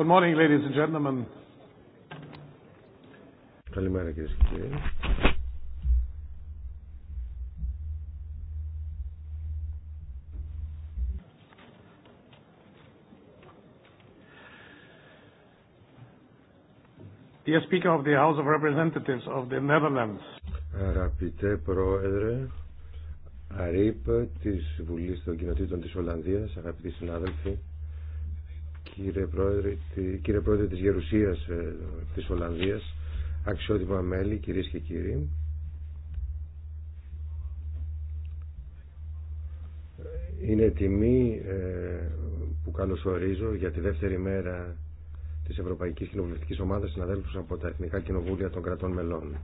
Good morning, ladies and gentlemen. Καλημέρα κυρίε και κύριοι. Dear Speaker of the House of Representatives of the Netherlands. Αγαπητέ Πρόεδρε, ΑΡΙΠ της Βουλής των Κοινοτήτων της Ολλανδίας, αγαπητοί συνάδελφοι, κύριε Πρόεδρε, κύριε Πρόεδρε της Γερουσίας ε, της Ολλανδίας, αξιότιμα μέλη, κυρίες και κύριοι. Είναι τιμή ε, που καλωσορίζω για τη δεύτερη μέρα της Ευρωπαϊκής Κοινοβουλευτικής Ομάδας συναδέλφους από τα Εθνικά Κοινοβούλια των Κρατών Μελών.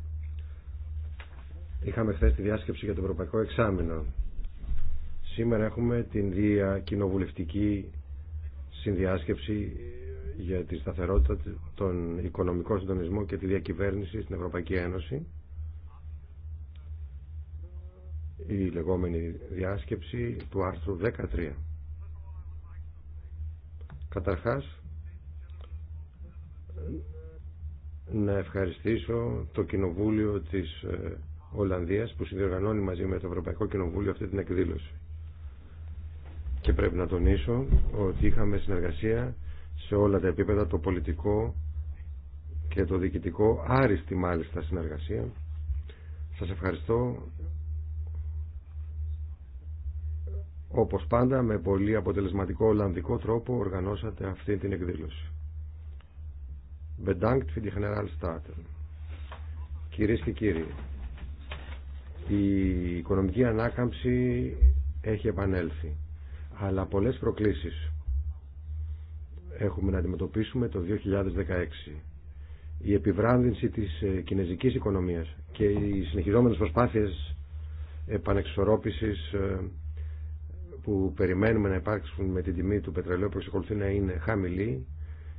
Είχαμε χθε τη διάσκεψη για το Ευρωπαϊκό Εξάμεινο. Σήμερα έχουμε την διακοινοβουλευτική συνδιάσκεψη ε, για τη σταθερότητα, των οικονομικών συντονισμών και τη διακυβέρνηση στην Ευρωπαϊκή Ένωση. Η λεγόμενη διάσκεψη του άρθρου 13. Καταρχάς, να ευχαριστήσω το Κοινοβούλιο της ε, Ολλανδίας που συνδιοργανώνει μαζί με το Ευρωπαϊκό Κοινοβούλιο αυτή την εκδήλωση και πρέπει να τονίσω ότι είχαμε συνεργασία σε όλα τα επίπεδα, το πολιτικό και το διοικητικό, άριστη μάλιστα συνεργασία. Σας ευχαριστώ όπως πάντα με πολύ αποτελεσματικό ολλανδικό τρόπο οργανώσατε αυτή την εκδήλωση. Bedankt für die Generalstaaten. Κυρίες και κύριοι, η οικονομική ανάκαμψη έχει επανέλθει αλλά πολλές προκλήσεις έχουμε να αντιμετωπίσουμε το 2016. Η επιβράδυνση της ε, κινέζικης οικονομίας και οι συνεχιζόμενες προσπάθειες επανεξορρόπησης ε, που περιμένουμε να υπάρξουν με την τιμή του πετρελαίου που εξακολουθεί να είναι χαμηλή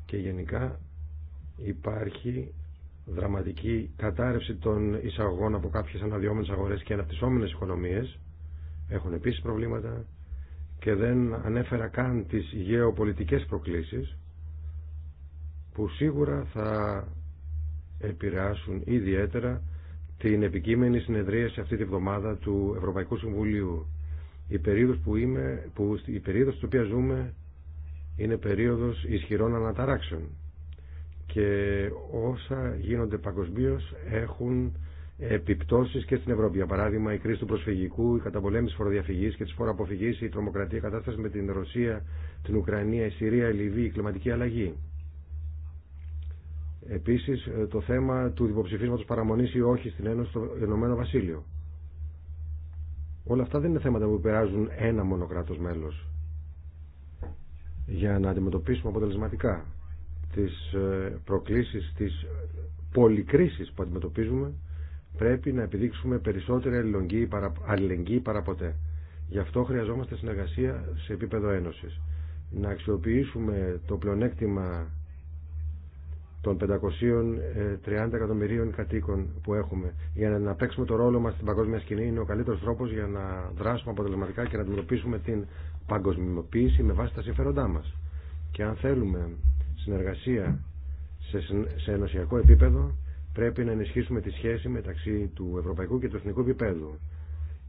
και γενικά υπάρχει δραματική κατάρρευση των εισαγωγών από κάποιες αναδυόμενες αγορές και αναπτυσσόμενες οικονομίες έχουν επίσης προβλήματα και δεν ανέφερα καν τις γεωπολιτικές προκλήσεις που σίγουρα θα επηρεάσουν ιδιαίτερα την επικείμενη σε αυτή τη βδομάδα του Ευρωπαϊκού Συμβουλίου. Η περίοδος που, είμαι, που, η περίοδος στην οποία ζούμε είναι περίοδος ισχυρών αναταράξεων και όσα γίνονται παγκοσμίω έχουν επιπτώσεις και στην Ευρώπη. Για παράδειγμα, η κρίση του προσφυγικού, η καταπολέμηση φοροδιαφυγής και της φοροαποφυγής, η τρομοκρατία κατάσταση με την Ρωσία, την Ουκρανία, η Συρία, η Λιβύη, η κλιματική αλλαγή. Επίσης, το θέμα του υποψηφίσματος παραμονής ή όχι στην Ένωση στο Ηνωμένο Βασίλειο. Όλα αυτά δεν είναι θέματα που περάζουν ένα μόνο κράτος μέλος για να αντιμετωπίσουμε αποτελεσματικά τις ε, προκλήσεις, τις πολυκρίσεις που αντιμετωπίζουμε Πρέπει να επιδείξουμε περισσότερη αλληλεγγύη παρά, ποτέ. Γι' αυτό χρειαζόμαστε συνεργασία σε επίπεδο ένωσης. Να αξιοποιήσουμε το πλεονέκτημα των 530 ε, εκατομμυρίων κατοίκων που έχουμε για να παίξουμε το ρόλο μας στην παγκόσμια σκηνή είναι ο καλύτερος τρόπος για να δράσουμε αποτελεσματικά και να αντιμετωπίσουμε την παγκοσμιοποίηση με βάση τα συμφέροντά μας. Και αν θέλουμε συνεργασία σε ενωσιακό επίπεδο Πρέπει να ενισχύσουμε τη σχέση μεταξύ του ευρωπαϊκού και του εθνικού επίπεδου.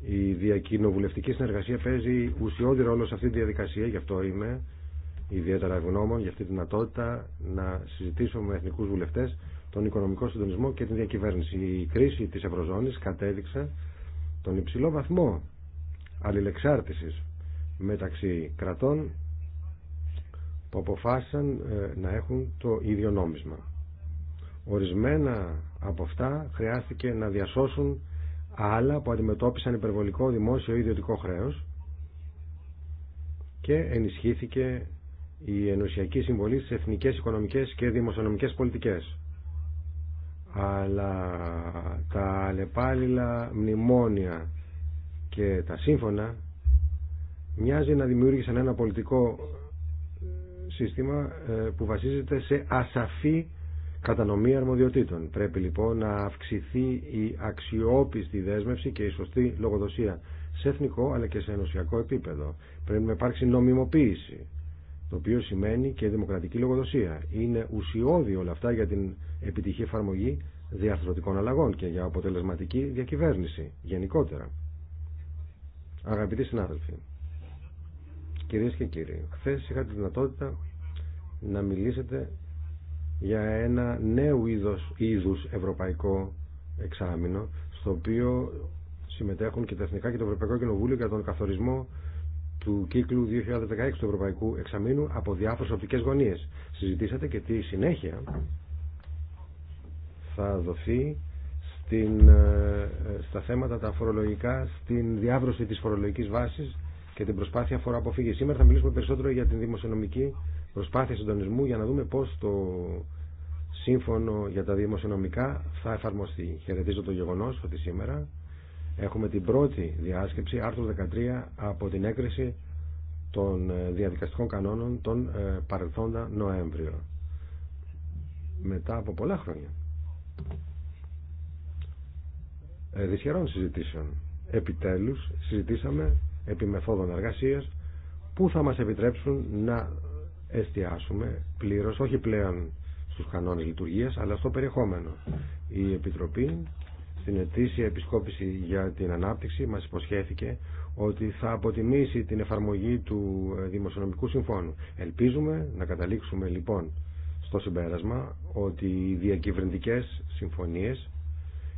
Η διακοινοβουλευτική συνεργασία παίζει ουσιώδη ρόλο σε αυτή τη διαδικασία, γι' αυτό είμαι ιδιαίτερα ευγνώμων για αυτή τη δυνατότητα να συζητήσουμε με εθνικού βουλευτέ τον οικονομικό συντονισμό και την διακυβέρνηση. Η κρίση τη Ευρωζώνη κατέδειξε τον υψηλό βαθμό αλληλεξάρτηση μεταξύ κρατών που αποφάσισαν ε, να έχουν το ίδιο νόμισμα. Ορισμένα από αυτά χρειάστηκε να διασώσουν άλλα που αντιμετώπισαν υπερβολικό δημόσιο ή ιδιωτικό χρέος και ενισχύθηκε η ενωσιακή συμβολή στις εθνικές οικονομικές και δημοσιονομικές πολιτικές. Αλλά τα αλλεπάλληλα μνημόνια και τα σύμφωνα μοιάζει να δημιούργησαν ένα πολιτικό σύστημα ε, που βασίζεται σε ασαφή κατανομή αρμοδιοτήτων. Πρέπει λοιπόν να αυξηθεί η αξιόπιστη δέσμευση και η σωστή λογοδοσία σε εθνικό αλλά και σε ενωσιακό επίπεδο. Πρέπει να υπάρξει νομιμοποίηση, το οποίο σημαίνει και δημοκρατική λογοδοσία. Είναι ουσιώδη όλα αυτά για την επιτυχή εφαρμογή διαρθρωτικών αλλαγών και για αποτελεσματική διακυβέρνηση γενικότερα. Αγαπητοί συνάδελφοι, κυρίες και κύριοι, χθε είχα τη δυνατότητα να μιλήσετε για ένα νέο είδος, είδους ευρωπαϊκό εξάμεινο στο οποίο συμμετέχουν και τα Εθνικά και το Ευρωπαϊκό Κοινοβούλιο για τον καθορισμό του κύκλου 2016 του Ευρωπαϊκού Εξαμήνου από διάφορες οπτικές γωνίες. Συζητήσατε και τη συνέχεια θα δοθεί ε, στα θέματα τα φορολογικά, στην διάβρωση της φορολογικής βάσης και την προσπάθεια φοροαποφύγης. Σήμερα θα μιλήσουμε περισσότερο για την δημοσιονομική προσπάθειες συντονισμού για να δούμε πώς το σύμφωνο για τα δημοσιονομικά θα εφαρμοστεί. Χαιρετίζω το γεγονός ότι σήμερα έχουμε την πρώτη διάσκεψη, άρθρο 13, από την έκρηση των ε, διαδικαστικών κανόνων τον ε, παρελθόντα Νοέμβριο. Μετά από πολλά χρόνια. Ε, δυσχερών συζητήσεων. Επιτέλους συζητήσαμε επί μεθόδων εργασίας που θα μας επιτρέψουν να εστιάσουμε πλήρως, όχι πλέον στους κανόνες λειτουργίας, αλλά στο περιεχόμενο. Η Επιτροπή στην ετήσια επισκόπηση για την ανάπτυξη μας υποσχέθηκε ότι θα αποτιμήσει την εφαρμογή του Δημοσιονομικού Συμφώνου. Ελπίζουμε να καταλήξουμε λοιπόν στο συμπέρασμα ότι οι διακυβερνητικές συμφωνίες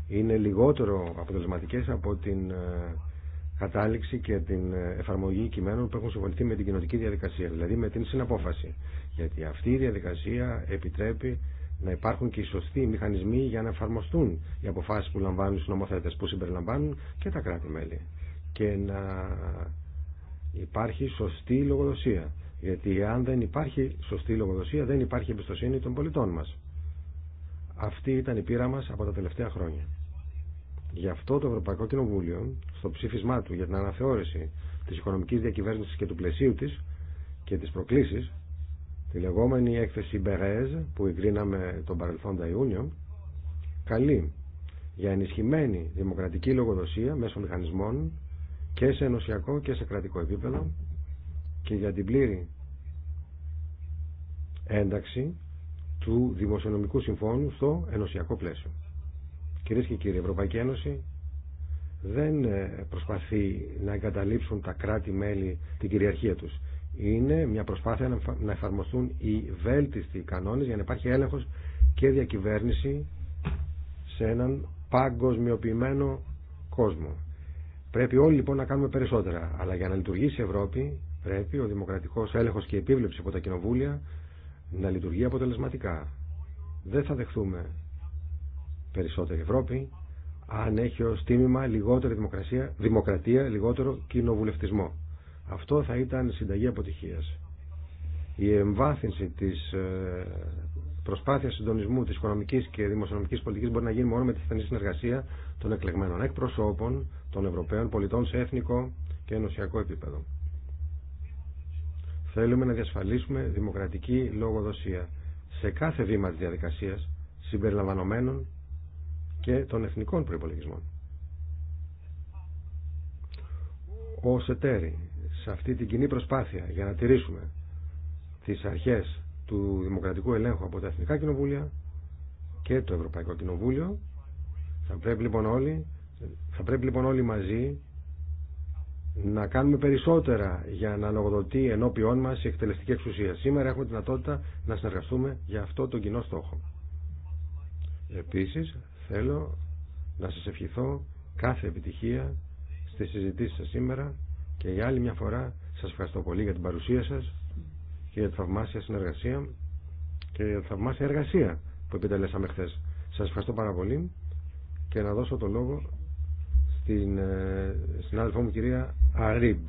είναι λιγότερο αποτελεσματικές από την ε, κατάληξη και την ε, εφαρμογή κειμένων που έχουν συμφωνηθεί με την κοινωτική διαδικασία, δηλαδή με την συναπόφαση. Γιατί αυτή η διαδικασία επιτρέπει να υπάρχουν και οι σωστοί μηχανισμοί για να εφαρμοστούν οι αποφάσεις που λαμβάνουν οι νομοθέτες που συμπεριλαμβάνουν και τα κράτη-μέλη και να υπάρχει σωστή λογοδοσία γιατί αν δεν υπάρχει σωστή λογοδοσία δεν υπάρχει εμπιστοσύνη των πολιτών μας αυτή ήταν η πείρα μας από τα τελευταία χρόνια Γι' αυτό το Ευρωπαϊκό Κοινοβούλιο, στο ψήφισμά του για την αναθεώρηση τη οικονομική διακυβέρνηση και του πλαισίου τη και τι προκλήσει, τη λεγόμενη έκθεση Μπερέζ που εγκρίναμε τον παρελθόντα Ιούνιο, καλεί για ενισχυμένη δημοκρατική λογοδοσία μέσω μηχανισμών και σε ενωσιακό και σε κρατικό επίπεδο και για την πλήρη ένταξη του Δημοσιονομικού Συμφώνου στο ενωσιακό πλαίσιο. Κυρίες και κύριοι, η Ευρωπαϊκή Ένωση δεν ε, προσπαθεί να εγκαταλείψουν τα κράτη-μέλη την κυριαρχία τους. Είναι μια προσπάθεια να εφαρμοστούν οι βέλτιστοι κανόνες για να υπάρχει έλεγχος και διακυβέρνηση σε έναν παγκοσμιοποιημένο κόσμο. Πρέπει όλοι λοιπόν να κάνουμε περισσότερα, αλλά για να λειτουργήσει η Ευρώπη πρέπει ο δημοκρατικός έλεγχος και η επίβλεψη από τα κοινοβούλια να λειτουργεί αποτελεσματικά. Δεν θα δεχθούμε περισσότερη Ευρώπη, αν έχει ως τίμημα λιγότερη δημοκρατία, δημοκρατία λιγότερο κοινοβουλευτισμό. Αυτό θα ήταν συνταγή αποτυχίας. Η εμβάθυνση της ε, προσπάθειας συντονισμού της οικονομικής και δημοσιονομικής πολιτικής μπορεί να γίνει μόνο με τη στενή συνεργασία των εκλεγμένων εκπροσώπων των Ευρωπαίων πολιτών σε εθνικό και ενωσιακό επίπεδο. Θέλουμε να διασφαλίσουμε δημοκρατική λογοδοσία σε κάθε βήμα της διαδικασίας συμπεριλαμβανομένων και των εθνικών προϋπολογισμών. Ως εταίροι σε αυτή την κοινή προσπάθεια για να τηρήσουμε τις αρχές του δημοκρατικού ελέγχου από τα Εθνικά Κοινοβούλια και το Ευρωπαϊκό Κοινοβούλιο θα πρέπει λοιπόν όλοι, θα πρέπει λοιπόν όλοι μαζί να κάνουμε περισσότερα για να λογοδοτεί ενώπιόν μα η εκτελεστική εξουσία. Σήμερα έχουμε τη δυνατότητα να συνεργαστούμε για αυτό τον κοινό στόχο. Επίση, Θέλω να σας ευχηθώ κάθε επιτυχία στη συζητήσεις σας σήμερα και για άλλη μια φορά σας ευχαριστώ πολύ για την παρουσία σας και για τη θαυμάσια συνεργασία και για τη θαυμάσια εργασία που επιτελέσαμε χθε. Σας ευχαριστώ πάρα πολύ και να δώσω το λόγο στην ε, συνάδελφό μου κυρία Αρίμπ.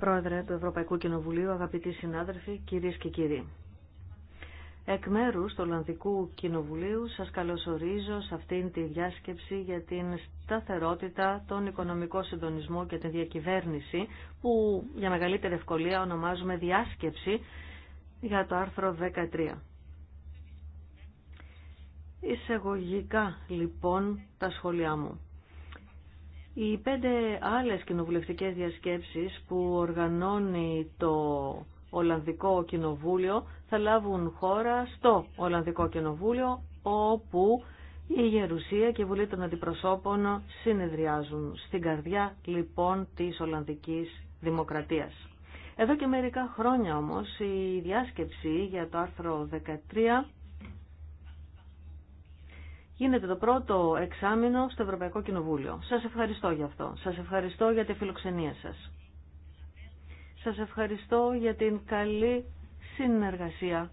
Πρόεδρε του Ευρωπαϊκού Κοινοβουλίου, αγαπητοί συνάδελφοι, κυρίες και κύριοι. Εκ μέρου του Ολλανδικού Κοινοβουλίου σας καλωσορίζω σε αυτήν τη διάσκεψη για την σταθερότητα, τον οικονομικό συντονισμό και την διακυβέρνηση που για μεγαλύτερη ευκολία ονομάζουμε διάσκεψη για το άρθρο 13. Εισαγωγικά λοιπόν τα σχόλιά μου. Οι πέντε άλλες κοινοβουλευτικές διασκέψεις που οργανώνει το Ολλανδικό Κοινοβούλιο θα λάβουν χώρα στο Ολλανδικό Κοινοβούλιο όπου η Γερουσία και η Βουλή των Αντιπροσώπων συνεδριάζουν στην καρδιά λοιπόν της Ολλανδικής Δημοκρατίας. Εδώ και μερικά χρόνια όμως η διάσκεψη για το άρθρο 13 γίνεται το πρώτο εξάμεινο στο Ευρωπαϊκό Κοινοβούλιο. Σας ευχαριστώ για αυτό. Σας ευχαριστώ για τη φιλοξενία σας. Σας ευχαριστώ για την καλή συνεργασία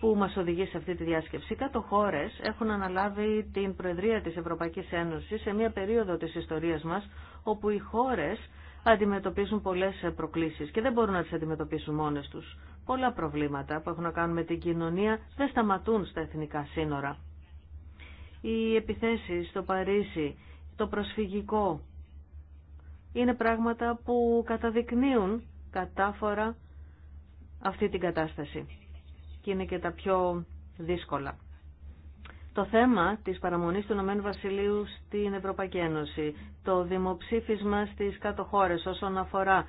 που μας οδηγεί σε αυτή τη διάσκεψη. Κάτω χώρες έχουν αναλάβει την Προεδρία της Ευρωπαϊκής Ένωσης σε μια περίοδο της ιστορίας μας όπου οι χώρες αντιμετωπίζουν πολλές προκλήσεις και δεν μπορούν να τις αντιμετωπίσουν μόνες τους. Πολλά προβλήματα που έχουν να κάνουν με την κοινωνία δεν σταματούν στα εθνικά σύνορα οι επιθέσεις στο Παρίσι, το προσφυγικό, είναι πράγματα που καταδεικνύουν κατάφορα αυτή την κατάσταση και είναι και τα πιο δύσκολα. Το θέμα της παραμονής του Ηνωμένου Βασιλείου στην Ευρωπαϊκή Ένωση, το δημοψήφισμα στις κάτω χώρες όσον αφορά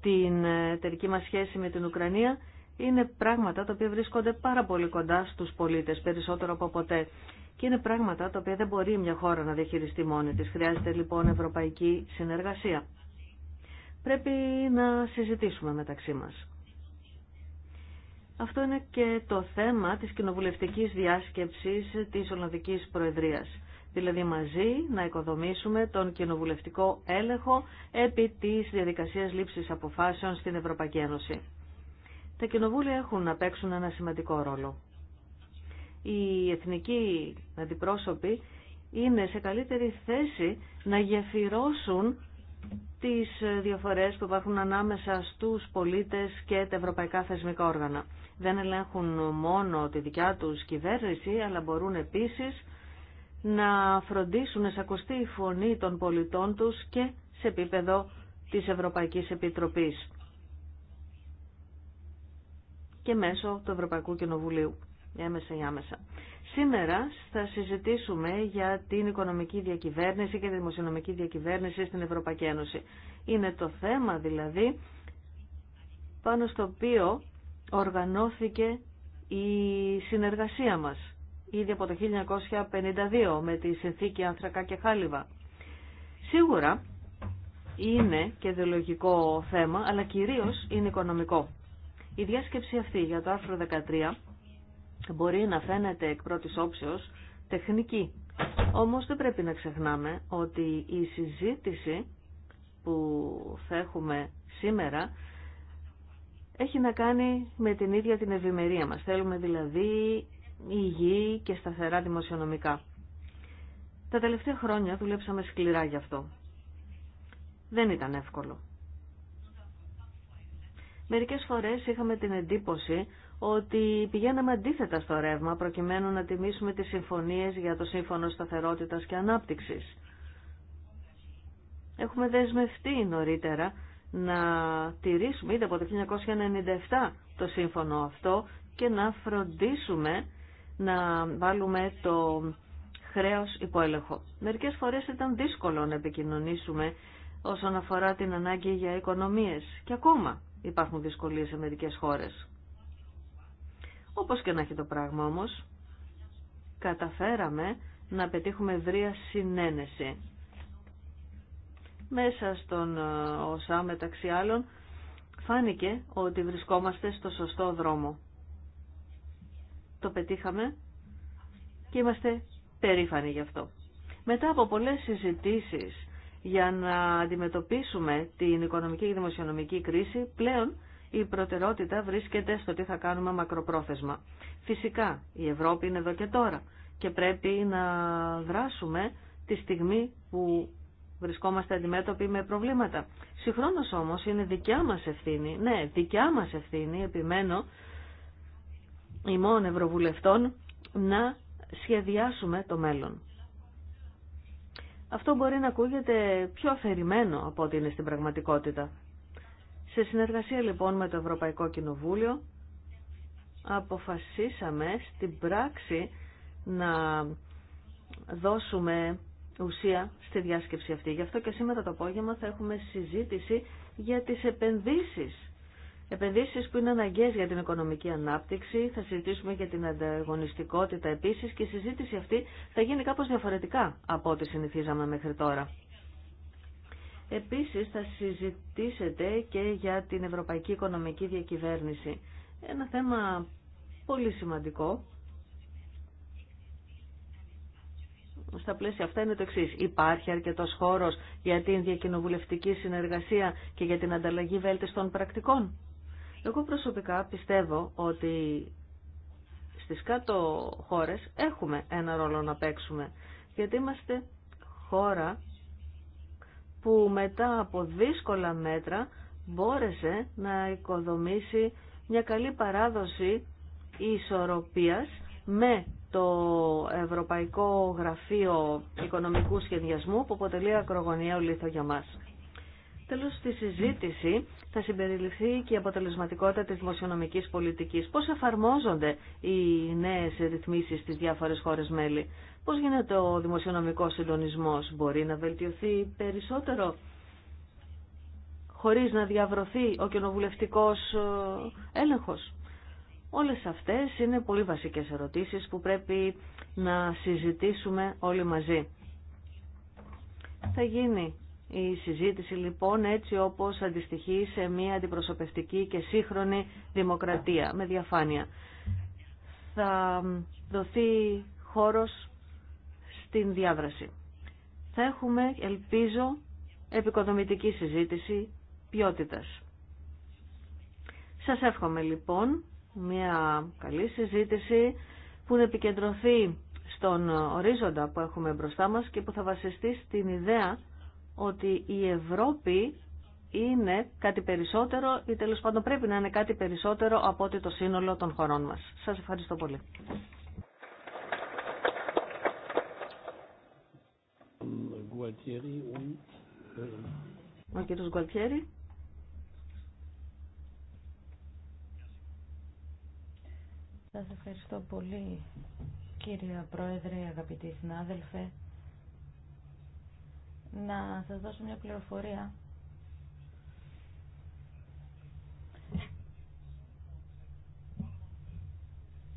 την εταιρική μας σχέση με την Ουκρανία, είναι πράγματα τα οποία βρίσκονται πάρα πολύ κοντά στους πολίτες, περισσότερο από ποτέ. Και είναι πράγματα τα οποία δεν μπορεί μια χώρα να διαχειριστεί μόνη της. Χρειάζεται λοιπόν ευρωπαϊκή συνεργασία. Πρέπει να συζητήσουμε μεταξύ μας. Αυτό είναι και το θέμα της κοινοβουλευτικής διάσκεψης της Ολλανδικής Προεδρίας. Δηλαδή μαζί να οικοδομήσουμε τον κοινοβουλευτικό έλεγχο επί της διαδικασίας λήψης αποφάσεων στην Ευρωπαϊκή Ένωση. Τα κοινοβούλια έχουν να παίξουν ένα σημαντικό ρόλο οι εθνικοί αντιπρόσωποι είναι σε καλύτερη θέση να γεφυρώσουν τις διαφορές που υπάρχουν ανάμεσα στους πολίτες και τα ευρωπαϊκά θεσμικά όργανα. Δεν ελέγχουν μόνο τη δικιά τους κυβέρνηση, αλλά μπορούν επίσης να φροντίσουν να σακωστεί η φωνή των πολιτών τους και σε επίπεδο της Ευρωπαϊκής Επιτροπής και μέσω του Ευρωπαϊκού Κοινοβουλίου έμεσα ή Σήμερα θα συζητήσουμε για την οικονομική διακυβέρνηση και τη δημοσιονομική διακυβέρνηση στην Ευρωπαϊκή Ένωση. Είναι το θέμα δηλαδή πάνω στο οποίο οργανώθηκε η συνεργασία μας ήδη από το 1952 με τη συνθήκη Ανθρακά και Χάλιβα. Σίγουρα είναι και δεολογικό θέμα, αλλά κυρίως είναι οικονομικό. Η διάσκεψη αυτή για το άρθρο 13 μπορεί να φαίνεται εκ πρώτης όψεως τεχνική. Όμως δεν πρέπει να ξεχνάμε ότι η συζήτηση που θα έχουμε σήμερα έχει να κάνει με την ίδια την ευημερία μας. Θέλουμε δηλαδή υγιή και σταθερά δημοσιονομικά. Τα τελευταία χρόνια δουλέψαμε σκληρά γι' αυτό. Δεν ήταν εύκολο. Μερικές φορές είχαμε την εντύπωση ότι πηγαίναμε αντίθετα στο ρεύμα προκειμένου να τιμήσουμε τις συμφωνίες για το Σύμφωνο Σταθερότητας και Ανάπτυξης. Έχουμε δεσμευτεί νωρίτερα να τηρήσουμε είτε από το 1997 το σύμφωνο αυτό και να φροντίσουμε να βάλουμε το χρέος υπόελεγχο. Μερικές φορές ήταν δύσκολο να επικοινωνήσουμε όσον αφορά την ανάγκη για οικονομίες και ακόμα υπάρχουν δυσκολίες σε μερικές χώρες. Όπως και να έχει το πράγμα όμως, καταφέραμε να πετύχουμε ευρεία συνένεση. Μέσα στον ΟΣΑ ε, μεταξύ άλλων φάνηκε ότι βρισκόμαστε στο σωστό δρόμο. Το πετύχαμε και είμαστε περήφανοι γι' αυτό. Μετά από πολλές συζητήσεις για να αντιμετωπίσουμε την οικονομική και δημοσιονομική κρίση, πλέον η προτερότητα βρίσκεται στο τι θα κάνουμε μακροπρόθεσμα. Φυσικά, η Ευρώπη είναι εδώ και τώρα και πρέπει να δράσουμε τη στιγμή που βρισκόμαστε αντιμέτωποι με προβλήματα. Συγχρόνως όμως είναι δικιά μας ευθύνη, ναι, δικιά μας ευθύνη, επιμένω, ημών Ευρωβουλευτών, να σχεδιάσουμε το μέλλον. Αυτό μπορεί να ακούγεται πιο αφαιρημένο από ό,τι είναι στην πραγματικότητα. Σε συνεργασία λοιπόν με το Ευρωπαϊκό Κοινοβούλιο αποφασίσαμε στην πράξη να δώσουμε ουσία στη διάσκεψη αυτή. Γι' αυτό και σήμερα το απόγευμα θα έχουμε συζήτηση για τις επενδύσεις. Επενδύσεις που είναι αναγκαίες για την οικονομική ανάπτυξη, θα συζητήσουμε για την ανταγωνιστικότητα επίσης και η συζήτηση αυτή θα γίνει κάπως διαφορετικά από ό,τι συνηθίζαμε μέχρι τώρα. Επίσης θα συζητήσετε και για την Ευρωπαϊκή Οικονομική Διακυβέρνηση. Ένα θέμα πολύ σημαντικό. Στα πλαίσια αυτά είναι το εξή. Υπάρχει αρκετός χώρος για την διακοινοβουλευτική συνεργασία και για την ανταλλαγή βέλτιστων πρακτικών. Εγώ προσωπικά πιστεύω ότι στις κάτω χώρες έχουμε ένα ρόλο να παίξουμε. Γιατί είμαστε χώρα μετά από δύσκολα μέτρα μπόρεσε να οικοδομήσει μια καλή παράδοση ισορροπίας με το Ευρωπαϊκό Γραφείο Οικονομικού Σχεδιασμού που αποτελεί ακρογωνιαίο λίθο για μας. Τέλος στη συζήτηση θα συμπεριληφθεί και η αποτελεσματικότητα της δημοσιονομικής πολιτικής. Πώς εφαρμόζονται οι νέες ρυθμίσεις στις διάφορες χώρες μέλη. Πώς γίνεται ο δημοσιονομικός συντονισμός, μπορεί να βελτιωθεί περισσότερο χωρίς να διαβρωθεί ο κοινοβουλευτικός ε, έλεγχος. Όλες αυτές είναι πολύ βασικές ερωτήσεις που πρέπει να συζητήσουμε όλοι μαζί. Θα γίνει η συζήτηση λοιπόν έτσι όπως αντιστοιχεί σε μια αντιπροσωπευτική και σύγχρονη δημοκρατία με διαφάνεια. Θα δοθεί χώρος την διάδραση. Θα έχουμε, ελπίζω, επικοδομητική συζήτηση ποιότητας. Σας εύχομαι λοιπόν μια καλή συζήτηση που να επικεντρωθεί στον ορίζοντα που έχουμε μπροστά μας και που θα βασιστεί στην ιδέα ότι η Ευρώπη είναι κάτι περισσότερο ή τέλος πάντων πρέπει να είναι κάτι περισσότερο από ότι το σύνολο των χωρών μας. Σας ευχαριστώ πολύ. Gualtieri äh, Σας ευχαριστώ πολύ κύριε Πρόεδρε, αγαπητοί συνάδελφε. Να σας δώσω μια πληροφορία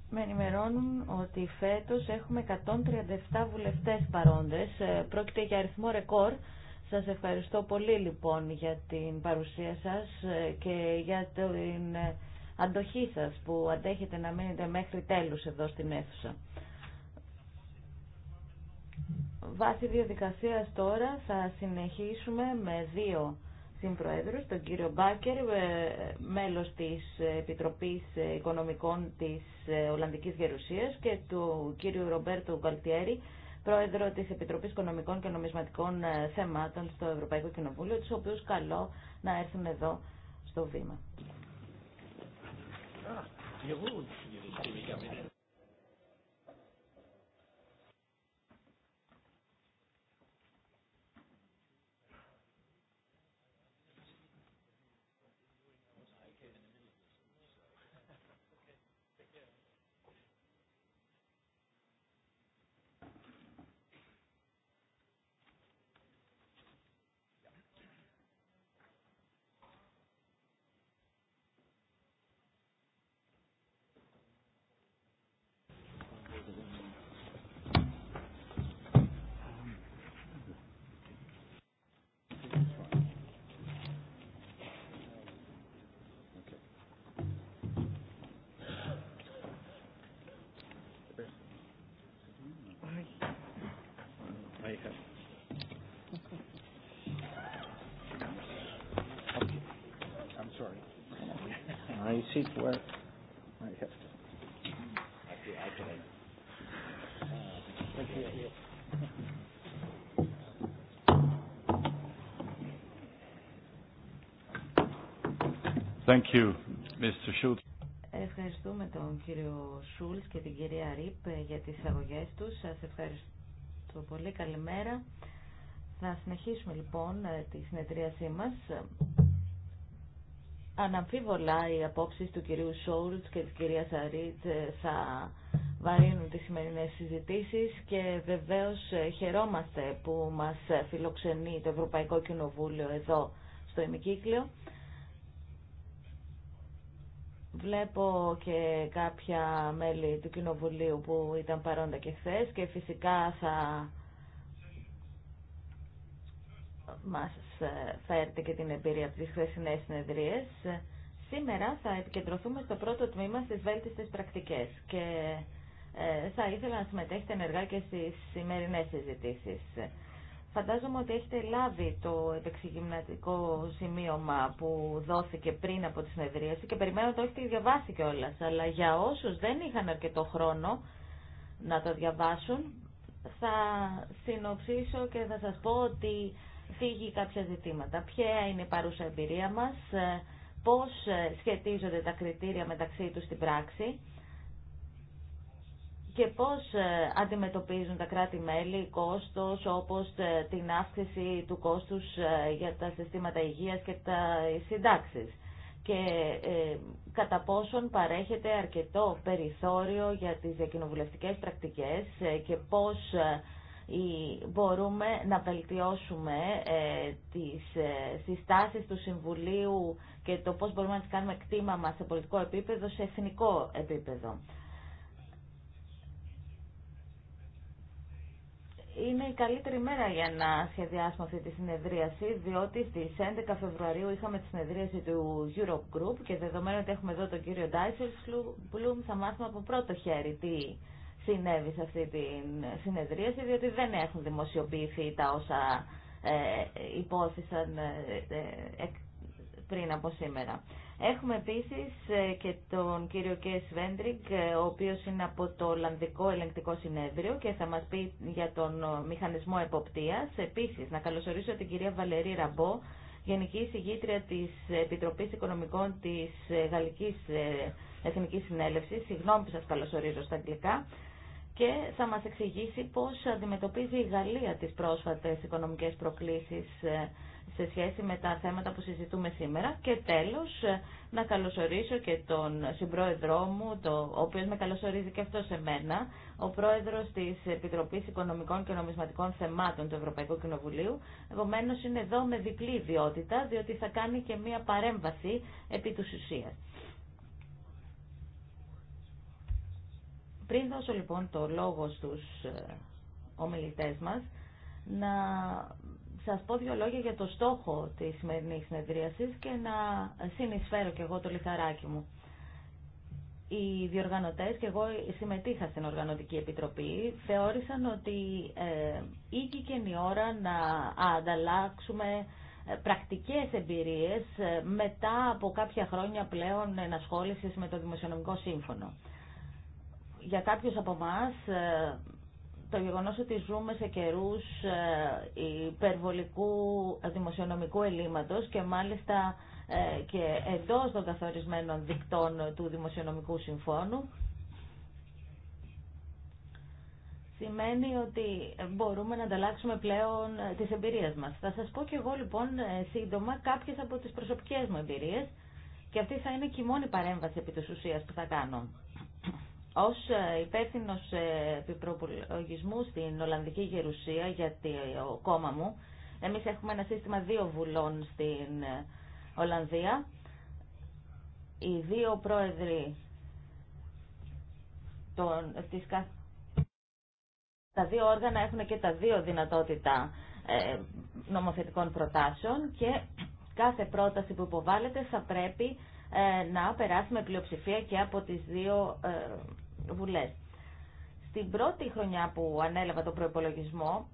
με ενημερώνουν ότι φέτος έχουμε 137 βουλευτές παρόντες. Ε, πρόκειται για αριθμό ρεκόρ. Σας ευχαριστώ πολύ λοιπόν για την παρουσία σας ε, και για την ε, αντοχή σας που αντέχετε να μείνετε μέχρι τέλους εδώ στην αίθουσα. Βάσει διαδικασίας τώρα θα συνεχίσουμε με δύο συμπροέδρους, τον κύριο Μπάκερ, μέλος της Επιτροπής Οικονομικών της Ολλανδικής Γερουσίας και του κύριου Ρομπέρτο Γκαλτιέρη, πρόεδρο της Επιτροπής Οικονομικών και Νομισματικών Θεμάτων στο Ευρωπαϊκό Κοινοβούλιο, τους οποίους καλώ να έρθουν εδώ στο βήμα. Thank you, Mr. Schultz. Ευχαριστούμε τον κύριο Σούλτ και την κυρία Ρίπ ε, για τις αγωγές τους. Σας ευχαριστώ πολύ. Καλημέρα. Θα συνεχίσουμε λοιπόν ε, τη συνεδρίασή μας. Αναμφίβολα οι απόψεις του κυρίου Σόουλτς και της κυρίας Αρίτ ε, θα βαρύνουν τις σημερινές συζητήσεις και βεβαίως ε, χαιρόμαστε που μας φιλοξενεί το Ευρωπαϊκό Κοινοβούλιο εδώ στο ημικύκλιο. Βλέπω και κάποια μέλη του Κοινοβουλίου που ήταν παρόντα και χθε και φυσικά θα μας ε, φέρτε και την εμπειρία από τις χθεσινές συνεδρίες. Σήμερα θα επικεντρωθούμε στο πρώτο τμήμα στις βέλτιστες πρακτικές και ε, θα ήθελα να συμμετέχετε ενεργά και στις σημερινές συζητήσεις. Φαντάζομαι ότι έχετε λάβει το επεξηγυμνατικό σημείωμα που δόθηκε πριν από τη συνεδρίαση και περιμένω το έχετε διαβάσει κιόλα. Αλλά για όσους δεν είχαν αρκετό χρόνο να το διαβάσουν, θα συνοψίσω και θα σας πω ότι φύγει κάποια ζητήματα. Ποια είναι η παρούσα εμπειρία μας, ε, πώς ε, σχετίζονται τα κριτήρια μεταξύ τους στην πράξη και πώς ε, αντιμετωπίζουν τα κράτη-μέλη κόστος όπως την αύξηση του κόστους για τα συστήματα υγείας και τα συντάξεις και κατά πόσον παρέχεται αρκετό περιθώριο για τις διακοινοβουλευτικές πρακτικές και πώς μπορούμε να βελτιώσουμε ε, τις ε, συστάσεις του Συμβουλίου και το πώς μπορούμε να τις κάνουμε κτήμα μας σε πολιτικό επίπεδο, σε εθνικό επίπεδο. είναι η καλύτερη μέρα για να σχεδιάσουμε αυτή τη συνεδρίαση, διότι στις 11 Φεβρουαρίου είχαμε τη συνεδρίαση του Eurogroup και δεδομένου ότι έχουμε εδώ τον κύριο Ντάισελ Bloom θα μάθουμε από πρώτο χέρι τι συνέβη σε αυτή τη συνεδρίαση, διότι δεν έχουν δημοσιοποιηθεί τα όσα ε, υπόθησαν ε, ε, πριν από σήμερα. Έχουμε επίσης και τον κύριο Κέις Βέντριγκ, ο οποίος είναι από το Ολλανδικό Ελεγκτικό Συνέδριο και θα μας πει για τον μηχανισμό εποπτείας. Επίσης, να καλωσορίσω την κυρία Βαλερή Ραμπό, Γενική Συγγήτρια της Επιτροπής Οικονομικών της Γαλλικής Εθνικής Συνέλευσης. Συγγνώμη που σας καλωσορίζω στα αγγλικά και θα μας εξηγήσει πώς αντιμετωπίζει η Γαλλία τις πρόσφατες οικονομικές προκλήσεις ε, σε σχέση με τα θέματα που συζητούμε σήμερα. Και τέλος, ε, να καλωσορίσω και τον συμπρόεδρό μου, το, ο οποίος με καλωσορίζει και αυτό σε μένα, ο πρόεδρος της Επιτροπής Οικονομικών και Νομισματικών Θεμάτων του Ευρωπαϊκού Κοινοβουλίου. Επομένω είναι εδώ με διπλή ιδιότητα, διότι θα κάνει και μία παρέμβαση επί του ουσίας. Πριν δώσω λοιπόν το λόγο στους ε, ομιλητές μας, να σας πω δύο λόγια για το στόχο της σημερινής συνεδρίασης και να συνεισφέρω και εγώ το λιθαράκι μου. Οι διοργανωτές και εγώ συμμετείχα στην Οργανωτική Επιτροπή θεώρησαν ότι ε, και η ώρα να ανταλλάξουμε ε, πρακτικές εμπειρίες ε, μετά από κάποια χρόνια πλέον ενασχόλησης με το Δημοσιονομικό Σύμφωνο για κάποιους από εμά το γεγονός ότι ζούμε σε καιρούς ε, υπερβολικού δημοσιονομικού ελλείμματος και μάλιστα ε, και εντός των καθορισμένων δικτών του Δημοσιονομικού Συμφώνου σημαίνει ότι μπορούμε να ανταλλάξουμε πλέον τις εμπειρίες μας. Θα σας πω και εγώ λοιπόν ε, σύντομα κάποιες από τις προσωπικές μου εμπειρίες και αυτή θα είναι και η μόνη παρέμβαση επί της ουσίας που θα κάνω. Ως ε, υπεύθυνο ε, επιπροπολογισμού στην Ολλανδική Γερουσία γιατί ε, ο κόμμα μου, εμείς έχουμε ένα σύστημα δύο βουλών στην Ολλανδία. Οι δύο πρόεδροι των, της, τα δύο όργανα έχουν και τα δύο δυνατότητα νομοθετικών προτάσεων και κάθε πρόταση που υποβάλλεται θα πρέπει να περάσει με πλειοψηφία και από τις δύο βουλές. Στην πρώτη χρονιά που ανέλαβα τον προπολογισμό,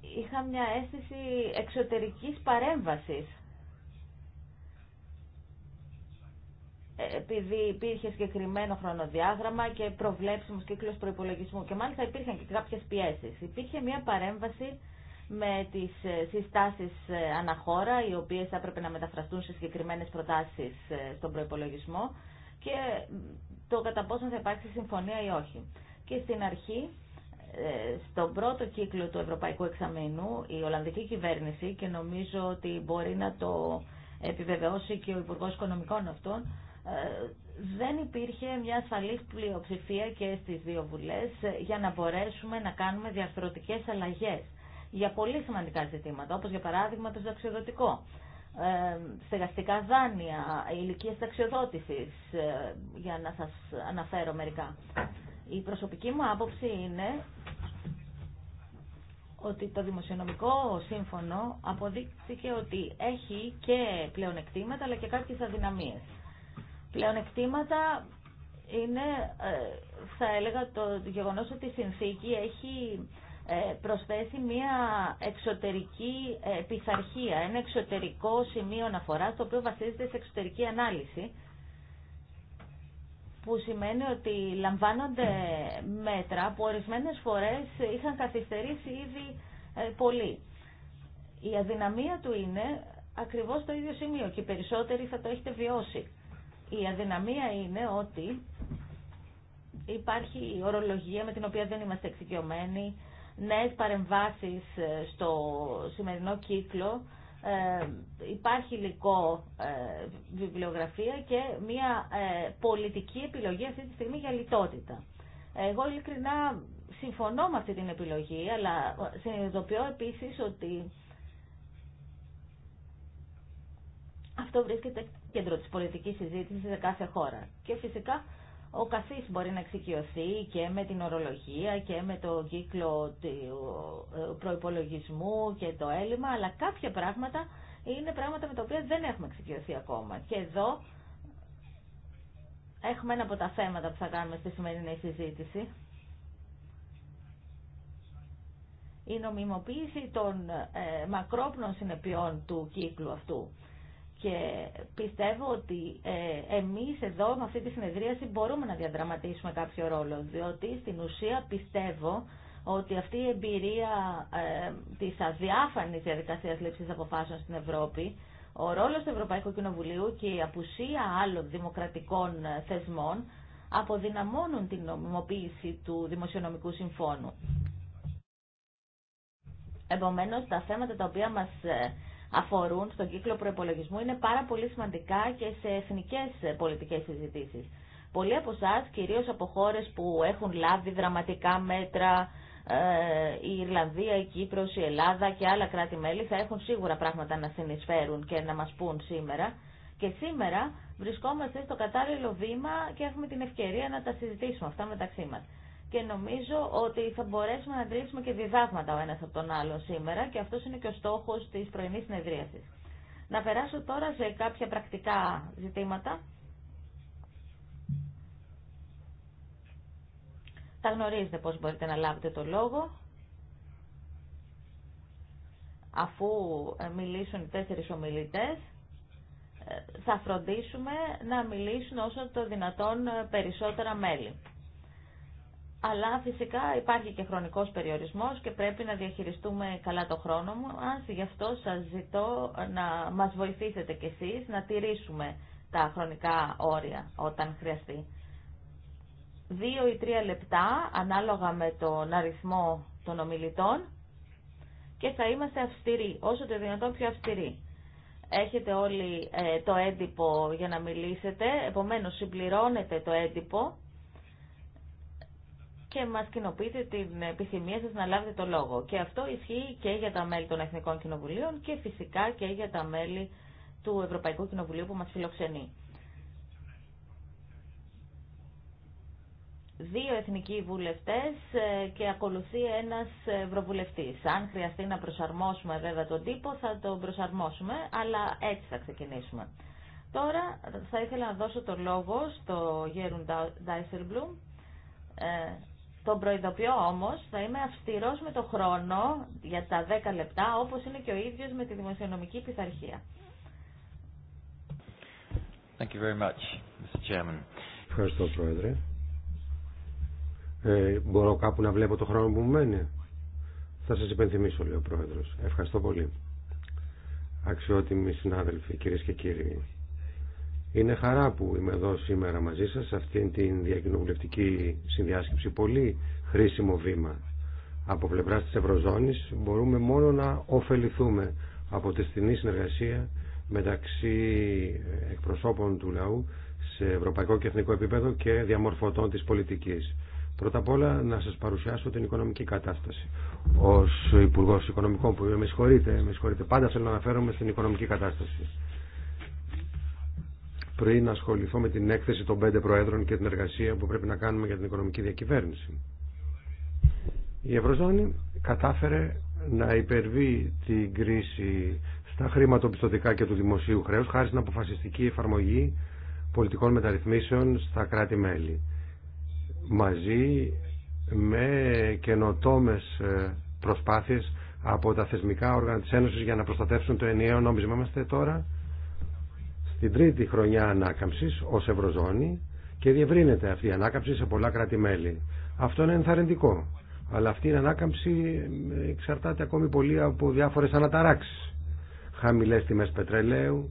είχα μια αίσθηση εξωτερικής παρέμβασης. Ε, επειδή υπήρχε συγκεκριμένο χρονοδιάγραμμα και προβλέψιμο κύκλο προπολογισμού. και μάλιστα υπήρχαν και κάποιες πιέσει. Υπήρχε μια παρέμβαση με τις ε, συστάσεις ε, αναχώρα, οι οποίες θα έπρεπε να μεταφραστούν σε συγκεκριμένες προτάσεις στον προπολογισμό και το κατά πόσο θα υπάρξει συμφωνία ή όχι. Και στην αρχή, ε, στον πρώτο κύκλο του Ευρωπαϊκού Εξαμήνου, η Ολλανδική Κυβέρνηση, και νομίζω ότι μπορεί να το επιβεβαιώσει και ο Υπουργό Οικονομικών αυτών, ε, δεν υπήρχε μια ασφαλή πλειοψηφία και στις δύο βουλές ε, για να μπορέσουμε να κάνουμε διαρθρωτικές αλλαγές για πολύ σημαντικά ζητήματα, όπως για παράδειγμα το συνταξιοδοτικό. Ε, στεγαστικά δάνεια, ηλικίες ταξιοδότησης, ε, για να σας αναφέρω μερικά. Η προσωπική μου άποψη είναι ότι το Δημοσιονομικό Σύμφωνο αποδείχθηκε ότι έχει και πλεονεκτήματα αλλά και κάποιες αδυναμίες. Πλεονεκτήματα είναι, ε, θα έλεγα, το γεγονός ότι η συνθήκη έχει ε, προσθέσει μια εξωτερική ε, πειθαρχία, ένα εξωτερικό σημείο αναφορά το οποίο βασίζεται σε εξωτερική ανάλυση που σημαίνει ότι λαμβάνονται μέτρα που ορισμένες φορές είχαν καθυστερήσει ήδη ε, πολύ. Η αδυναμία του είναι ακριβώς το ίδιο σημείο και οι περισσότεροι θα το έχετε βιώσει. Η αδυναμία είναι ότι υπάρχει ορολογία με την οποία δεν είμαστε εξοικειωμένοι, νέες παρεμβάσεις ε, στο σημερινό κύκλο. Ε, υπάρχει υλικό ε, βιβλιογραφία και μια ε, πολιτική επιλογή αυτή τη στιγμή για λιτότητα. Εγώ ειλικρινά συμφωνώ με αυτή την επιλογή, αλλά συνειδητοποιώ επίσης ότι αυτό βρίσκεται κέντρο της πολιτικής συζήτησης σε κάθε χώρα. Και φυσικά ο καθής μπορεί να εξοικειωθεί και με την ορολογία και με το κύκλο ε, προϋπολογισμού και το έλλειμμα, αλλά κάποια πράγματα είναι πράγματα με τα οποία δεν έχουμε εξοικειωθεί ακόμα. Και εδώ έχουμε ένα από τα θέματα που θα κάνουμε στη σημερινή συζήτηση. Η νομιμοποίηση των ε, μακρόπνων συνεπειών του κύκλου αυτού. Και πιστεύω ότι ε, εμείς εδώ με αυτή τη συνεδρίαση μπορούμε να διαδραματίσουμε κάποιο ρόλο, διότι στην ουσία πιστεύω ότι αυτή η εμπειρία ε, της αδιάφανης διαδικασίας λήψης αποφάσεων στην Ευρώπη, ο ρόλος του Ευρωπαϊκού Κοινοβουλίου και η απουσία άλλων δημοκρατικών ε, θεσμών αποδυναμώνουν την νομιμοποίηση του Δημοσιονομικού Συμφώνου. Επομένως, τα θέματα τα οποία μας ε, αφορούν στον κύκλο προπολογισμού είναι πάρα πολύ σημαντικά και σε εθνικές πολιτικές συζητήσεις. Πολλοί από εσά, κυρίω από χώρε που έχουν λάβει δραματικά μέτρα, ε, η Ιρλανδία, η Κύπρος, η Ελλάδα και άλλα κράτη-μέλη θα έχουν σίγουρα πράγματα να συνεισφέρουν και να μας πούν σήμερα. Και σήμερα βρισκόμαστε στο κατάλληλο βήμα και έχουμε την ευκαιρία να τα συζητήσουμε αυτά μεταξύ μας και νομίζω ότι θα μπορέσουμε να αντιλήψουμε και διδάγματα ο ένας από τον άλλον σήμερα και αυτός είναι και ο στόχος της πρωινής συνεδρίασης. Να περάσω τώρα σε κάποια πρακτικά ζητήματα. Θα γνωρίζετε πώς μπορείτε να λάβετε το λόγο. Αφού ε, μιλήσουν οι τέσσερις ομιλητές, ε, θα φροντίσουμε να μιλήσουν όσο το δυνατόν ε, περισσότερα μέλη. Αλλά φυσικά υπάρχει και χρονικός περιορισμός και πρέπει να διαχειριστούμε καλά το χρόνο μου. γι' αυτό σας ζητώ να μας βοηθήσετε κι εσείς να τηρήσουμε τα χρονικά όρια όταν χρειαστεί. Δύο ή τρία λεπτά ανάλογα με τον αριθμό των ομιλητών και θα είμαστε αυστηροί, όσο το δυνατόν πιο αυστηροί. Έχετε όλοι ε, το έντυπο για να μιλήσετε, επομένως συμπληρώνετε το έντυπο και μας κοινοποιείτε την επιθυμία σας να λάβετε το λόγο. Και αυτό ισχύει και για τα μέλη των Εθνικών Κοινοβουλίων και φυσικά και για τα μέλη του Ευρωπαϊκού Κοινοβουλίου που μας φιλοξενεί. δύο εθνικοί βουλευτές ε, και ακολουθεί ένας ευρωβουλευτής. Αν χρειαστεί να προσαρμόσουμε βέβαια τον τύπο θα τον προσαρμόσουμε, αλλά έτσι θα ξεκινήσουμε. Τώρα θα ήθελα να δώσω το λόγο στο Γέρουν Ντάισελμπλουμ, ε, τον προειδοποιώ όμω θα είμαι αυστηρό με το χρόνο για τα 10 λεπτά, όπω είναι και ο ίδιο με τη δημοσιονομική πειθαρχία. Ευχαριστώ, Πρόεδρε. Ε, μπορώ κάπου να βλέπω το χρόνο που μου μένει. Θα σας υπενθυμίσω, λέει ο Πρόεδρος. Ευχαριστώ πολύ. Αξιότιμοι συνάδελφοι, κυρίες και κύριοι. Είναι χαρά που είμαι εδώ σήμερα μαζί σας σε αυτήν την διακοινοβουλευτική συνδιάσκεψη. Πολύ χρήσιμο βήμα. Από πλευρά της Ευρωζώνης μπορούμε μόνο να ωφεληθούμε από τη στενή συνεργασία μεταξύ εκπροσώπων του λαού σε ευρωπαϊκό και εθνικό επίπεδο και διαμορφωτών της πολιτικής. Πρώτα απ' όλα να σας παρουσιάσω την οικονομική κατάσταση. Ως Υπουργός Οικονομικών που με συγχωρείτε, με συγχωρείτε πάντα θέλω να αναφέρομαι στην οικονομική κατάσταση πριν ασχοληθώ με την έκθεση των πέντε προέδρων και την εργασία που πρέπει να κάνουμε για την οικονομική διακυβέρνηση. Η Ευρωζώνη κατάφερε να υπερβεί την κρίση στα χρηματοπιστωτικά και του δημοσίου χρέους χάρη στην αποφασιστική εφαρμογή πολιτικών μεταρρυθμίσεων στα κράτη-μέλη. Μαζί με καινοτόμε ε, προσπάθειες από τα θεσμικά όργανα της Ένωσης για να προστατεύσουν το ενιαίο νόμισμα. Είμαστε τώρα την τρίτη χρονιά ανάκαμψη ως Ευρωζώνη και διευρύνεται αυτή η ανάκαμψη σε πολλά κράτη-μέλη. Αυτό είναι ενθαρρυντικό. Αλλά αυτή η ανάκαμψη ε, εξαρτάται ακόμη πολύ από διάφορε αναταράξεις. Χαμηλέ τιμέ πετρελαίου,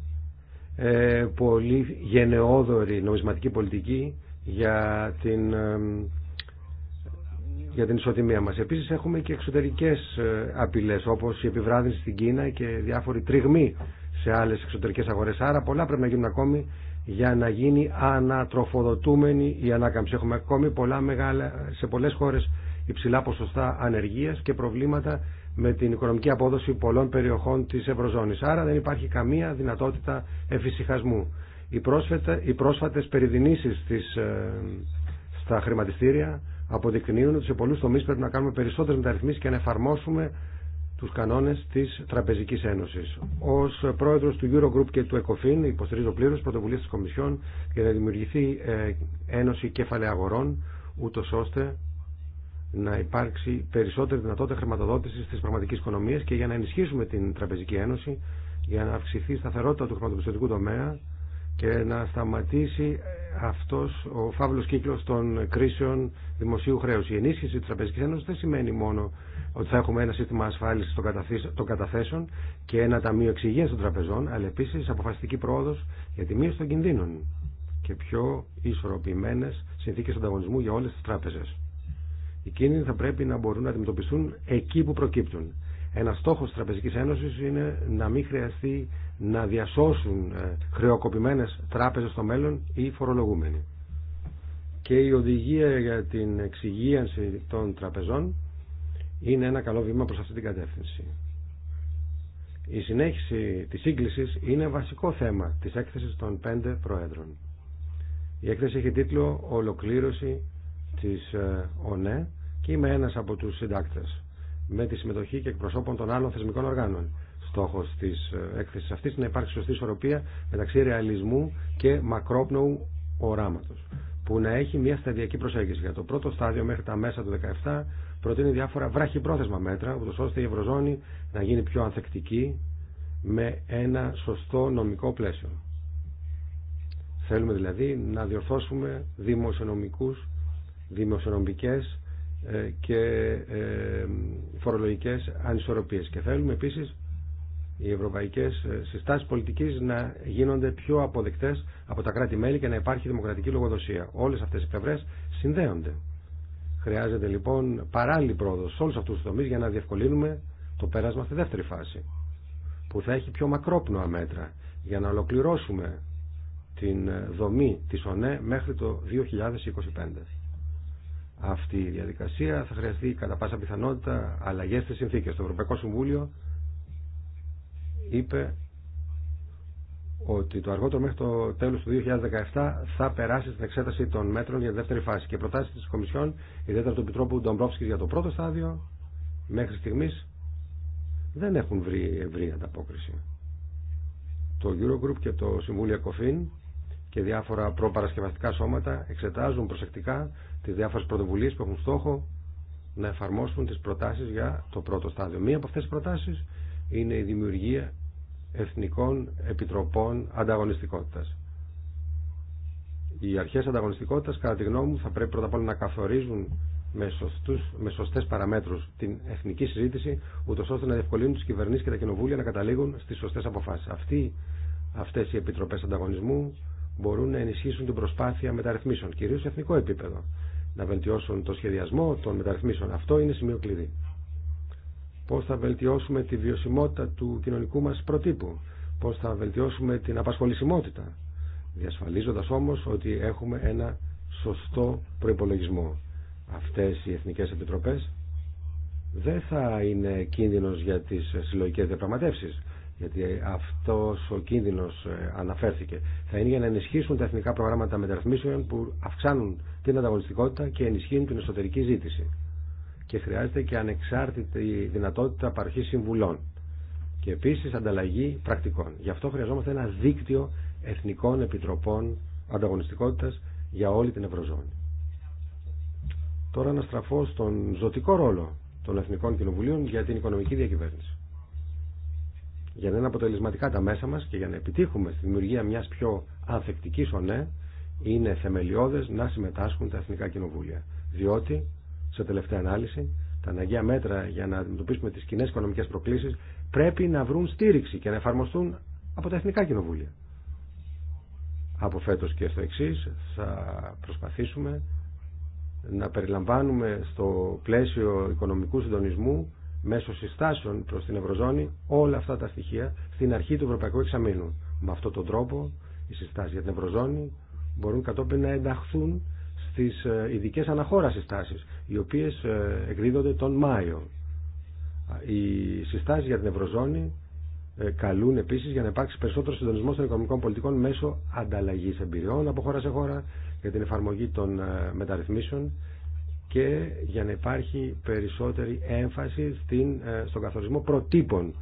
ε, πολύ γενναιόδορη νομισματική πολιτική για την, ε, για την ισοτιμία μας. Επίσης έχουμε και εξωτερικές απειλές όπως η επιβράδυνση στην Κίνα και διάφοροι τριγμοί σε άλλε εξωτερικέ αγορέ. Άρα πολλά πρέπει να γίνουν ακόμη για να γίνει ανατροφοδοτούμενη η ανάκαμψη. Έχουμε ακόμη πολλά μεγάλα, σε πολλέ χώρε υψηλά ποσοστά ανεργία και προβλήματα με την οικονομική απόδοση πολλών περιοχών τη Ευρωζώνη. Άρα δεν υπάρχει καμία δυνατότητα εφησυχασμού. Οι, πρόσφατε οι πρόσφατες ε, στα χρηματιστήρια αποδεικνύουν ότι σε πολλούς τομείς πρέπει να κάνουμε περισσότερες μεταρρυθμίσεις και να εφαρμόσουμε τους κανόνες της Τραπεζικής Ένωσης. Ω πρόεδρος του Eurogroup και του ECOFIN υποστηρίζω πλήρω, πρωτοβουλία τη Κομισιόν για να δημιουργηθεί ε, Ένωση Κεφαλαίου Αγορών, ούτως ώστε να υπάρξει περισσότερη δυνατότητα χρηματοδότησης τη πραγματική οικονομία και για να ενισχύσουμε την Τραπεζική Ένωση για να αυξηθεί η σταθερότητα του χρηματοπιστωτικού τομέα και να σταματήσει ε, αυτός ο φαύλος κύκλος των κρίσεων δημοσίου χρέους. Η ενίσχυση της Τραπεζικής Ένωσης δεν σημαίνει μόνο ότι θα έχουμε ένα σύστημα ασφάλισης των καταθέσεων και ένα ταμείο εξυγείας των τραπεζών, αλλά επίσης αποφασιστική πρόοδος για τη μείωση των κινδύνων και πιο ισορροπημένες συνθήκες ανταγωνισμού για όλες τις τράπεζες. Οι κίνδυνοι θα πρέπει να μπορούν να αντιμετωπιστούν εκεί που προκύπτουν. Ένα στόχο τη Τραπεζική Ένωση είναι να μην χρειαστεί να διασώσουν ε, χρεοκοπημένε τράπεζε στο μέλλον ή φορολογούμενοι. Και η οδηγία για την εξυγίανση των τραπεζών είναι ένα καλό βήμα προς αυτή την κατεύθυνση. Η συνέχιση της σύγκληση είναι βασικό θέμα της έκθεση των πέντε προέδρων. Η έκθεση έχει τίτλο «Ολοκλήρωση της ε, ΟΝΕ» και είμαι ένας από του συντάκτε με τη συμμετοχή και εκπροσώπων των άλλων θεσμικών οργάνων. Στόχο τη ε, έκθεση αυτή είναι να υπάρξει σωστή ισορροπία μεταξύ ρεαλισμού και μακρόπνοου οράματο, που να έχει μια σταδιακή προσέγγιση. Για το πρώτο στάδιο μέχρι τα μέσα του 2017 προτείνει διάφορα βράχυπρόθεσμα μέτρα, ούτω ώστε η Ευρωζώνη να γίνει πιο ανθεκτική με ένα σωστό νομικό πλαίσιο. Θέλουμε δηλαδή να διορθώσουμε δημοσιονομικούς, δημοσιονομικές ε, και ε, φορολογικές ανισορροπίες. Και θέλουμε επίσης οι ευρωπαϊκές ε, συστάσεις πολιτικής να γίνονται πιο αποδεκτές από τα κράτη-μέλη και να υπάρχει δημοκρατική λογοδοσία. Όλες αυτές οι πλευρές συνδέονται. Χρειάζεται λοιπόν παράλληλη πρόοδο σε όλους αυτούς τους τομείς για να διευκολύνουμε το πέρασμα στη δεύτερη φάση που θα έχει πιο μακρόπνοα μέτρα για να ολοκληρώσουμε την δομή της ΟΝΕ μέχρι το 2025 αυτή η διαδικασία. Θα χρειαστεί κατά πάσα πιθανότητα αλλαγέ στι συνθήκε. Το Ευρωπαϊκό Συμβούλιο είπε ότι το αργότερο μέχρι το τέλο του 2017 θα περάσει στην εξέταση των μέτρων για δεύτερη φάση. Και προτάσει τη Κομισιόν, ιδιαίτερα του Επιτρόπου Ντομπρόφσκη για το πρώτο στάδιο, μέχρι στιγμή δεν έχουν βρει ευρύ ανταπόκριση. Το Eurogroup και το Συμβούλιο Κοφίν και διάφορα προπαρασκευαστικά σώματα εξετάζουν προσεκτικά τις διάφορες πρωτοβουλίες που έχουν στόχο να εφαρμόσουν τις προτάσεις για το πρώτο στάδιο. Μία από αυτές τις προτάσεις είναι η δημιουργία εθνικών επιτροπών ανταγωνιστικότητας. Οι αρχές ανταγωνιστικότητας, κατά τη γνώμη μου, θα πρέπει πρώτα απ' όλα να καθορίζουν με, σωστούς, με σωστές παραμέτρους την εθνική συζήτηση, ούτως ώστε να διευκολύνουν τις κυβερνήσεις και τα κοινοβούλια να καταλήγουν στις σωστές αποφάσεις. Αυτή, αυτές οι επιτροπές ανταγωνισμού μπορούν να ενισχύσουν την προσπάθεια μεταρρυθμίσεων, κυρίω σε εθνικό επίπεδο. Να βελτιώσουν το σχεδιασμό των μεταρρυθμίσεων. Αυτό είναι σημείο κλειδί. Πώ θα βελτιώσουμε τη βιωσιμότητα του κοινωνικού μα προτύπου. Πώ θα βελτιώσουμε την απασχολησιμότητα. Διασφαλίζοντα όμω ότι έχουμε ένα σωστό προπολογισμό. Αυτέ οι εθνικέ επιτροπέ δεν θα είναι κίνδυνο για τι συλλογικέ διαπραγματεύσεις γιατί αυτός ο κίνδυνος ε, αναφέρθηκε, θα είναι για να ενισχύσουν τα εθνικά προγράμματα μεταρρυθμίσεων που αυξάνουν την ανταγωνιστικότητα και ενισχύουν την εσωτερική ζήτηση. Και χρειάζεται και ανεξάρτητη δυνατότητα παροχής συμβουλών και επίσης ανταλλαγή πρακτικών. Γι' αυτό χρειαζόμαστε ένα δίκτυο εθνικών επιτροπών ανταγωνιστικότητας για όλη την Ευρωζώνη. Τώρα να στραφώ στον ζωτικό ρόλο των Εθνικών Κοινοβουλίων για την οικονομική διακυβέρνηση. Για να είναι αποτελεσματικά τα μέσα μας και για να επιτύχουμε στη δημιουργία μιας πιο ανθεκτικής ΟΝΕ είναι θεμελιώδες να συμμετάσχουν τα εθνικά κοινοβούλια. Διότι, σε τελευταία ανάλυση, τα αναγκαία μέτρα για να αντιμετωπίσουμε τις κοινέ οικονομικές προκλήσεις πρέπει να βρουν στήριξη και να εφαρμοστούν από τα εθνικά κοινοβούλια. Από φέτος και στο εξή θα προσπαθήσουμε να περιλαμβάνουμε στο πλαίσιο οικονομικού συντονισμού μέσω συστάσεων προ την Ευρωζώνη όλα αυτά τα στοιχεία στην αρχή του Ευρωπαϊκού Εξαμήνου. Με αυτόν τον τρόπο οι συστάσει για την Ευρωζώνη μπορούν κατόπιν να ενταχθούν στι ε, ειδικέ αναχώρα συστάσει, οι οποίε ε, εκδίδονται τον Μάιο. Οι συστάσει για την Ευρωζώνη ε, καλούν επίση για να υπάρξει περισσότερο συντονισμό των οικονομικών πολιτικών μέσω ανταλλαγή εμπειριών από χώρα σε χώρα για την εφαρμογή των μεταρρυθμίσεων και για να υπάρχει περισσότερη έμφαση στην, ε, στον καθορισμό προτύπων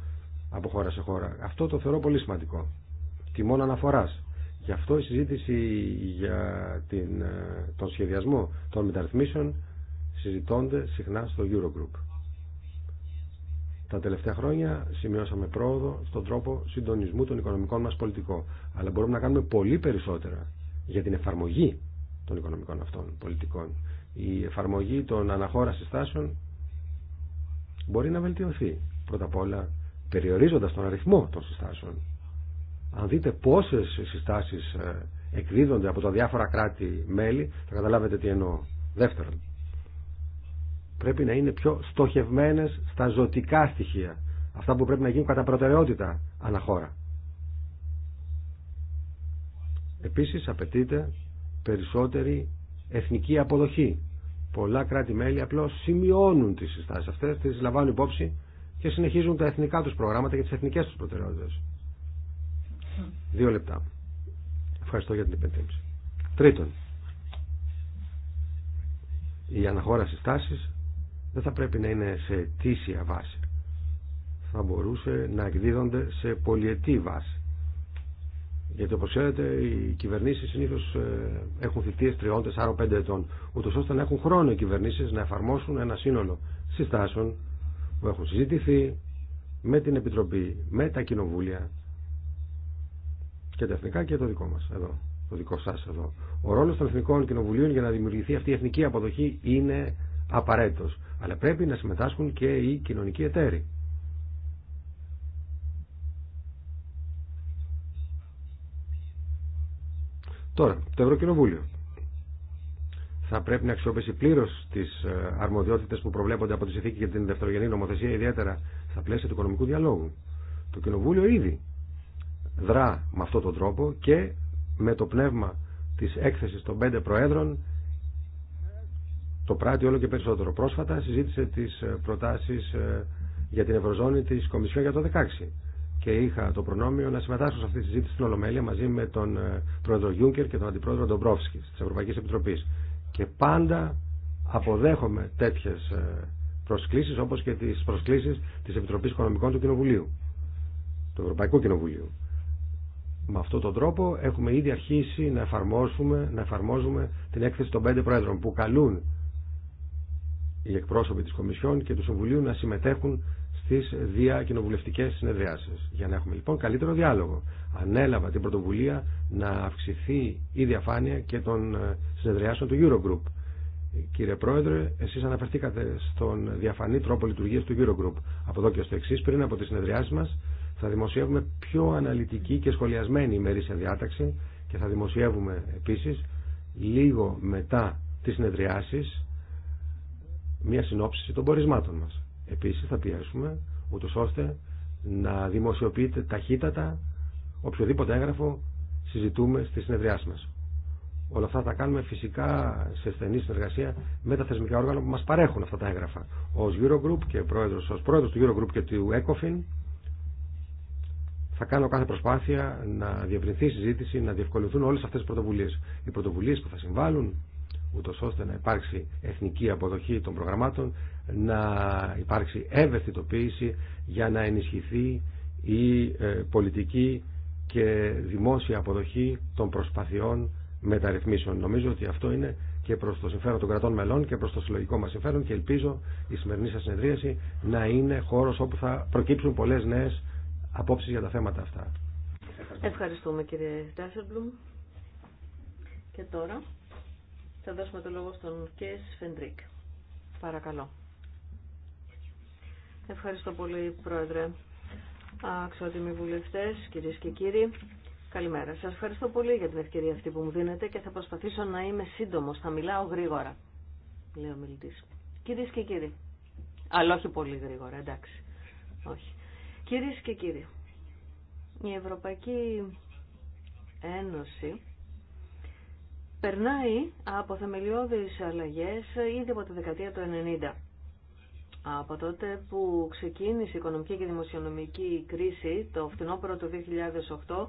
από χώρα σε χώρα. Αυτό το θεωρώ πολύ σημαντικό. Τιμών αναφοράς. Γι' αυτό η συζήτηση για την, ε, τον σχεδιασμό των μεταρρυθμίσεων συζητώνται συχνά στο Eurogroup. Τα τελευταία χρόνια σημειώσαμε πρόοδο στον τρόπο συντονισμού των οικονομικών μας πολιτικών. Αλλά μπορούμε να κάνουμε πολύ περισσότερα για την εφαρμογή των οικονομικών αυτών πολιτικών η εφαρμογή των αναχώρα συστάσεων μπορεί να βελτιωθεί. Πρώτα απ' όλα περιορίζοντας τον αριθμό των συστάσεων. Αν δείτε πόσες συστάσεις ε, εκδίδονται από τα διάφορα κράτη-μέλη, θα καταλάβετε τι εννοώ. Δεύτερον, πρέπει να είναι πιο στοχευμένες στα ζωτικά στοιχεία. Αυτά που πρέπει να γίνουν κατά προτεραιότητα αναχώρα. Επίσης απαιτείται περισσότερη εθνική αποδοχή. Πολλά κράτη-μέλη απλώ σημειώνουν τι συστάσει αυτές, τι λαμβάνουν υπόψη και συνεχίζουν τα εθνικά τους προγράμματα και τις εθνικές τους προτεραιότητε. Δύο λεπτά. Ευχαριστώ για την υπενθύμηση. Τρίτον, η αναχώραση στάσης δεν θα πρέπει να είναι σε αιτήσια βάση. Θα μπορούσε να εκδίδονται σε πολιετή βάση. Γιατί όπω ξέρετε, οι κυβερνήσει συνήθω ε, έχουν θητείε τριών, τεσσάρων, πέντε ετών. Ούτω ώστε να έχουν χρόνο οι κυβερνήσει να εφαρμόσουν ένα σύνολο συστάσεων που έχουν συζητηθεί με την Επιτροπή, με τα κοινοβούλια και τα εθνικά και το δικό μα εδώ. Το δικό σα εδώ. Ο ρόλο των εθνικών κοινοβουλίων για να δημιουργηθεί αυτή η εθνική αποδοχή είναι απαραίτητο. Αλλά πρέπει να συμμετάσχουν και οι κοινωνικοί εταίροι. Τώρα, το Ευρωκοινοβούλιο θα πρέπει να αξιοποιήσει πλήρω τι ε, αρμοδιότητε που προβλέπονται από τη συνθήκη για την δευτερογενή νομοθεσία, ιδιαίτερα στα πλαίσια του οικονομικού διαλόγου. Το Κοινοβούλιο ήδη δρά με αυτόν τον τρόπο και με το πνεύμα τη έκθεση των πέντε Προέδρων το πράττει όλο και περισσότερο. Πρόσφατα συζήτησε τι ε, προτάσει ε, για την Ευρωζώνη τη Κομισιόν για το 2016 και είχα το προνόμιο να συμμετάσχω σε αυτή τη συζήτηση στην Ολομέλεια μαζί με τον ε, πρόεδρο Γιούγκερ και τον αντιπρόεδρο Ντομπρόφσκι τη Ευρωπαϊκή Επιτροπή. Και πάντα αποδέχομαι τέτοιε προσκλήσει όπω και τι προσκλήσει τη Επιτροπή Οικονομικών του Κοινοβουλίου του Ευρωπαϊκού Κοινοβουλίου με αυτόν τον τρόπο έχουμε ήδη αρχίσει να εφαρμόσουμε, να εφαρμόζουμε την έκθεση των πέντε πρόεδρων που καλούν οι εκπρόσωποι της Κομισιόν και του Συμβουλίου να συμμετέχουν δια διακοινοβουλευτικές συνεδριάσεις. Για να έχουμε λοιπόν καλύτερο διάλογο. Ανέλαβα την πρωτοβουλία να αυξηθεί η διαφάνεια και των ε, συνεδριάσεων του Eurogroup. Κύριε Πρόεδρε, εσεί αναφερθήκατε στον διαφανή τρόπο λειτουργία του Eurogroup. Από εδώ και το εξή, πριν από τι συνεδριάσει μα, θα δημοσιεύουμε πιο αναλυτική και σχολιασμένη ημερήσια διάταξη και θα δημοσιεύουμε επίση λίγο μετά τι συνεδριάσει μία συνόψηση των πορισμάτων μας. Επίσης θα πιέσουμε ούτω ώστε να δημοσιοποιείται ταχύτατα οποιοδήποτε έγγραφο συζητούμε στη συνεδριά μας. Όλα αυτά θα κάνουμε φυσικά σε στενή συνεργασία με τα θεσμικά όργανα που μας παρέχουν αυτά τα έγγραφα. Ως Eurogroup και πρόεδρος, ως πρόεδρος του Eurogroup και του ECOFIN θα κάνω κάθε προσπάθεια να διευρυνθεί η συζήτηση, να διευκολυνθούν όλες αυτές τις πρωτοβουλίες. Οι πρωτοβουλίες που θα συμβάλλουν ούτως ώστε να υπάρξει εθνική αποδοχή των προγραμμάτων να υπάρξει ευαισθητοποίηση για να ενισχυθεί η ε, πολιτική και δημόσια αποδοχή των προσπαθειών μεταρρυθμίσεων. Νομίζω ότι αυτό είναι και προς το συμφέρον των κρατών μελών και προς το συλλογικό μας συμφέρον και ελπίζω η σημερινή σας συνεδρίαση να είναι χώρος όπου θα προκύψουν πολλές νέες απόψεις για τα θέματα αυτά. Ευχαριστούμε κύριε Ντάσερμπλουμ. Και τώρα θα δώσουμε το λόγο στον Κέις Φεντρίκ. Παρακαλώ. Ευχαριστώ πολύ, Πρόεδρε. Αξιότιμοι βουλευτέ, κυρίε και κύριοι, καλημέρα. Σα ευχαριστώ πολύ για την ευκαιρία αυτή που μου δίνετε και θα προσπαθήσω να είμαι σύντομο. Θα μιλάω γρήγορα, λέει ο μιλητή. Κυρίε και κύριοι. Αλλά όχι πολύ γρήγορα, εντάξει. Όχι. Κυρίε και κύριοι, η Ευρωπαϊκή Ένωση περνάει από θεμελιώδεις αλλαγές ήδη από τη δεκαετία του 90. Από τότε που ξεκίνησε η οικονομική και δημοσιονομική κρίση το φθινόπωρο του 2008,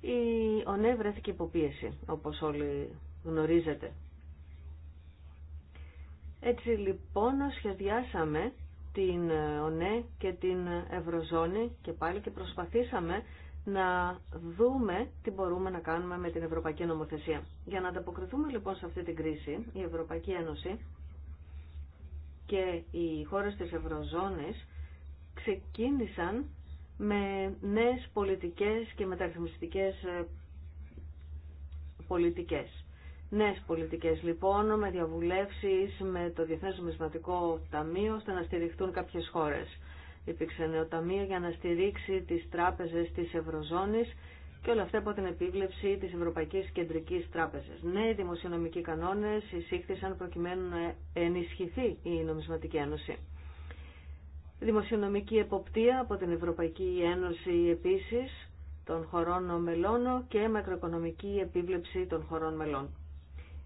η ΟΝΕ βρέθηκε υποπίεση, όπως όλοι γνωρίζετε. Έτσι λοιπόν σχεδιάσαμε την ΟΝΕ και την Ευρωζώνη και πάλι και προσπαθήσαμε να δούμε τι μπορούμε να κάνουμε με την Ευρωπαϊκή Νομοθεσία. Για να ανταποκριθούμε λοιπόν σε αυτή την κρίση, η Ευρωπαϊκή Ένωση και οι χώρες της Ευρωζώνης ξεκίνησαν με νέες πολιτικές και μεταρρυθμιστικές ε, πολιτικές. Νέες πολιτικές λοιπόν με διαβουλεύσεις με το Διεθνές Νομισματικό Ταμείο ώστε να στηριχτούν κάποιες χώρες. Υπήρξε νέο ταμείο για να στηρίξει τις τράπεζες της Ευρωζώνης και όλα αυτά από την επίβλεψη της Ευρωπαϊκής Κεντρικής Τράπεζας. Ναι, οι δημοσιονομικοί κανόνες εισήχθησαν προκειμένου να ενισχυθεί η νομισματική ένωση. Δημοσιονομική εποπτεία από την Ευρωπαϊκή Ένωση επίσης των χωρών μελών και μακροοικονομική επίβλεψη των χωρών μελών.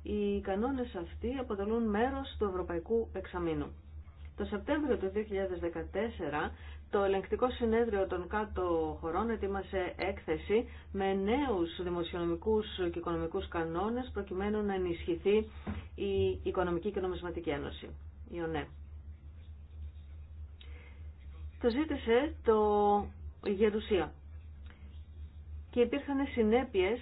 Οι κανόνες αυτοί αποτελούν μέρος του Ευρωπαϊκού Εξαμήνου. Το Σεπτέμβριο του 2014 το ελεγκτικό συνέδριο των κάτω χωρών ετοίμασε έκθεση με νέους δημοσιονομικούς και οικονομικούς κανόνες προκειμένου να ενισχυθεί η Οικονομική και Νομισματική Ένωση, Το ζήτησε το Γερουσία και υπήρχαν συνέπειες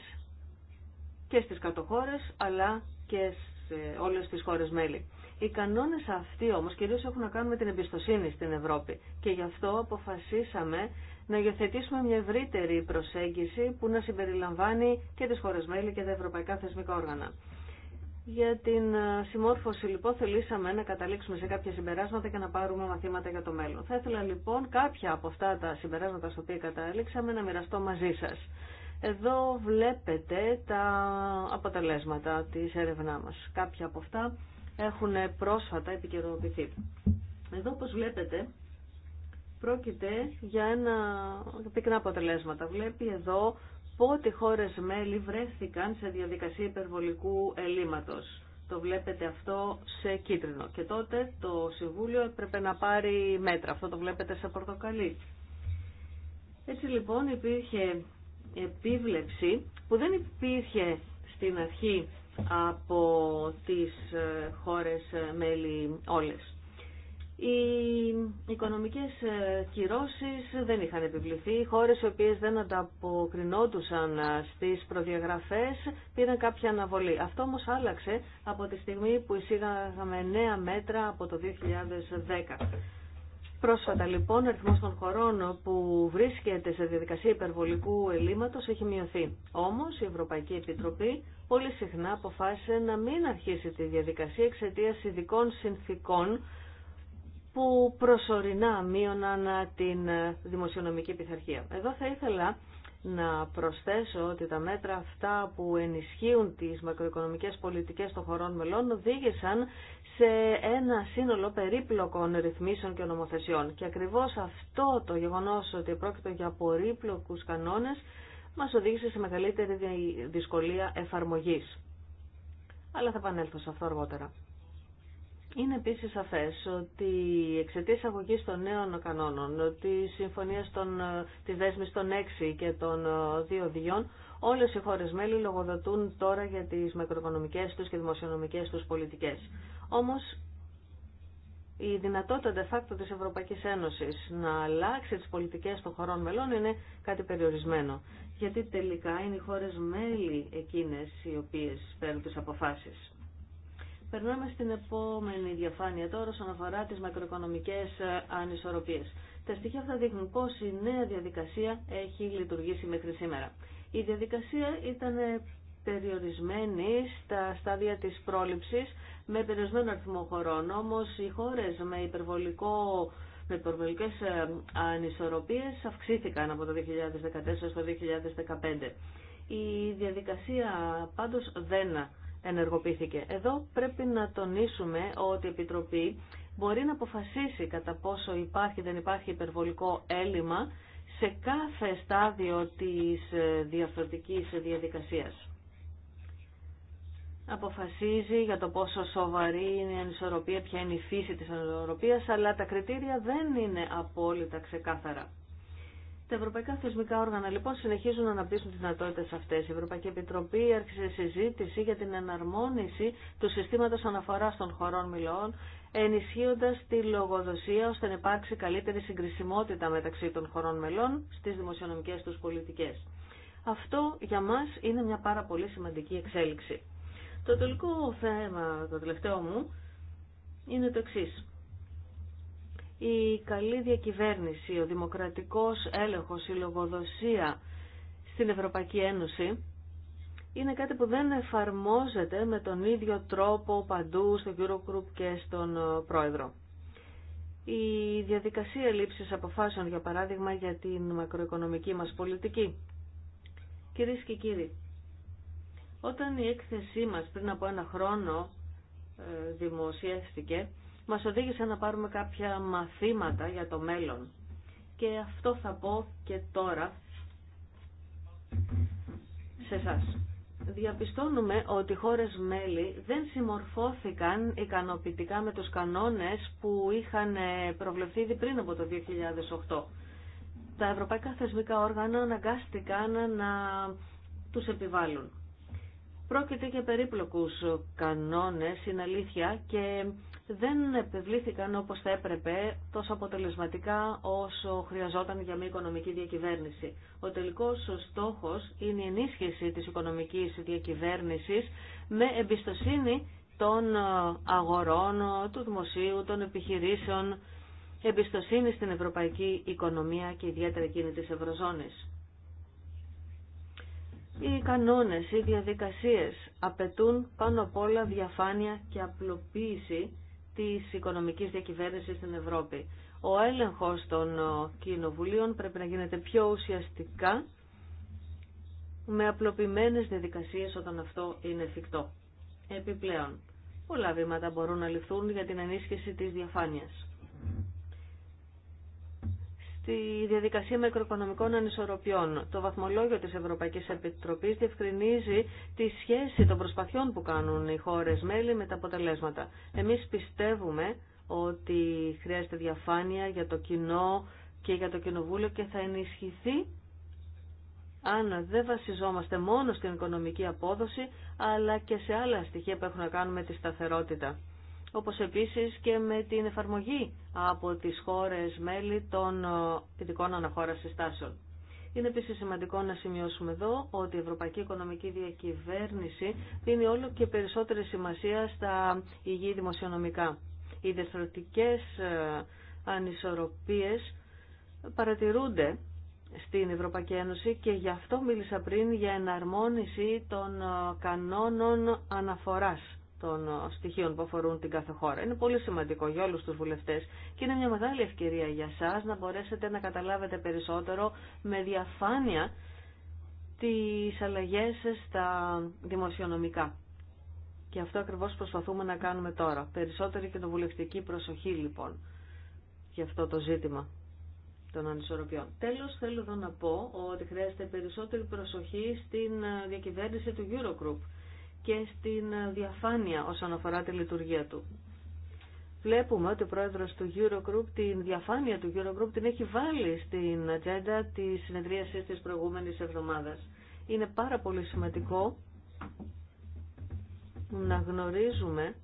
και στις κατοχώρες αλλά και σε όλες τις χώρες μέλη. Οι κανόνες αυτοί όμως κυρίως έχουν να κάνουν με την εμπιστοσύνη στην Ευρώπη και γι' αυτό αποφασίσαμε να υιοθετήσουμε μια ευρύτερη προσέγγιση που να συμπεριλαμβάνει και τις χώρες μέλη και τα ευρωπαϊκά θεσμικά όργανα. Για την ε, συμμόρφωση λοιπόν θελήσαμε να καταλήξουμε σε κάποια συμπεράσματα και να πάρουμε μαθήματα για το μέλλον. Θα ήθελα λοιπόν κάποια από αυτά τα συμπεράσματα στα οποία καταλήξαμε να μοιραστώ μαζί σας. Εδώ βλέπετε τα αποτελέσματα της έρευνά μας. Κάποια από αυτά έχουν πρόσφατα επικαιροποιηθεί. Εδώ όπως βλέπετε πρόκειται για ένα πυκνά αποτελέσματα. Βλέπει εδώ πότε χώρες μέλη βρέθηκαν σε διαδικασία υπερβολικού ελλείμματος. Το βλέπετε αυτό σε κίτρινο. Και τότε το Συμβούλιο έπρεπε να πάρει μέτρα. Αυτό το βλέπετε σε πορτοκαλί. Έτσι λοιπόν υπήρχε επίβλεψη που δεν υπήρχε στην αρχή από τις ε, χώρες ε, μέλη όλες. Οι οικονομικές ε, κυρώσεις δεν είχαν επιβληθεί. Οι χώρες οι οποίες δεν ανταποκρινόντουσαν στις προδιαγραφές πήραν κάποια αναβολή. Αυτό όμως άλλαξε από τη στιγμή που εισήγαγαμε νέα μέτρα από το 2010. Πρόσφατα λοιπόν ο αριθμός των χωρών που βρίσκεται σε διαδικασία υπερβολικού ελλείμματος έχει μειωθεί. Όμως η Ευρωπαϊκή Επιτροπή πολύ συχνά αποφάσισε να μην αρχίσει τη διαδικασία εξαιτία ειδικών συνθήκων που προσωρινά μείωναν την δημοσιονομική πειθαρχία. Εδώ θα ήθελα να προσθέσω ότι τα μέτρα αυτά που ενισχύουν τις μακροοικονομικές πολιτικές των χωρών μελών οδήγησαν σε ένα σύνολο περίπλοκων ρυθμίσεων και νομοθεσιών. Και ακριβώς αυτό το γεγονός ότι πρόκειται για πορύπλοκους κανόνες μας οδήγησε σε μεγαλύτερη δυσκολία εφαρμογής. Αλλά θα επανέλθω σε αυτό αργότερα. Είναι επίσης σαφές ότι εξαιτία αγωγή των νέων κανόνων, ε, τη συμφωνία τη της των 6 και των 2 ε, διών, όλες οι χώρε μέλη λογοδοτούν τώρα για τις μακροοικονομικές τους και δημοσιονομικές τους πολιτικές. Όμως η δυνατότητα de facto της Ευρωπαϊκής Ένωσης να αλλάξει τις πολιτικές των χωρών μελών είναι κάτι περιορισμένο. Γιατί τελικά είναι οι χώρες μέλη εκείνες οι οποίες παίρνουν τις αποφάσεις. Περνάμε στην επόμενη διαφάνεια τώρα όσον αφορά τις μακροοικονομικές ε, ανισορροπίες. Τα στοιχεία αυτά δείχνουν πώς η νέα διαδικασία έχει λειτουργήσει μέχρι σήμερα. Η διαδικασία ήταν ε, περιορισμένη στα στάδια της πρόληψης με περιορισμένο αριθμό χωρών. Όμως οι χώρες με, υπερβολικό, με υπερβολικές ε, ανισορροπίες αυξήθηκαν από το 2014 στο 2015. Η διαδικασία πάντως δεν ενεργοποιήθηκε. Εδώ πρέπει να τονίσουμε ότι η Επιτροπή μπορεί να αποφασίσει κατά πόσο υπάρχει ή δεν υπάρχει υπερβολικό έλλειμμα σε κάθε στάδιο της ε, διαφορετικής διαδικασίας αποφασίζει για το πόσο σοβαρή είναι η ανισορροπία, ποια είναι η φύση της ανισορροπίας, αλλά τα κριτήρια δεν είναι απόλυτα ξεκάθαρα. Τα ευρωπαϊκά θεσμικά όργανα λοιπόν συνεχίζουν να αναπτύσσουν τις δυνατότητε αυτέ. Η Ευρωπαϊκή Επιτροπή άρχισε συζήτηση για την εναρμόνιση του συστήματος αναφοράς των χωρών μιλών, ενισχύοντας τη λογοδοσία ώστε να υπάρξει καλύτερη συγκρισιμότητα μεταξύ των χωρών μελών στι δημοσιονομικέ του πολιτικές. Αυτό για μα είναι μια πάρα πολύ σημαντική εξέλιξη. Το τελικό θέμα, το τελευταίο μου, είναι το εξής. Η καλή διακυβέρνηση, ο δημοκρατικός έλεγχος, η λογοδοσία στην Ευρωπαϊκή Ένωση είναι κάτι που δεν εφαρμόζεται με τον ίδιο τρόπο παντού στο Eurogroup και στον ε, Πρόεδρο. Η διαδικασία λήψης αποφάσεων, για παράδειγμα, για την μακροοικονομική μας πολιτική. Κυρίες και κύριοι, όταν η έκθεσή μας πριν από ένα χρόνο ε, δημοσιεύτηκε, μας οδήγησε να πάρουμε κάποια μαθήματα για το μέλλον. Και αυτό θα πω και τώρα σε εσά. Διαπιστώνουμε ότι οι χώρες μέλη δεν συμμορφώθηκαν ικανοποιητικά με τους κανόνες που είχαν ε, προβλεφθεί ήδη πριν από το 2008. Τα ευρωπαϊκά θεσμικά όργανα αναγκάστηκαν να τους επιβάλλουν. Πρόκειται για περίπλοκους κανόνες, είναι αλήθεια, και δεν επιβλήθηκαν όπως θα έπρεπε τόσο αποτελεσματικά όσο χρειαζόταν για μια οικονομική διακυβέρνηση. Ο τελικός στόχος είναι η ενίσχυση της οικονομικής διακυβέρνησης με εμπιστοσύνη των αγορών, του δημοσίου, των επιχειρήσεων, εμπιστοσύνη στην ευρωπαϊκή οικονομία και ιδιαίτερα εκείνη της Ευρωζώνης. Οι κανόνες, οι διαδικασίες απαιτούν πάνω απ' όλα διαφάνεια και απλοποίηση της οικονομικής διακυβέρνησης στην Ευρώπη. Ο έλεγχος των ε, κοινοβουλίων πρέπει να γίνεται πιο ουσιαστικά με απλοποιημένες διαδικασίες όταν αυτό είναι εφικτό. Επιπλέον, πολλά βήματα μπορούν να ληφθούν για την ενίσχυση της διαφάνειας στη διαδικασία μικροοικονομικών ανισορροπιών. Το βαθμολόγιο της Ευρωπαϊκής Επιτροπής διευκρινίζει τη σχέση των προσπαθειών που κάνουν οι χώρες μέλη με τα αποτελέσματα. Εμείς πιστεύουμε ότι χρειάζεται διαφάνεια για το κοινό και για το κοινοβούλιο και θα ενισχυθεί αν δεν βασιζόμαστε μόνο στην οικονομική απόδοση αλλά και σε άλλα στοιχεία που έχουν να κάνουν με τη σταθερότητα όπως επίσης και με την εφαρμογή από τις χώρες μέλη των ε, ειδικών αναχώρας συστάσεων. Είναι επίσης σημαντικό να σημειώσουμε εδώ ότι η Ευρωπαϊκή Οικονομική Διακυβέρνηση δίνει όλο και περισσότερη σημασία στα υγιή δημοσιονομικά. Οι διαστροτικές ε, ανισορροπίες παρατηρούνται στην Ευρωπαϊκή Ένωση και γι' αυτό μίλησα πριν για εναρμόνιση των ε, κανόνων αναφοράς των ε, στοιχείων που αφορούν την κάθε χώρα. Είναι πολύ σημαντικό για όλους τους βουλευτές και είναι μια μεγάλη ευκαιρία για σας να μπορέσετε να καταλάβετε περισσότερο με διαφάνεια τις αλλαγές στα δημοσιονομικά. Και αυτό ακριβώς προσπαθούμε να κάνουμε τώρα. Περισσότερη και βουλευτική προσοχή λοιπόν για αυτό το ζήτημα των ανισορροπιών. Τέλος θέλω εδώ να πω ότι χρειάζεται περισσότερη προσοχή στην ε, διακυβέρνηση του Eurogroup και στην διαφάνεια όσον αφορά τη λειτουργία του. Βλέπουμε ότι ο πρόεδρος του Eurogroup, την διαφάνεια του Eurogroup την έχει βάλει στην ατζέντα της συνεδρίασης της προηγούμενης εβδομάδας. Είναι πάρα πολύ σημαντικό να γνωρίζουμε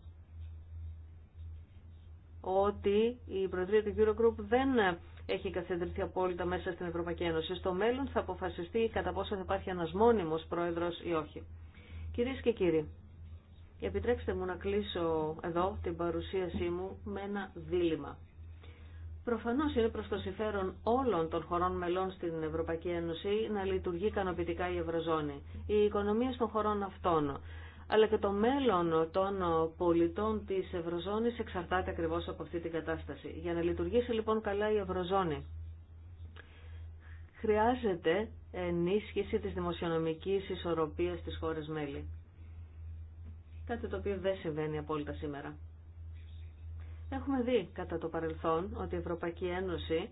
ότι η Προεδρία του Eurogroup δεν έχει καθεντρηθεί απόλυτα μέσα στην Ευρωπαϊκή Ένωση. Στο μέλλον θα αποφασιστεί κατά πόσο θα υπάρχει ένας μόνιμος πρόεδρος ή όχι. Κυρίες και κύριοι, επιτρέψτε μου να κλείσω εδώ την παρουσίασή μου με ένα δίλημα. Προφανώς είναι προς το συμφέρον όλων των χωρών μελών στην Ευρωπαϊκή Ένωση να λειτουργεί ικανοποιητικά η Ευρωζώνη. Η οικονομία των χωρών αυτών, αλλά και το μέλλον των πολιτών της Ευρωζώνης εξαρτάται ακριβώς από αυτή την κατάσταση. Για να λειτουργήσει λοιπόν καλά η Ευρωζώνη χρειάζεται ενίσχυση της δημοσιονομικής ισορροπίας στις χώρες μέλη. Κάτι το οποίο δεν συμβαίνει απόλυτα σήμερα. Έχουμε δει κατά το παρελθόν ότι η Ευρωπαϊκή Ένωση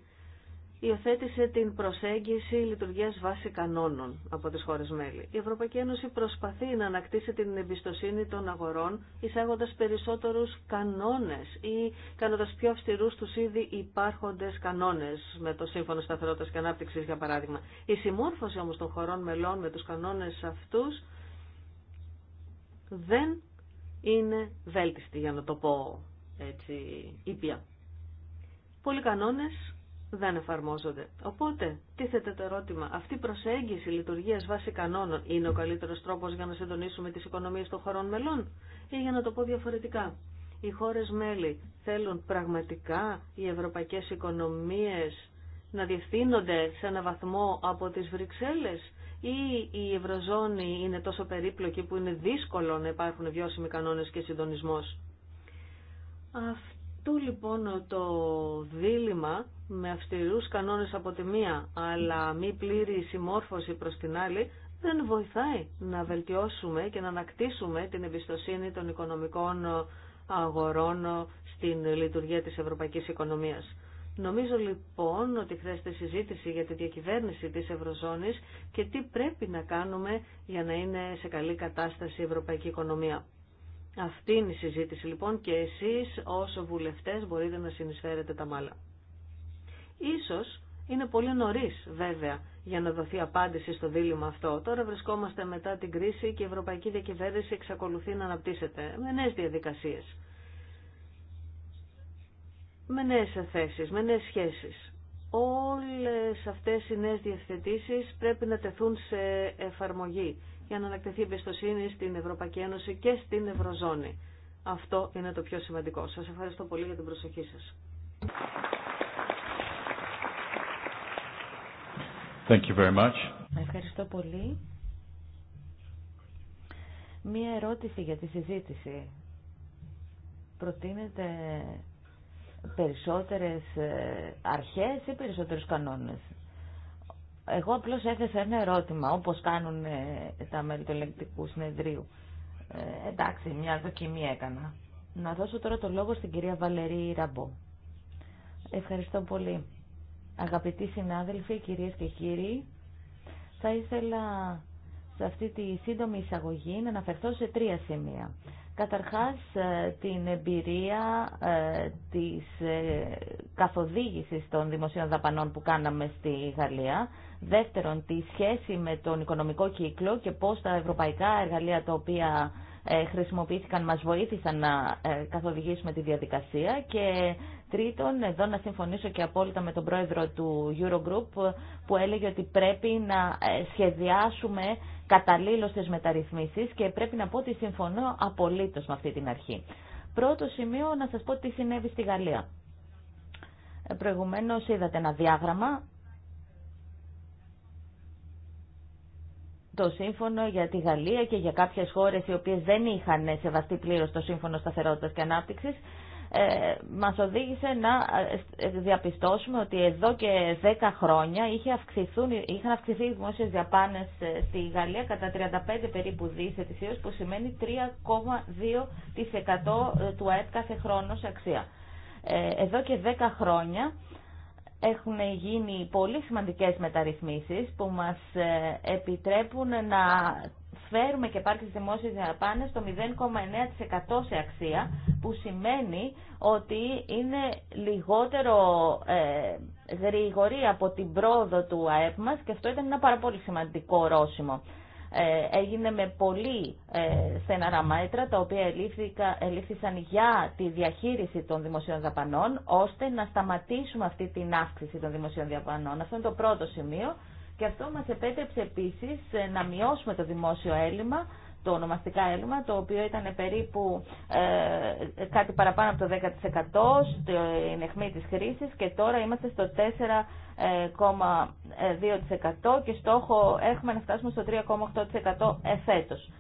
υιοθέτησε την προσέγγιση λειτουργία βάση κανόνων από τι χώρε μέλη. Η Ευρωπαϊκή Ένωση προσπαθεί να ανακτήσει την εμπιστοσύνη των αγορών εισάγοντας περισσότερου κανόνε ή κάνοντα πιο αυστηρού του ήδη υπάρχοντε κανόνε με το Σύμφωνο σταθερότητα και ανάπτυξη, για παράδειγμα. Η συμμόρφωση όμω των χωρών μελών με του κανόνε αυτού δεν είναι βέλτιστη για να το πω έτσι ήπια. Πολλοί κανόνες δεν εφαρμόζονται. Οπότε, τίθεται το ερώτημα, αυτή η προσέγγιση λειτουργία βάσει κανόνων είναι ο καλύτερο τρόπο για να συντονίσουμε τι οικονομίε των χωρών μελών, ή για να το πω διαφορετικά. Οι χώρε μέλη θέλουν πραγματικά οι ευρωπαϊκές οικονομίες να διευθύνονται σε ένα βαθμό από τι Βρυξέλλε, ή η Ευρωζώνη είναι τόσο περίπλοκη που είναι δύσκολο να υπάρχουν βιώσιμοι κανόνε και συντονισμό. Αυτό λοιπόν το δίλημα με αυστηρούς κανόνες από τη μία αλλά μη πλήρη συμμόρφωση προς την άλλη δεν βοηθάει να βελτιώσουμε και να ανακτήσουμε την εμπιστοσύνη των οικονομικών αγορών στην λειτουργία της ευρωπαϊκής οικονομίας. Νομίζω λοιπόν ότι χρειάζεται συζήτηση για τη διακυβέρνηση της Ευρωζώνης και τι πρέπει να κάνουμε για να είναι σε καλή κατάσταση η ευρωπαϊκή οικονομία. Αυτή είναι η συζήτηση λοιπόν και εσείς όσο βουλευτές μπορείτε να συνεισφέρετε τα μάλα. Ίσως είναι πολύ νωρίς βέβαια για να δοθεί απάντηση στο δίλημα αυτό. Τώρα βρισκόμαστε μετά την κρίση και η ευρωπαϊκή διακυβέρνηση εξακολουθεί να αναπτύσσεται με νέες διαδικασίες. Με νέες θέσεις, με νέες σχέσεις. Όλες αυτές οι νέες διευθετήσεις πρέπει να τεθούν σε εφαρμογή για να ανακτηθεί εμπιστοσύνη στην Ευρωπαϊκή Ένωση και στην Ευρωζώνη. Αυτό είναι το πιο σημαντικό. Σας ευχαριστώ πολύ για την προσοχή σας. Thank you very much. Ευχαριστώ πολύ. Μία ερώτηση για τη συζήτηση. Προτείνετε περισσότερες ε, αρχές ή περισσότερους κανόνες. Εγώ απλώ έθεσα ένα ερώτημα, όπως κάνουν ε, τα μέλη του ελεγκτικού συνεδρίου. Ε, εντάξει, μια δοκιμή έκανα. Να δώσω τώρα το λόγο στην κυρία Βαλερή Ραμπό. Ευχαριστώ πολύ. Αγαπητοί συνάδελφοι, κυρίες και κύριοι, θα ήθελα σε αυτή τη σύντομη εισαγωγή να αναφερθώ σε τρία σημεία. Καταρχάς, ε, την εμπειρία ε, της καθοδήγησης των δημοσίων δαπανών που κάναμε στη Γαλλία. Δεύτερον, τη σχέση με τον οικονομικό κύκλο και πώς τα ευρωπαϊκά εργαλεία τα οποία ε, χρησιμοποιήθηκαν μας βοήθησαν να ε, καθοδηγήσουμε τη διαδικασία και τρίτον, εδώ να συμφωνήσω και απόλυτα με τον πρόεδρο του Eurogroup που έλεγε ότι πρέπει να ε, σχεδιάσουμε καταλήλως τις μεταρρυθμίσεις και πρέπει να πω ότι συμφωνώ απολύτως με αυτή την αρχή. Πρώτο σημείο να σας πω τι συνέβη στη Γαλλία. Προηγουμένως είδατε ένα διάγραμμα το σύμφωνο για τη Γαλλία και για κάποιες χώρες οι οποίες δεν είχαν σεβαστεί πλήρως το σύμφωνο σταθερότητας και ανάπτυξης ε, μας οδήγησε να ε, διαπιστώσουμε ότι εδώ και 10 χρόνια είχε είχαν αυξηθεί οι δημόσιες διαπάνες ε, στη Γαλλία κατά 35 περίπου δις ετησίως που σημαίνει 3,2% ε, του ΑΕΠ κάθε χρόνο σε αξία. Ε, εδώ και 10 χρόνια έχουν γίνει πολύ σημαντικές μεταρρυθμίσεις που μας ε, επιτρέπουν να φέρουμε και πάρκες τις δημόσιες δαπάνες στο 0,9% σε αξία, που σημαίνει ότι είναι λιγότερο ε, γρήγορη από την πρόοδο του ΑΕΠ μας και αυτό ήταν ένα πάρα πολύ σημαντικό ορόσημο. Ε, έγινε με πολύ ε, στεναρά μέτρα τα οποία ελήφθησαν για τη διαχείριση των δημοσίων δαπανών ώστε να σταματήσουμε αυτή την αύξηση των δημοσίων δαπανών. Αυτό είναι το πρώτο σημείο και αυτό μας επέτρεψε επίσης ε, να μειώσουμε το δημόσιο έλλειμμα το ονομαστικά έλλειμμα, το οποίο ήταν περίπου ε, κάτι παραπάνω από το 10% στην αιχμή της χρήσης και τώρα είμαστε στο 4,2% και στόχο έχουμε να φτάσουμε στο 3,8% εφέτος.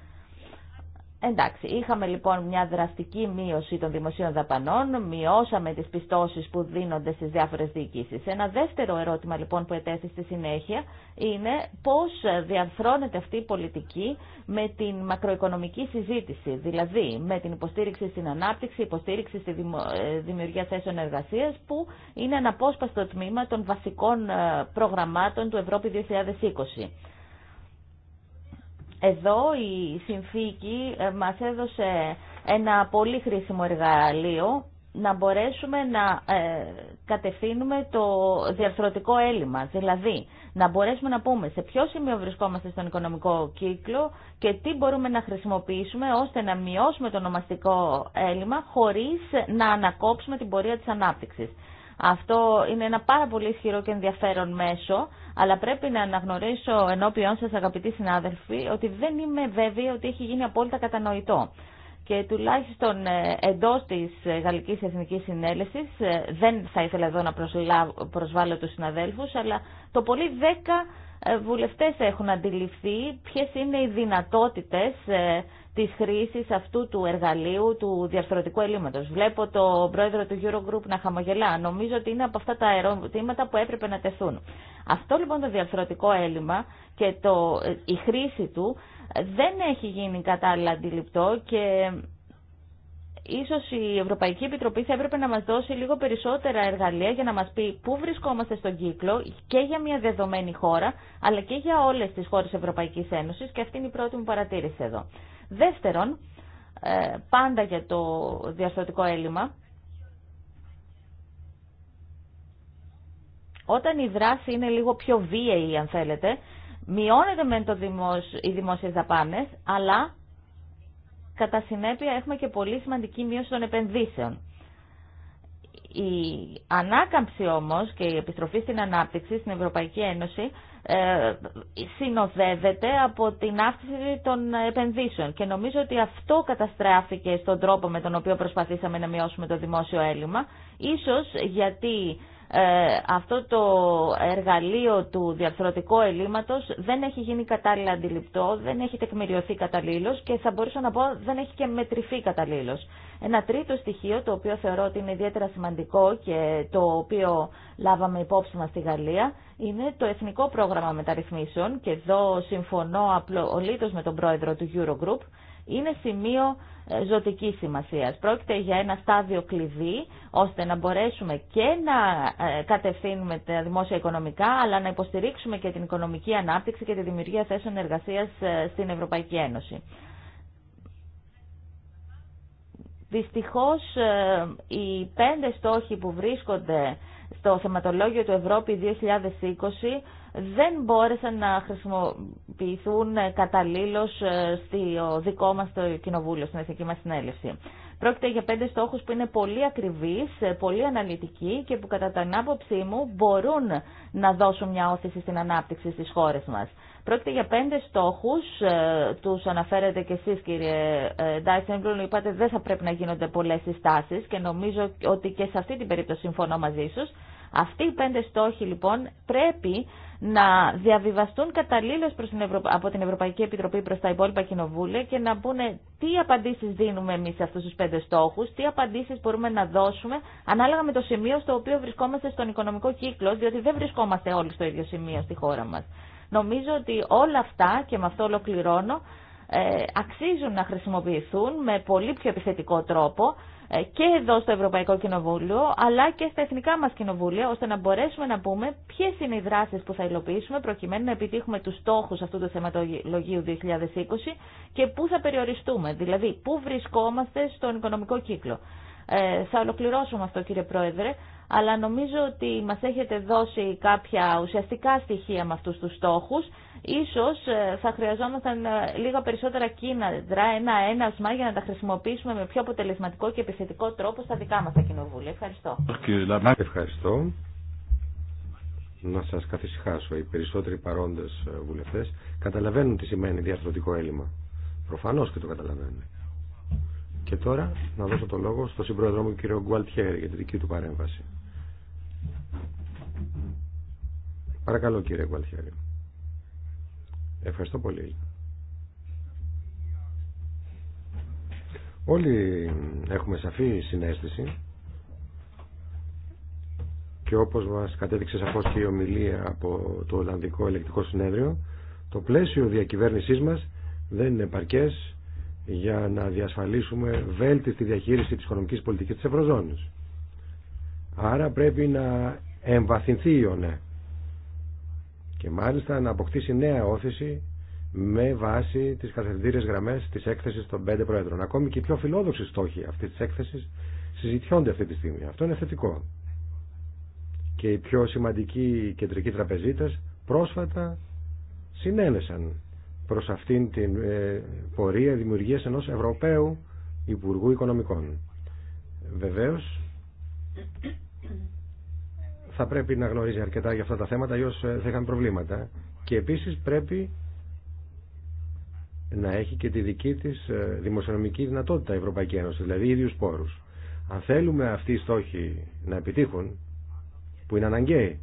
Εντάξει, είχαμε λοιπόν μια δραστική μείωση των δημοσίων δαπανών, μειώσαμε τις πιστώσεις που δίνονται στις διάφορες διοικήσεις. Ένα δεύτερο ερώτημα λοιπόν που ετέθη στη συνέχεια είναι πώς διαρθρώνεται αυτή η πολιτική με την μακροοικονομική συζήτηση, δηλαδή με την υποστήριξη στην ανάπτυξη, υποστήριξη στη ε, δημιουργία θέσεων εργασίας που είναι αναπόσπαστο τμήμα των βασικών ε, προγραμμάτων του Ευρώπη 2020. Εδώ η συνθήκη ε, μας έδωσε ένα πολύ χρήσιμο εργαλείο να μπορέσουμε να ε, κατευθύνουμε το διαρθρωτικό έλλειμμα. Δηλαδή, να μπορέσουμε να πούμε σε ποιο σημείο βρισκόμαστε στον οικονομικό κύκλο και τι μπορούμε να χρησιμοποιήσουμε ώστε να μειώσουμε το νομαστικό έλλειμμα χωρίς να ανακόψουμε την πορεία της ανάπτυξης. Αυτό είναι ένα πάρα πολύ ισχυρό και ενδιαφέρον μέσο, αλλά πρέπει να αναγνωρίσω ενώπιον σας αγαπητοί συνάδελφοι ότι δεν είμαι βέβαιη ότι έχει γίνει απόλυτα κατανοητό. Και τουλάχιστον ε, εντός της ε, Γαλλικής Εθνικής Συνέλευσης, ε, δεν θα ήθελα εδώ να προσβάλλω τους συναδέλφους, αλλά το πολύ δέκα βουλευτές έχουν αντιληφθεί ποιες είναι οι δυνατότητες Τη χρήση αυτού του εργαλείου του διαρθρωτικού ελλείμματο. Βλέπω τον πρόεδρο του Eurogroup να χαμογελά. Νομίζω ότι είναι από αυτά τα ερωτήματα που έπρεπε να τεθούν. Αυτό λοιπόν το διαρθρωτικό έλλειμμα και το, η χρήση του δεν έχει γίνει κατάλληλα αντιληπτό και ίσως η Ευρωπαϊκή Επιτροπή θα έπρεπε να μας δώσει λίγο περισσότερα εργαλεία για να μας πει πού βρισκόμαστε στον κύκλο και για μια δεδομένη χώρα, αλλά και για όλες τις χώρες Ευρωπαϊκής Ένωσης και αυτή είναι η πρώτη μου παρατήρηση εδώ. Δεύτερον, ε, πάντα για το διαστατικό έλλειμμα, όταν η δράση είναι λίγο πιο βίαιη, αν θέλετε, μειώνεται με το δημοσ... οι δημόσιες δαπάνες, αλλά κατά συνέπεια έχουμε και πολύ σημαντική μείωση των επενδύσεων. Η ανάκαμψη όμως και η επιστροφή στην ανάπτυξη στην Ευρωπαϊκή Ένωση ε, συνοδεύεται από την αύξηση των επενδύσεων. Και νομίζω ότι αυτό καταστράφηκε στον τρόπο με τον οποίο προσπαθήσαμε να μειώσουμε το δημόσιο έλλειμμα, ίσως γιατί ε, αυτό το εργαλείο του διαρθρωτικού ελλείμματος δεν έχει γίνει κατάλληλα αντιληπτό, δεν έχει τεκμηριωθεί καταλήλως και θα μπορούσα να πω δεν έχει και μετρηθεί καταλήλως. Ένα τρίτο στοιχείο το οποίο θεωρώ ότι είναι ιδιαίτερα σημαντικό και το οποίο λάβαμε υπόψη μας στη Γαλλία είναι το Εθνικό Πρόγραμμα Μεταρρυθμίσεων και εδώ συμφωνώ απολύτως με τον πρόεδρο του Eurogroup είναι σημείο ε, ζωτική σημασία. Πρόκειται για ένα στάδιο κλειδί ώστε να μπορέσουμε και να ε, κατευθύνουμε τα δημόσια οικονομικά αλλά να υποστηρίξουμε και την οικονομική ανάπτυξη και τη δημιουργία θέσεων εργασία ε, στην Ευρωπαϊκή Ένωση. Δυστυχώς οι πέντε στόχοι που βρίσκονται στο θεματολόγιο του Ευρώπη 2020 δεν μπόρεσαν να χρησιμοποιηθούν καταλήλω ε, στο δικό μα το κοινοβούλιο, στην Εθνική μα Συνέλευση. Πρόκειται για πέντε στόχους που είναι πολύ ακριβείς, ε, πολύ αναλυτικοί και που κατά την άποψή μου μπορούν να δώσουν μια όθηση στην ανάπτυξη στι χώρε μας. Πρόκειται για πέντε στόχους, ε, τους αναφέρετε και εσείς κύριε που είπατε δεν θα πρέπει να γίνονται πολλέ συστάσει και νομίζω ότι και σε αυτή την περίπτωση συμφωνώ μαζί σας. Αυτοί οι πέντε στόχοι λοιπόν πρέπει να διαβιβαστούν καταλήλω από την Ευρωπαϊκή Επιτροπή προ τα υπόλοιπα κοινοβούλια και να πούνε τι απαντήσει δίνουμε εμεί σε αυτού του πέντε στόχου, τι απαντήσει μπορούμε να δώσουμε ανάλογα με το σημείο στο οποίο βρισκόμαστε στον οικονομικό κύκλο, διότι δεν βρισκόμαστε όλοι στο ίδιο σημείο στη χώρα μα. Νομίζω ότι όλα αυτά, και με αυτό ολοκληρώνω, ε, αξίζουν να χρησιμοποιηθούν με πολύ πιο επιθετικό τρόπο ε, και εδώ στο Ευρωπαϊκό Κοινοβούλιο αλλά και στα εθνικά μας κοινοβούλια ώστε να μπορέσουμε να πούμε ποιες είναι οι δράσεις που θα υλοποιήσουμε προκειμένου να επιτύχουμε τους στόχους αυτού του θεματολογίου 2020 και πού θα περιοριστούμε, δηλαδή πού βρισκόμαστε στον οικονομικό κύκλο. Ε, θα ολοκληρώσω αυτό κύριε Πρόεδρε, αλλά νομίζω ότι μας έχετε δώσει κάποια ουσιαστικά στοιχεία με αυτούς τους στόχους Ίσως ε, θα χρειαζόμασταν ε, λίγα περισσότερα κίνητρα, ένα ένασμα για να τα χρησιμοποιήσουμε με πιο αποτελεσματικό και επιθετικό τρόπο στα δικά μας τα κοινοβούλια. Ευχαριστώ. Ευχαριστώ. Να σας καθησυχάσω. Οι περισσότεροι παρόντες ε, βουλευτές καταλαβαίνουν τι σημαίνει διαρθρωτικό έλλειμμα. Προφανώς και το καταλαβαίνουν. Και τώρα να δώσω το λόγο στον συμπρόεδρό μου κύριο Γκουαλτιέρη για τη δική του παρέμβαση. Παρακαλώ κύριε Γκουαλτιέρη. Ευχαριστώ πολύ. Όλοι έχουμε σαφή συνέστηση και όπως μας κατέδειξε σαφώς και η ομιλία από το Ολλανδικό Ελεκτικό Συνέδριο το πλαίσιο διακυβέρνησής μας δεν είναι παρκές για να διασφαλίσουμε βέλτιστη διαχείριση της οικονομικής πολιτικής της Ευρωζώνης. Άρα πρέπει να εμβαθυνθεί η ΟΝΕ και μάλιστα να αποκτήσει νέα όθηση με βάση τις καθευτήρες γραμμές τη έκθεση των πέντε πρόεδρων. Ακόμη και οι πιο φιλόδοξοι στόχοι αυτή τη έκθεση συζητιώνται αυτή τη στιγμή. Αυτό είναι θετικό. Και οι πιο σημαντικοί κεντρικοί τραπεζίτέ πρόσφατα συνένεσαν προς αυτήν την ε, πορεία δημιουργία ενό Ευρωπαίου Υπουργού Οικονομικών. Βεβαίω θα πρέπει να γνωρίζει αρκετά για αυτά τα θέματα, αλλιώ ε, θα είχαν προβλήματα. Και επίση πρέπει να έχει και τη δική τη ε, δημοσιονομική δυνατότητα η Ευρωπαϊκή Ένωση, δηλαδή ίδιου πόρου. Αν θέλουμε αυτοί οι στόχοι να επιτύχουν, που είναι αναγκαίοι,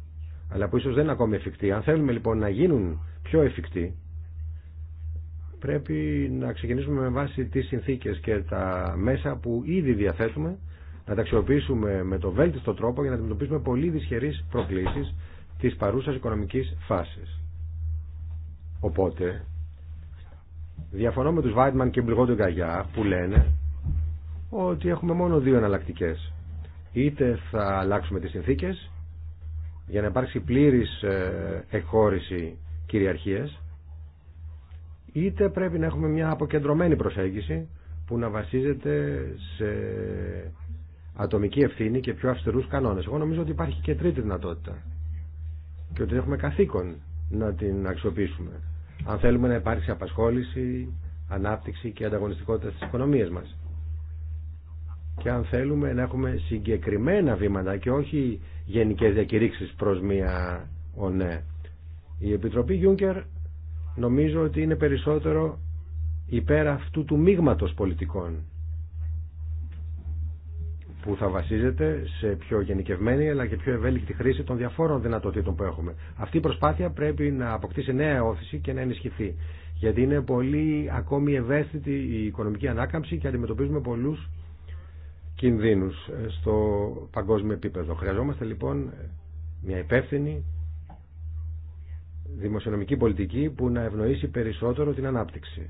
αλλά που ίσω δεν είναι ακόμη εφικτοί, αν θέλουμε λοιπόν να γίνουν πιο εφικτοί, πρέπει να ξεκινήσουμε με βάση τι συνθήκε και τα μέσα που ήδη διαθέτουμε να τα αξιοποιήσουμε με το βέλτιστο τρόπο για να αντιμετωπίσουμε πολύ δυσχερείς προκλήσεις της παρούσας οικονομικής φάσης. Οπότε, διαφωνώ με τους Βάιντμαν και Μπλιγόντο Γκαγιά που λένε ότι έχουμε μόνο δύο εναλλακτικέ. Είτε θα αλλάξουμε τις συνθήκες για να υπάρξει πλήρης εχώρηση κυριαρχίας είτε πρέπει να έχουμε μια αποκεντρωμένη προσέγγιση που να βασίζεται σε ατομική ευθύνη και πιο αυστηρού κανόνες. Εγώ νομίζω ότι υπάρχει και τρίτη δυνατότητα και ότι έχουμε καθήκον να την αξιοποιήσουμε. Αν θέλουμε να υπάρξει απασχόληση, ανάπτυξη και ανταγωνιστικότητα στις οικονομίες μας. Και αν θέλουμε να έχουμε συγκεκριμένα βήματα και όχι γενικές διακηρύξει προς μία ΟΝΕ. Ναι. Η Επιτροπή Γιούγκερ νομίζω ότι είναι περισσότερο υπέρ αυτού του μείγματο πολιτικών που θα βασίζεται σε πιο γενικευμένη αλλά και πιο ευέλικτη χρήση των διαφόρων δυνατοτήτων που έχουμε. Αυτή η προσπάθεια πρέπει να αποκτήσει νέα όθηση και να ενισχυθεί. Γιατί είναι πολύ ακόμη ευαίσθητη η οικονομική ανάκαμψη και αντιμετωπίζουμε πολλού κινδύνου ε, στο παγκόσμιο επίπεδο. Χρειαζόμαστε λοιπόν μια υπεύθυνη δημοσιονομική πολιτική που να ευνοήσει περισσότερο την ανάπτυξη.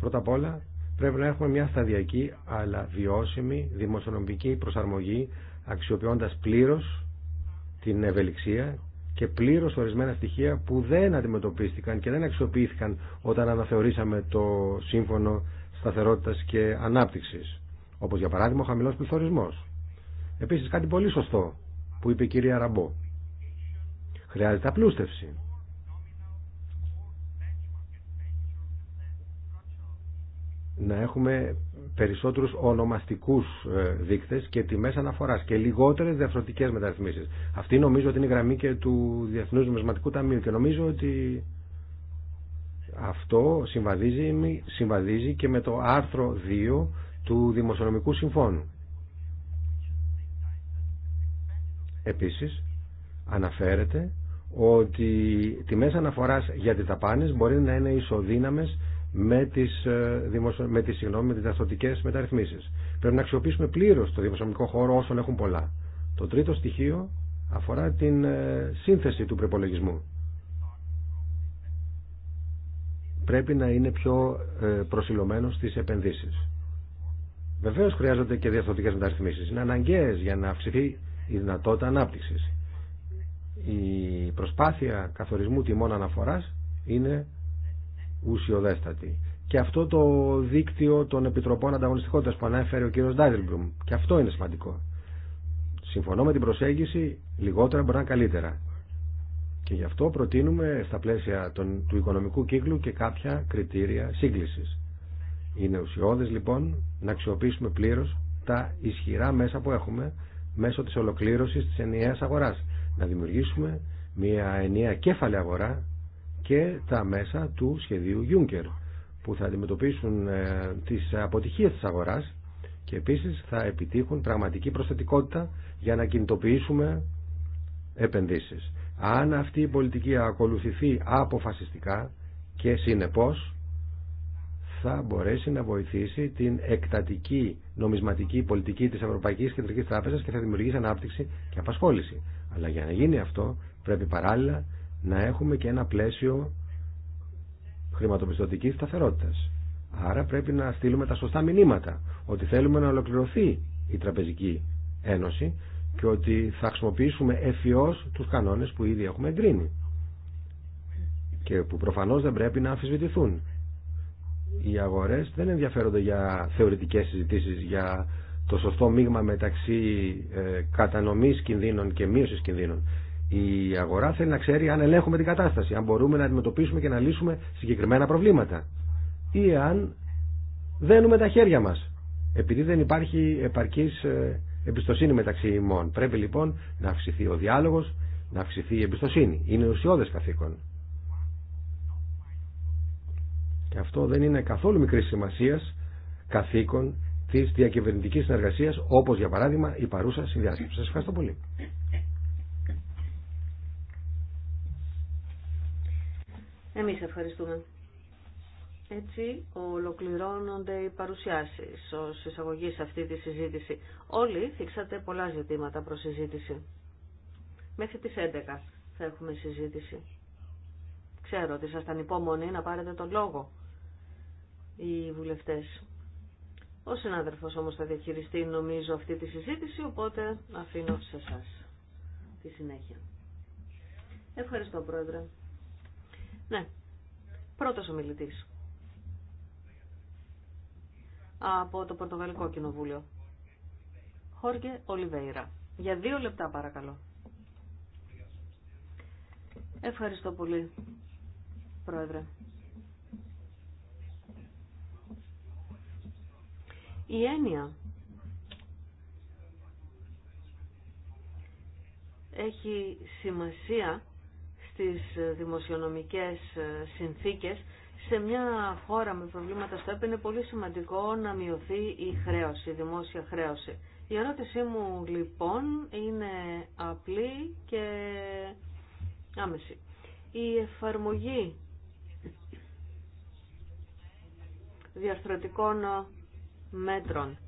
Πρώτα απ' όλα Πρέπει να έχουμε μια σταδιακή αλλά βιώσιμη δημοσιονομική προσαρμογή αξιοποιώντας πλήρως την ευελιξία και πλήρως ορισμένα στοιχεία που δεν αντιμετωπίστηκαν και δεν αξιοποιήθηκαν όταν αναθεωρήσαμε το σύμφωνο σταθερότητας και ανάπτυξη. Όπως για παράδειγμα ο χαμηλό πληθωρισμό. Επίσης κάτι πολύ σωστό που είπε η κυρία Ραμπό. Χρειάζεται απλούστευση να έχουμε περισσότερους ονομαστικούς ε, δείκτες και τιμές αναφοράς και λιγότερες διαφορετικές μεταρρυθμίσεις. Αυτή νομίζω ότι είναι η γραμμή και του Διεθνούς Νομισματικού Ταμείου και νομίζω ότι αυτό συμβαδίζει, συμβαδίζει και με το άρθρο 2 του Δημοσιονομικού Συμφώνου. Επίσης, αναφέρεται ότι τιμές αναφοράς για τις δαπάνες μπορεί να είναι ισοδύναμες με τις, ε, δημοσιο... με τις, συγγνώμη, μεταρρυθμίσεις. Πρέπει να αξιοποιήσουμε πλήρως το δημοσιονομικό χώρο όσων έχουν πολλά. Το τρίτο στοιχείο αφορά την ε, σύνθεση του προπολογισμού. Πρέπει να είναι πιο ε, προσιλωμένο στις επενδύσεις. Βεβαίω χρειάζονται και διαστοτικέ μεταρρυθμίσει. Είναι αναγκαίε για να αυξηθεί η δυνατότητα ανάπτυξη. Η προσπάθεια καθορισμού τιμών αναφορά είναι ουσιοδέστατη. Και αυτό το δίκτυο των επιτροπών ανταγωνιστικότητας που ανέφερε ο κύριος Ντάιζελμπλουμ. Και αυτό είναι σημαντικό. Συμφωνώ με την προσέγγιση, λιγότερα μπορεί να καλύτερα. Και γι' αυτό προτείνουμε στα πλαίσια των, του οικονομικού κύκλου και κάποια κριτήρια σύγκληση. Είναι ουσιώδε λοιπόν να αξιοποιήσουμε πλήρω τα ισχυρά μέσα που έχουμε μέσω τη ολοκλήρωση τη ενιαίας αγορά. Να δημιουργήσουμε μια ενιαία κέφαλη αγορά και τα μέσα του σχεδίου Juncker που θα αντιμετωπίσουν ε, τις αποτυχίες της αγοράς και επίσης θα επιτύχουν πραγματική προσθετικότητα για να κινητοποιήσουμε επενδύσεις. Αν αυτή η πολιτική ακολουθηθεί αποφασιστικά και συνεπώς θα μπορέσει να βοηθήσει την εκτατική νομισματική πολιτική της Ευρωπαϊκής Κεντρικής Τράπεζας και θα δημιουργήσει ανάπτυξη και απασχόληση. Αλλά για να γίνει αυτό πρέπει παράλληλα να έχουμε και ένα πλαίσιο χρηματοπιστωτικής σταθερότητας. Άρα πρέπει να στείλουμε τα σωστά μηνύματα ότι θέλουμε να ολοκληρωθεί η Τραπεζική Ένωση και ότι θα χρησιμοποιήσουμε εφιώς τους κανόνες που ήδη έχουμε εγκρίνει και που προφανώς δεν πρέπει να αμφισβητηθούν. Οι αγορές δεν ενδιαφέρονται για θεωρητικές συζητήσεις για το σωστό μείγμα μεταξύ ε, κατανομής κινδύνων και μείωσης κινδύνων. Η αγορά θέλει να ξέρει αν ελέγχουμε την κατάσταση, αν μπορούμε να αντιμετωπίσουμε και να λύσουμε συγκεκριμένα προβλήματα ή αν δένουμε τα χέρια μας επειδή δεν υπάρχει επαρκής ε, εμπιστοσύνη μεταξύ ημών. Πρέπει λοιπόν να αυξηθεί ο διάλογος, να αυξηθεί η εμπιστοσύνη. Είναι ουσιώδες καθήκον. Και αυτό δεν είναι καθόλου μικρή σημασία καθήκον της διακυβερνητικής συνεργασίας όπως για παράδειγμα η παρούσα καθηκον τη διακυβερνητική συνεργασία, όπω για παραδειγμα η παρουσα συνδιασκεψη Σα ευχαριστώ πολύ. Εμείς ευχαριστούμε. Έτσι ολοκληρώνονται οι παρουσιάσεις ως εισαγωγή σε αυτή τη συζήτηση. Όλοι θίξατε πολλά ζητήματα προς συζήτηση. Μέχρι τις 11 θα έχουμε συζήτηση. Ξέρω ότι ήταν υπόμονη να πάρετε τον λόγο οι βουλευτές. Ο συνάδελφος όμως θα διαχειριστεί νομίζω αυτή τη συζήτηση, οπότε αφήνω σε εσά τη συνέχεια. Ευχαριστώ πρόεδρε. Ναι. Πρώτος ομιλητής. Από το Πορτογαλικό Κοινοβούλιο. Χόρκε Ολιβέιρα. Για δύο λεπτά παρακαλώ. Ευχαριστώ πολύ, Πρόεδρε. Η έννοια έχει σημασία στις δημοσιονομικές ε, συνθήκες σε μια χώρα με προβλήματα στο έπαινε είναι πολύ σημαντικό να μειωθεί η χρέωση, η δημόσια χρέωση. Η ερώτησή μου λοιπόν είναι απλή και άμεση. Η εφαρμογή διαρθρωτικών μέτρων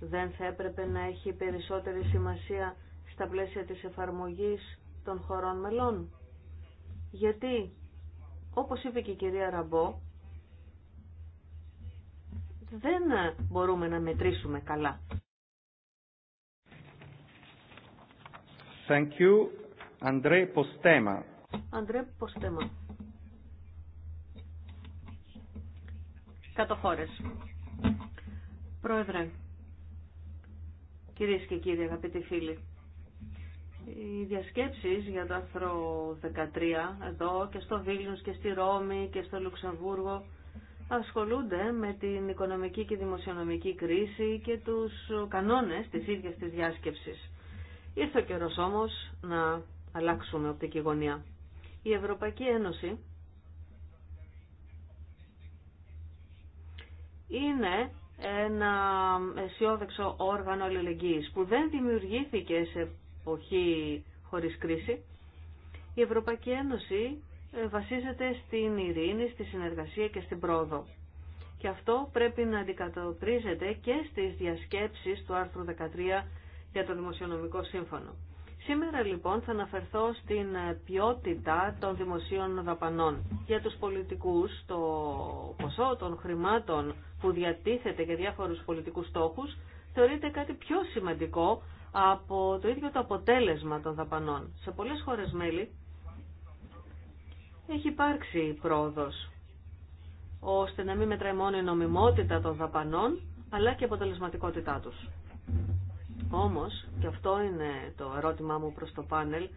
δεν θα έπρεπε να έχει περισσότερη σημασία στα πλαίσια της εφαρμογής των χωρών μελών γιατί όπως είπε και η κυρία Ραμπό δεν μπορούμε να μετρήσουμε καλά. Thank you. André Postema. André Postema. Κατοχώρες. Πρόεδρε, κυρίες και κύριοι αγαπητοί φίλοι, οι διασκέψεις για το άρθρο 13 εδώ και στο Βίλνιους και στη Ρώμη και στο Λουξεμβούργο ασχολούνται με την οικονομική και δημοσιονομική κρίση και τους κανόνες της ίδιας της διάσκεψης. Ήρθε ο καιρός όμως να αλλάξουμε οπτική γωνία. Η Ευρωπαϊκή Ένωση είναι ένα αισιόδεξο όργανο αλληλεγγύης που δεν δημιουργήθηκε σε εποχή χωρίς κρίση. Η Ευρωπαϊκή Ένωση ε, βασίζεται στην ειρήνη, στη συνεργασία και στην πρόοδο. Και αυτό πρέπει να αντικατοπτρίζεται και στις διασκέψεις του άρθρου 13 για το Δημοσιονομικό Σύμφωνο. Σήμερα λοιπόν θα αναφερθώ στην ποιότητα των δημοσίων δαπανών. Για τους πολιτικούς το ποσό των χρημάτων που διατίθεται για διάφορους πολιτικούς στόχους θεωρείται κάτι πιο σημαντικό από το ίδιο το αποτέλεσμα των δαπανών. Σε πολλές χώρες μέλη έχει υπάρξει πρόοδος, ώστε να μην μετράει μόνο η νομιμότητα των δαπανών, αλλά και η αποτελεσματικότητά τους. Όμως, και αυτό είναι το ερώτημά μου προς το πάνελ,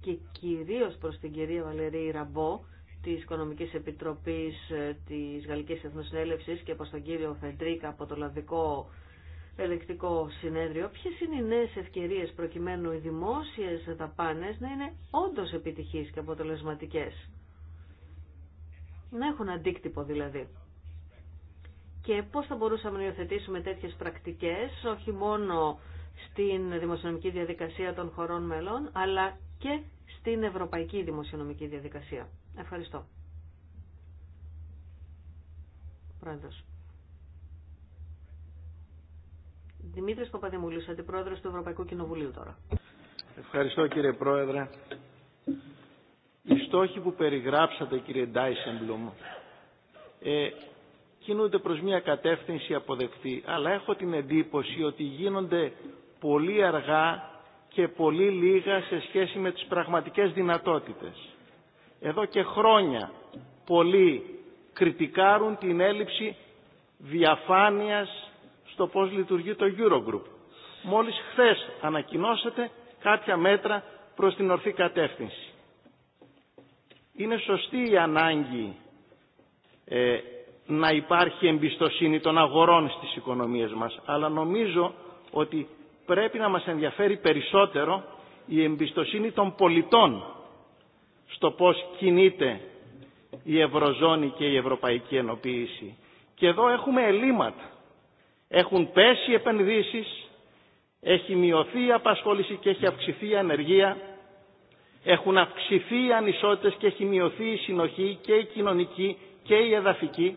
και κυρίως προς την κυρία Βαλερή Ραμπό, της Οικονομικής Επιτροπής ε, της Γαλλικής Εθνοσυνέλευσης και προς τον κύριο Φεντρίκα από το Λαδικό ελεκτικό συνέδριο, Ποιε είναι οι νέε ευκαιρίε προκειμένου οι δημόσιε δαπάνε να είναι όντω επιτυχεί και αποτελεσματικές. Να έχουν αντίκτυπο δηλαδή. Και πώς θα μπορούσαμε να υιοθετήσουμε τέτοιες πρακτικές, όχι μόνο στην δημοσιονομική διαδικασία των χωρών μελών, αλλά και στην ευρωπαϊκή δημοσιονομική διαδικασία. Ευχαριστώ. Πρόεδρος. Δημήτρης Παπαδημούλη, αντιπρόεδρο του Ευρωπαϊκού Κοινοβουλίου τώρα. Ευχαριστώ κύριε Πρόεδρε. Οι στόχοι που περιγράψατε κύριε Ντάισεμπλουμ ε, κινούνται προς μια κατεύθυνση αποδεκτή, αλλά έχω την εντύπωση ότι γίνονται πολύ αργά και πολύ λίγα σε σχέση με τις πραγματικές δυνατότητες. Εδώ και χρόνια πολλοί κριτικάρουν την έλλειψη διαφάνειας στο πώς λειτουργεί το Eurogroup. Μόλις χθες ανακοινώσατε κάποια μέτρα προς την ορθή κατεύθυνση. Είναι σωστή η ανάγκη ε, να υπάρχει εμπιστοσύνη των αγορών στις οικονομίες μας, αλλά νομίζω ότι πρέπει να μας ενδιαφέρει περισσότερο η εμπιστοσύνη των πολιτών στο πώς κινείται η Ευρωζώνη και η Ευρωπαϊκή Ενοποίηση. Και εδώ έχουμε ελλείμματα. Έχουν πέσει οι επενδύσεις, έχει μειωθεί η απασχόληση και έχει αυξηθεί η ανεργία, έχουν αυξηθεί οι ανισότητες και έχει μειωθεί η συνοχή και η κοινωνική και η εδαφική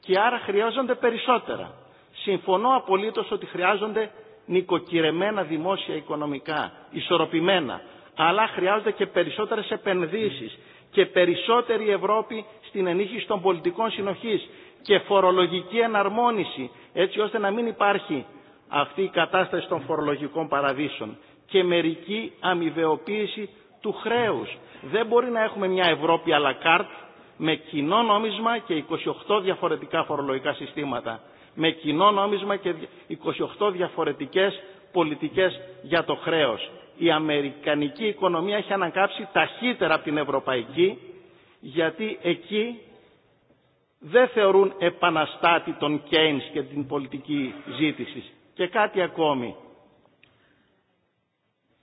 και άρα χρειάζονται περισσότερα. Συμφωνώ απολύτως ότι χρειάζονται νοικοκυρεμένα δημόσια οικονομικά, ισορροπημένα, αλλά χρειάζονται και περισσότερες επενδύσεις και περισσότερη Ευρώπη στην ενίσχυση των πολιτικών συνοχής και φορολογική εναρμόνιση έτσι ώστε να μην υπάρχει αυτή η κατάσταση των φορολογικών παραδείσων και μερική αμοιβεοποίηση του χρέους. Δεν μπορεί να έχουμε μια Ευρώπη à la carte με κοινό νόμισμα και 28 διαφορετικά φορολογικά συστήματα. Με κοινό νόμισμα και 28 διαφορετικές πολιτικές για το χρέος. Η αμερικανική οικονομία έχει ανακάψει ταχύτερα από την ευρωπαϊκή γιατί εκεί δεν θεωρούν επαναστάτη τον Κέινς και την πολιτική ζήτηση. Και κάτι ακόμη.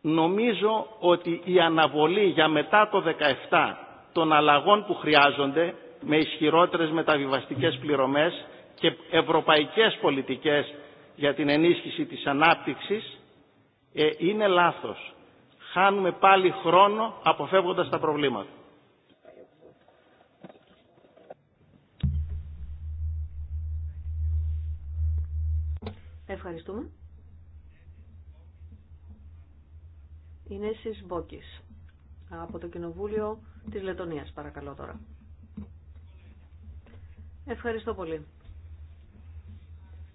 Νομίζω ότι η αναβολή για μετά το 17 των αλλαγών που χρειάζονται με ισχυρότερες μεταβιβαστικές πληρωμές και ευρωπαϊκές πολιτικές για την ενίσχυση της ανάπτυξης ε, είναι λάθος. Χάνουμε πάλι χρόνο αποφεύγοντας τα προβλήματα. Ευχαριστούμε. Η Μπόκης από το Κοινοβούλιο της Λετωνίας, παρακαλώ τώρα. Ευχαριστώ πολύ.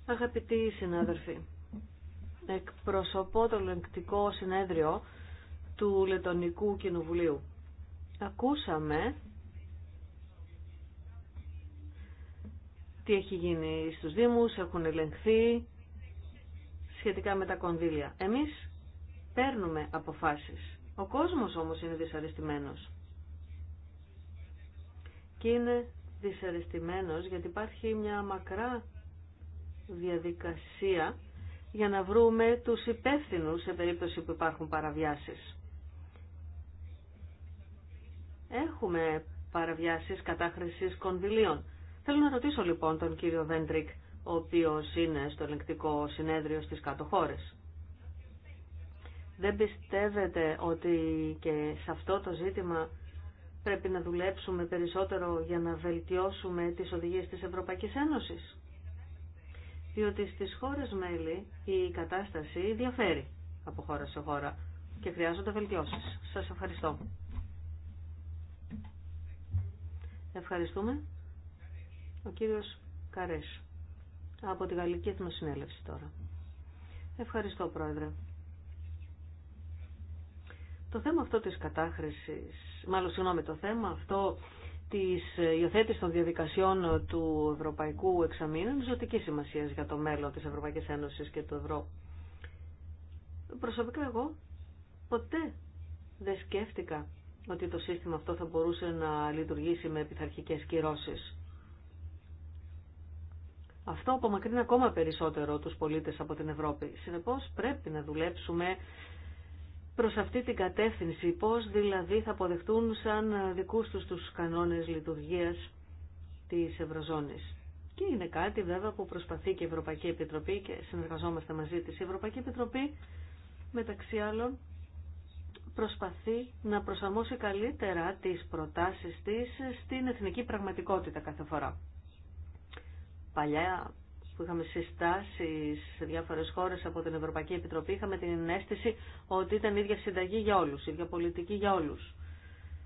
Αγαπητοί συνάδελφοι, εκπροσωπώ το λεγκτικό συνέδριο του Λετωνικού Κοινοβουλίου. Ακούσαμε τι έχει γίνει στους Δήμους, έχουν ελεγχθεί σχετικά με τα κονδύλια. Εμείς παίρνουμε αποφάσεις. Ο κόσμος όμως είναι δυσαρεστημένος. Και είναι δυσαρεστημένος γιατί υπάρχει μια μακρά διαδικασία για να βρούμε τους υπεύθυνους σε περίπτωση που υπάρχουν παραβιάσεις. Έχουμε παραβιάσεις κατάχρησης κονδυλίων. Θέλω να ρωτήσω λοιπόν τον κύριο Βέντρικ ο οποίος είναι στο ελεγκτικό συνέδριο στις κάτω χώρες. Δεν πιστεύετε ότι και σε αυτό το ζήτημα πρέπει να δουλέψουμε περισσότερο για να βελτιώσουμε τις οδηγίες της Ευρωπαϊκής Ένωσης. Διότι στις χώρες μέλη η κατάσταση διαφέρει από χώρα σε χώρα και χρειάζονται βελτιώσεις. Σας ευχαριστώ. Ευχαριστούμε. Ο κύριος Καρέσου από τη Γαλλική Εθνοσυνέλευση τώρα. Ευχαριστώ Πρόεδρε. Το θέμα αυτό της κατάχρησης, μάλλον συγγνώμη, το θέμα αυτό της υιοθέτηση των διαδικασιών του Ευρωπαϊκού Εξαμήνου είναι ζωτική σημασία για το μέλλον της Ευρωπαϊκής Ένωσης και του Ευρώ. Προσωπικά εγώ ποτέ δεν σκέφτηκα ότι το σύστημα αυτό θα μπορούσε να λειτουργήσει με επιθαρχικές κυρώσεις. Αυτό απομακρύνει ακόμα περισσότερο τους πολίτες από την Ευρώπη. Συνεπώς πρέπει να δουλέψουμε προς αυτή την κατεύθυνση, πώς δηλαδή θα αποδεχτούν σαν δικούς τους τους κανόνες λειτουργίας της Ευρωζώνης. Και είναι κάτι βέβαια που προσπαθεί και η Ευρωπαϊκή Επιτροπή και συνεργαζόμαστε μαζί της. Η Ευρωπαϊκή Επιτροπή μεταξύ άλλων προσπαθεί να προσαρμόσει καλύτερα τις προτάσεις της στην εθνική πραγματικότητα κάθε φορά παλιά που είχαμε συστάσει σε διάφορες χώρες από την Ευρωπαϊκή Επιτροπή, είχαμε την αίσθηση ότι ήταν ίδια συνταγή για όλους, η ίδια πολιτική για όλους.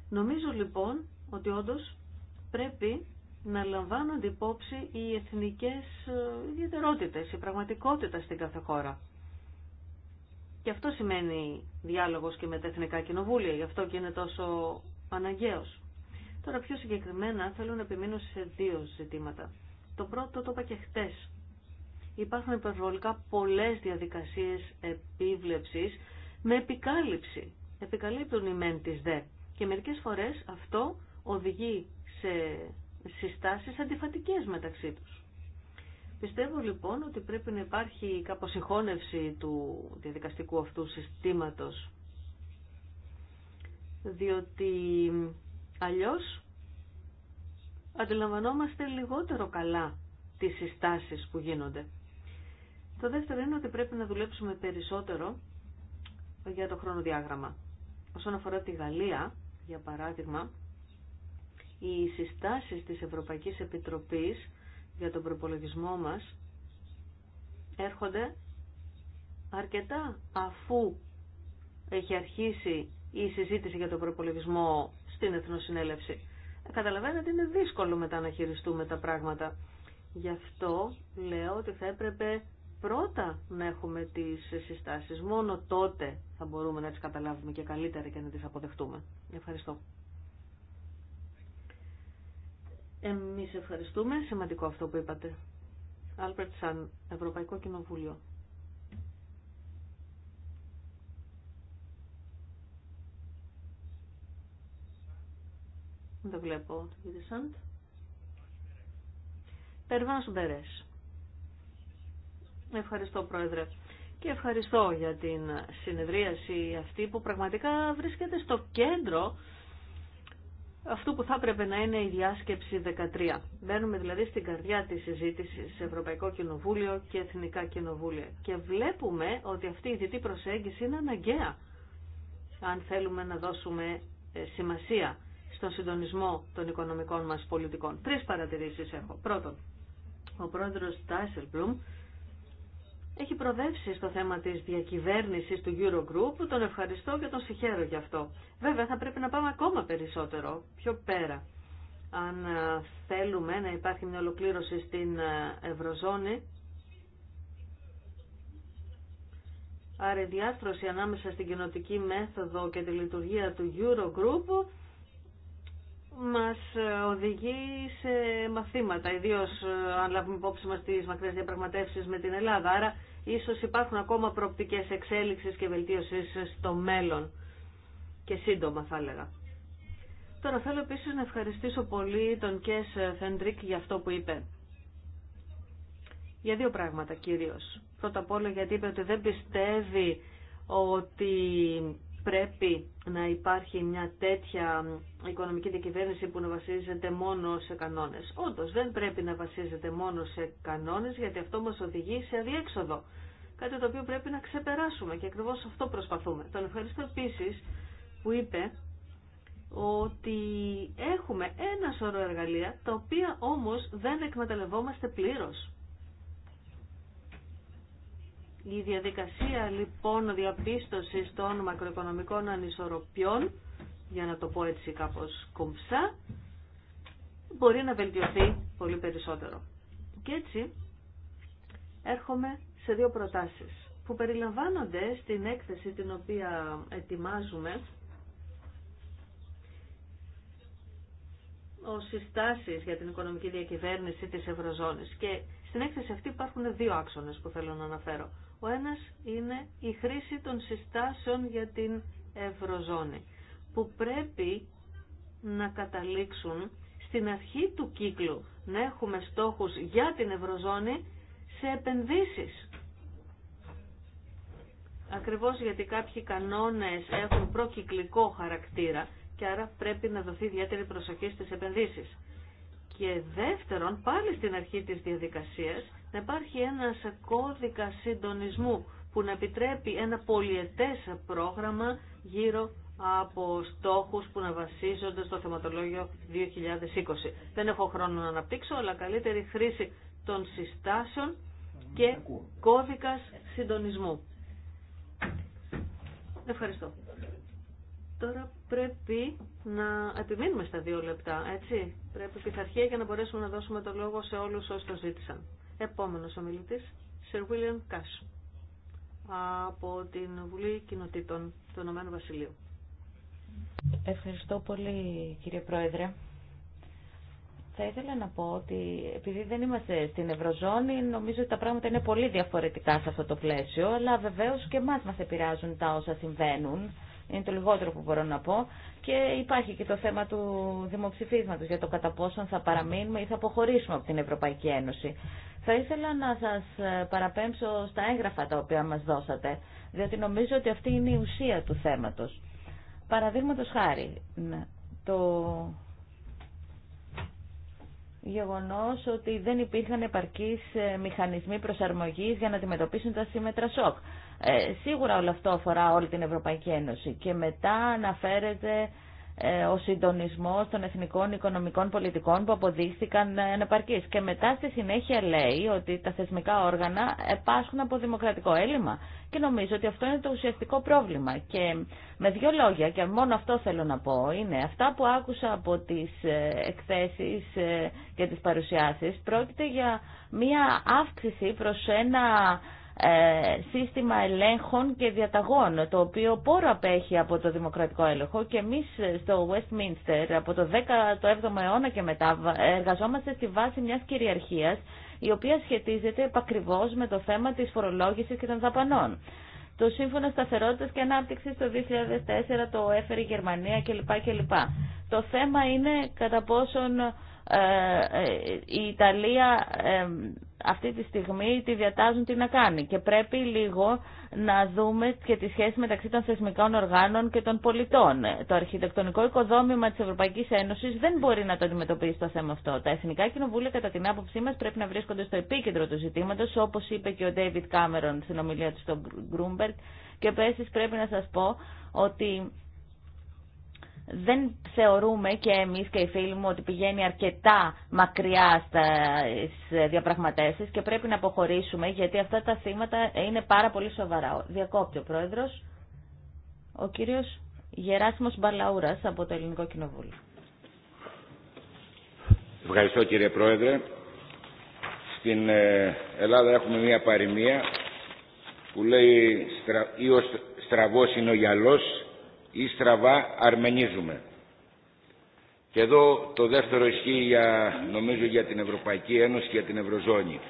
Νομίζω λοιπόν ότι όντως πρέπει να λαμβάνονται υπόψη οι εθνικές ε, ιδιαιτερότητες, η πραγματικότητα στην κάθε χώρα. Και αυτό σημαίνει διάλογος και με τα εθνικά κοινοβούλια, γι' αυτό και είναι τόσο αναγκαίος. Τώρα πιο συγκεκριμένα θέλω να επιμείνω σε δύο ζητήματα. Το πρώτο το είπα και χθε. Υπάρχουν υπερβολικά πολλές διαδικασίες επίβλεψης με επικάλυψη. Επικαλύπτουν οι μεν τις δε. Και μερικές φορές αυτό οδηγεί σε συστάσεις αντιφατικέ μεταξύ τους. Πιστεύω λοιπόν ότι πρέπει να υπάρχει κάπως συγχώνευση του διαδικαστικού αυτού συστήματος. Διότι αλλιώς αντιλαμβανόμαστε λιγότερο καλά τις συστάσεις που γίνονται. Το δεύτερο είναι ότι πρέπει να δουλέψουμε περισσότερο για το χρονοδιάγραμμα. Όσον αφορά τη Γαλλία, για παράδειγμα, οι συστάσεις της Ευρωπαϊκής Επιτροπής για τον προπολογισμό μας έρχονται αρκετά αφού έχει αρχίσει η συζήτηση για τον προπολογισμό στην Εθνοσυνέλευση. Καταλαβαίνετε είναι δύσκολο μετά να χειριστούμε τα πράγματα. Γι' αυτό λέω ότι θα έπρεπε πρώτα να έχουμε τις συστάσεις. Μόνο τότε θα μπορούμε να τις καταλάβουμε και καλύτερα και να τις αποδεχτούμε. Ευχαριστώ. Εμείς ευχαριστούμε. Σημαντικό αυτό που είπατε. Άλπερτ Σαν, Ευρωπαϊκό Κοινοβούλιο. Δεν βλέπω το Μπερές. Ευχαριστώ Πρόεδρε και ευχαριστώ για την συνεδρίαση αυτή που πραγματικά βρίσκεται στο κέντρο αυτού που θα έπρεπε να είναι η διάσκεψη 13. Μπαίνουμε δηλαδή στην καρδιά της συζήτηση σε Ευρωπαϊκό Κοινοβούλιο και Εθνικά Κοινοβούλια και βλέπουμε ότι αυτή η διτή προσέγγιση είναι αναγκαία αν θέλουμε να δώσουμε ε, σημασία στον συντονισμό των οικονομικών μας πολιτικών. Τρεις παρατηρήσεις έχω. Πρώτον, ο πρόεδρος Τάισελμπλουμ έχει προδεύσει στο θέμα της διακυβέρνησης του Eurogroup, τον ευχαριστώ και τον συγχαίρω γι' αυτό. Βέβαια θα πρέπει να πάμε ακόμα περισσότερο, πιο πέρα. Αν ε, θέλουμε να υπάρχει μια ολοκλήρωση στην ε, Ευρωζώνη, άρα η διάστρωση ανάμεσα στην κοινοτική μέθοδο και τη λειτουργία του Eurogroup μας ε, οδηγεί σε μαθήματα, ιδίως ε, αν λάβουμε υπόψη μας τις μακρές διαπραγματεύσεις με την Ελλάδα. Άρα ίσως υπάρχουν ακόμα προοπτικές εξέλιξεις και βελτίωσεις στο μέλλον και σύντομα θα έλεγα. Τώρα θέλω επίσης να ευχαριστήσω πολύ τον Κες Φεντρίκ για αυτό που είπε. Για δύο πράγματα κυρίως. Πρώτα απ' όλα γιατί είπε ότι δεν πιστεύει ότι πρέπει να υπάρχει μια τέτοια οικονομική διακυβέρνηση που να βασίζεται μόνο σε κανόνες. Όντως δεν πρέπει να βασίζεται μόνο σε κανόνες γιατί αυτό μας οδηγεί σε αδιέξοδο. Κάτι το οποίο πρέπει να ξεπεράσουμε και ακριβώς αυτό προσπαθούμε. Τον ευχαριστώ επίση που είπε ότι έχουμε ένα σωρό εργαλεία τα οποία όμως δεν εκμεταλλευόμαστε πλήρως. Η διαδικασία λοιπόν διαπίστωσης των μακροοικονομικών ανισορροπιών, για να το πω έτσι κάπως κομψά, μπορεί να βελτιωθεί πολύ περισσότερο. Και έτσι έρχομαι σε δύο προτάσεις που περιλαμβάνονται στην έκθεση την οποία ετοιμάζουμε ως συστάσεις για την οικονομική διακυβέρνηση της Ευρωζώνης. Και στην έκθεση αυτή υπάρχουν δύο άξονες που θέλω να αναφέρω. Ο ένας είναι η χρήση των συστάσεων για την Ευρωζώνη, που πρέπει να καταλήξουν στην αρχή του κύκλου να έχουμε στόχους για την Ευρωζώνη σε επενδύσεις. Ακριβώς γιατί κάποιοι κανόνες έχουν προκυκλικό χαρακτήρα και άρα πρέπει να δοθεί ιδιαίτερη προσοχή στις επενδύσεις. Και δεύτερον, πάλι στην αρχή της διαδικασίας, να υπάρχει ένας κώδικα συντονισμού που να επιτρέπει ένα πολιετές πρόγραμμα γύρω από στόχους που να βασίζονται στο θεματολόγιο 2020. Δεν έχω χρόνο να αναπτύξω, αλλά καλύτερη χρήση των συστάσεων και κώδικας συντονισμού. Ευχαριστώ. Τώρα πρέπει να επιμείνουμε στα δύο λεπτά, έτσι. Πρέπει πειθαρχία για να μπορέσουμε να δώσουμε το λόγο σε όλους όσους το ζήτησαν. Επόμενος ομιλητής, Sir William Cash, από την Βουλή Κοινοτήτων του Ηνωμένου Βασιλείου. Ευχαριστώ πολύ κύριε Πρόεδρε. Θα ήθελα να πω ότι επειδή δεν είμαστε στην Ευρωζώνη, νομίζω ότι τα πράγματα είναι πολύ διαφορετικά σε αυτό το πλαίσιο, αλλά βεβαίως και εμάς μας επηρεάζουν τα όσα συμβαίνουν. Είναι το λιγότερο που μπορώ να πω και υπάρχει και το θέμα του δημοψηφίσματος για το κατά πόσον θα παραμείνουμε ή θα αποχωρήσουμε από την Ευρωπαϊκή Ένωση. Θα ήθελα να σας παραπέμψω στα έγγραφα τα οποία μας δώσατε, διότι νομίζω ότι αυτή είναι η ουσία του θέματος. Παραδείγματο χάρη, ναι, το γεγονός ότι δεν υπήρχαν επαρκείς μηχανισμοί προσαρμογής για να αντιμετωπίσουν τα σύμμετρα σοκ. Ε, σίγουρα όλο αυτό αφορά όλη την Ευρωπαϊκή Ένωση. Και μετά αναφέρεται ε, ο συντονισμό των εθνικών οικονομικών πολιτικών που αποδείχθηκαν ε, ανεπαρκεί. Και μετά στη συνέχεια λέει ότι τα θεσμικά όργανα επάσχουν από δημοκρατικό έλλειμμα. Και νομίζω ότι αυτό είναι το ουσιαστικό πρόβλημα. Και με δύο λόγια, και μόνο αυτό θέλω να πω, είναι αυτά που άκουσα από τι ε, εκθέσει και τι παρουσιάσει πρόκειται για μία αύξηση προ ένα ε, σύστημα ελέγχων και διαταγών, το οποίο πόρο απέχει από το δημοκρατικό έλεγχο και εμείς στο Westminster από το 17ο αιώνα και μετά εργαζόμαστε στη βάση μιας κυριαρχίας η οποία σχετίζεται επακριβώς με το θέμα της φορολόγησης και των δαπανών. Το Σύμφωνο Σταθερότητα και Ανάπτυξη το 2004 το έφερε η Γερμανία κλπ. Το θέμα είναι κατά πόσον ε, ε, η Ιταλία αυτή τη στιγμή τη διατάζουν τι να κάνει. Και πρέπει λίγο να δούμε και τη σχέση μεταξύ των θεσμικών οργάνων και των πολιτών. Το αρχιτεκτονικό οικοδόμημα της Ευρωπαϊκής Ένωση δεν μπορεί να το αντιμετωπίσει το θέμα αυτό. Τα εθνικά κοινοβούλια κατά την άποψή μα πρέπει να βρίσκονται στο επίκεντρο του ζητήματο, όπω είπε και ο Ντέιβιτ Κάμερον στην ομιλία του στον Γκρούμπερτ. Και επίση πρέπει να σα πω ότι δεν θεωρούμε και εμείς και οι φίλοι μου ότι πηγαίνει αρκετά μακριά στις διαπραγματεύσεις και πρέπει να αποχωρήσουμε γιατί αυτά τα θύματα είναι πάρα πολύ σοβαρά. Διακόπτει ο Πρόεδρος, ο κύριος Γεράσιμος Μπαλαούρας από το Ελληνικό Κοινοβούλιο. Ευχαριστώ κύριε Πρόεδρε. Στην ε, Ελλάδα έχουμε μια παροιμία που λέει «Ή ο στραβός είναι ο γυαλός, ή στραβά αρμενίζουμε. Και εδώ το δεύτερο ισχύει για, νομίζω για την Ευρωπαϊκή Ένωση και για την Ευρωζώνη.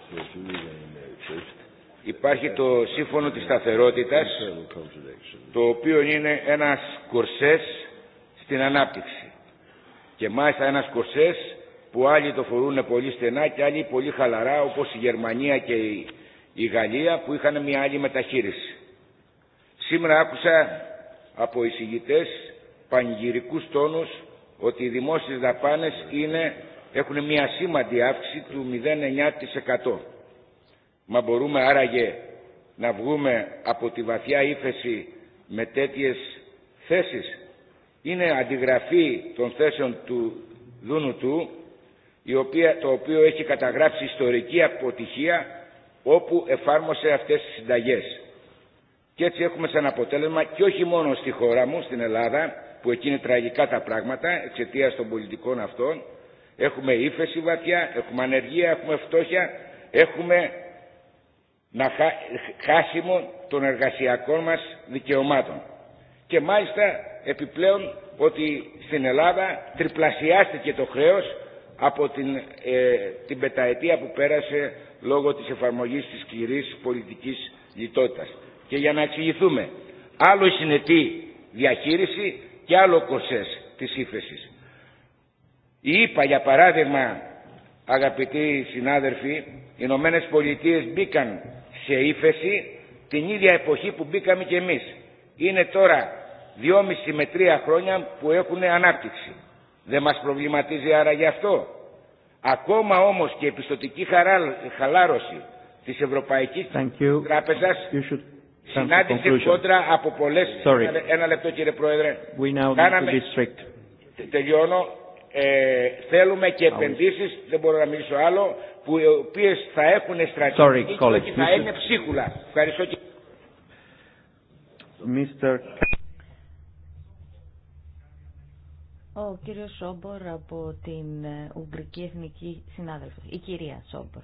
Υπάρχει το σύμφωνο της σταθερότητας, το οποίο είναι ένας κορσές στην ανάπτυξη. Και μάλιστα ένας κορσές που άλλοι το φορούν πολύ στενά και άλλοι πολύ χαλαρά, όπως η Γερμανία και η Γαλλία, που είχαν μια άλλη μεταχείριση. Σήμερα άκουσα από εισηγητές πανηγυρικούς τόνους ότι οι δημόσιες δαπάνες είναι, έχουν μια σήμαντη αύξηση του 0,9%. Μα μπορούμε άραγε να βγούμε από τη βαθιά ύφεση με τέτοιες θέσεις. Είναι αντιγραφή των θέσεων του Δούνου του, η οποία, το οποίο έχει καταγράψει ιστορική αποτυχία όπου εφάρμοσε αυτές τις συνταγές. Και έτσι έχουμε σαν αποτέλεσμα και όχι μόνο στη χώρα μου, στην Ελλάδα, που εκεί είναι τραγικά τα πράγματα εξαιτία των πολιτικών αυτών, έχουμε ύφεση βαθιά, έχουμε ανεργία, έχουμε φτώχεια, έχουμε να χάσιμο των εργασιακών μας δικαιωμάτων. Και μάλιστα επιπλέον ότι στην Ελλάδα τριπλασιάστηκε το χρέος από την, ε, την πεταετία που πέρασε λόγω της εφαρμογής της σκληρής πολιτικής λιτότητας και για να εξηγηθούμε. Άλλο συνετή διαχείριση και άλλο κορσές της ύφεση. Η για παράδειγμα αγαπητοί συνάδελφοι οι Ηνωμένε Πολιτείε μπήκαν σε ύφεση την ίδια εποχή που μπήκαμε και εμείς. Είναι τώρα δυόμιση με τρία χρόνια που έχουν ανάπτυξη. Δεν μας προβληματίζει άρα γι' αυτό. Ακόμα όμως και η επιστοτική χαλάρωση της Ευρωπαϊκής Συνάντηση κόντρα από πολλέ. Ένα λεπτό κύριε Πρόεδρε. Κάναμε... Τελειώνω. Ε, θέλουμε και επενδύσει, δεν μπορώ να μιλήσω άλλο, που οι οποίε θα έχουν στρατηγική και θα είναι ψίχουλα. Ευχαριστώ κύριε. Mr. Ο κύριος Σόμπορ από την ε, Ουγγρική Εθνική Συνάδελφος. Η κυρία Σόμπορ.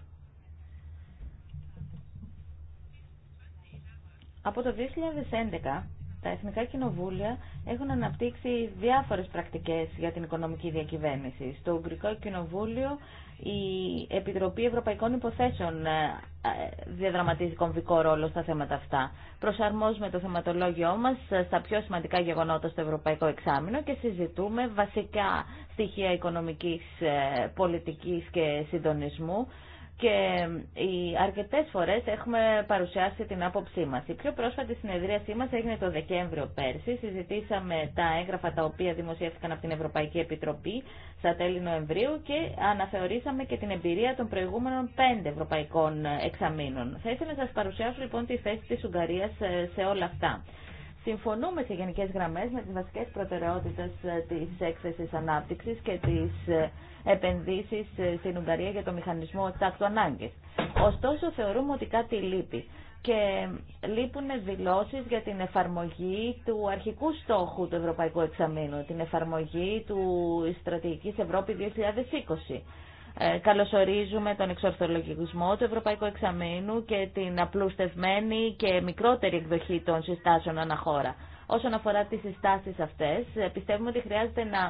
Από το 2011 τα Εθνικά Κοινοβούλια έχουν αναπτύξει διάφορες πρακτικές για την οικονομική διακυβέρνηση. Στο Ουγγρικό Κοινοβούλιο η Επιτροπή Ευρωπαϊκών Υποθέσεων ε, διαδραματίζει κομβικό ρόλο στα θέματα αυτά. Προσαρμόζουμε το θεματολόγιό μας ε, στα πιο σημαντικά γεγονότα στο Ευρωπαϊκό Εξάμεινο και συζητούμε βασικά στοιχεία οικονομικής ε, πολιτικής και συντονισμού και ε, οι αρκετές φορές έχουμε παρουσιάσει την άποψή μας. Η πιο πρόσφατη συνεδρίασή μας έγινε το Δεκέμβριο πέρσι. Συζητήσαμε τα έγγραφα τα οποία δημοσιεύτηκαν από την Ευρωπαϊκή Επιτροπή στα τέλη Νοεμβρίου και αναθεωρήσαμε και την εμπειρία των προηγούμενων πέντε ευρωπαϊκών εξαμήνων. Θα ήθελα να σας παρουσιάσω λοιπόν τη θέση της Ουγγαρίας ε, σε όλα αυτά. Συμφωνούμε σε γενικές γραμμές με τις βασικές προτεραιότητες ε, της έκθεσης ανάπτυξης και της επενδύσεις ε, στην Ουγγαρία για το μηχανισμό τάκτου ανάγκη. Ωστόσο θεωρούμε ότι κάτι λείπει και λείπουν δηλώσει για την εφαρμογή του αρχικού στόχου του Ευρωπαϊκού Εξαμήνου, την εφαρμογή του Στρατηγικής Ευρώπη 2020. Ε, καλωσορίζουμε τον εξορθολογισμό του Ευρωπαϊκού Εξαμήνου και την απλούστευμένη και μικρότερη εκδοχή των συστάσεων αναχώρα. Όσον αφορά τις συστάσεις αυτές, ε, πιστεύουμε ότι χρειάζεται να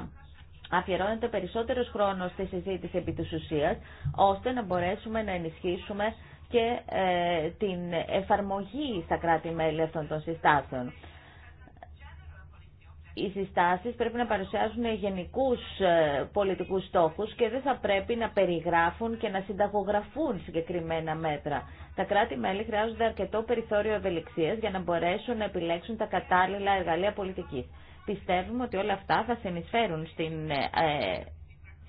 αφιερώνεται περισσότερο χρόνος στη συζήτηση επί ώστε να μπορέσουμε να ενισχύσουμε και ε, την εφαρμογή στα κράτη-μέλη αυτών των συστάσεων. Οι συστάσεις πρέπει να παρουσιάζουν γενικούς ε, πολιτικούς στόχους και δεν θα πρέπει να περιγράφουν και να συνταγογραφούν συγκεκριμένα μέτρα. Τα κράτη-μέλη χρειάζονται αρκετό περιθώριο ευελιξίας για να μπορέσουν να επιλέξουν τα κατάλληλα εργαλεία πολιτικής πιστεύουμε ότι όλα αυτά θα συνεισφέρουν στην ε, ε,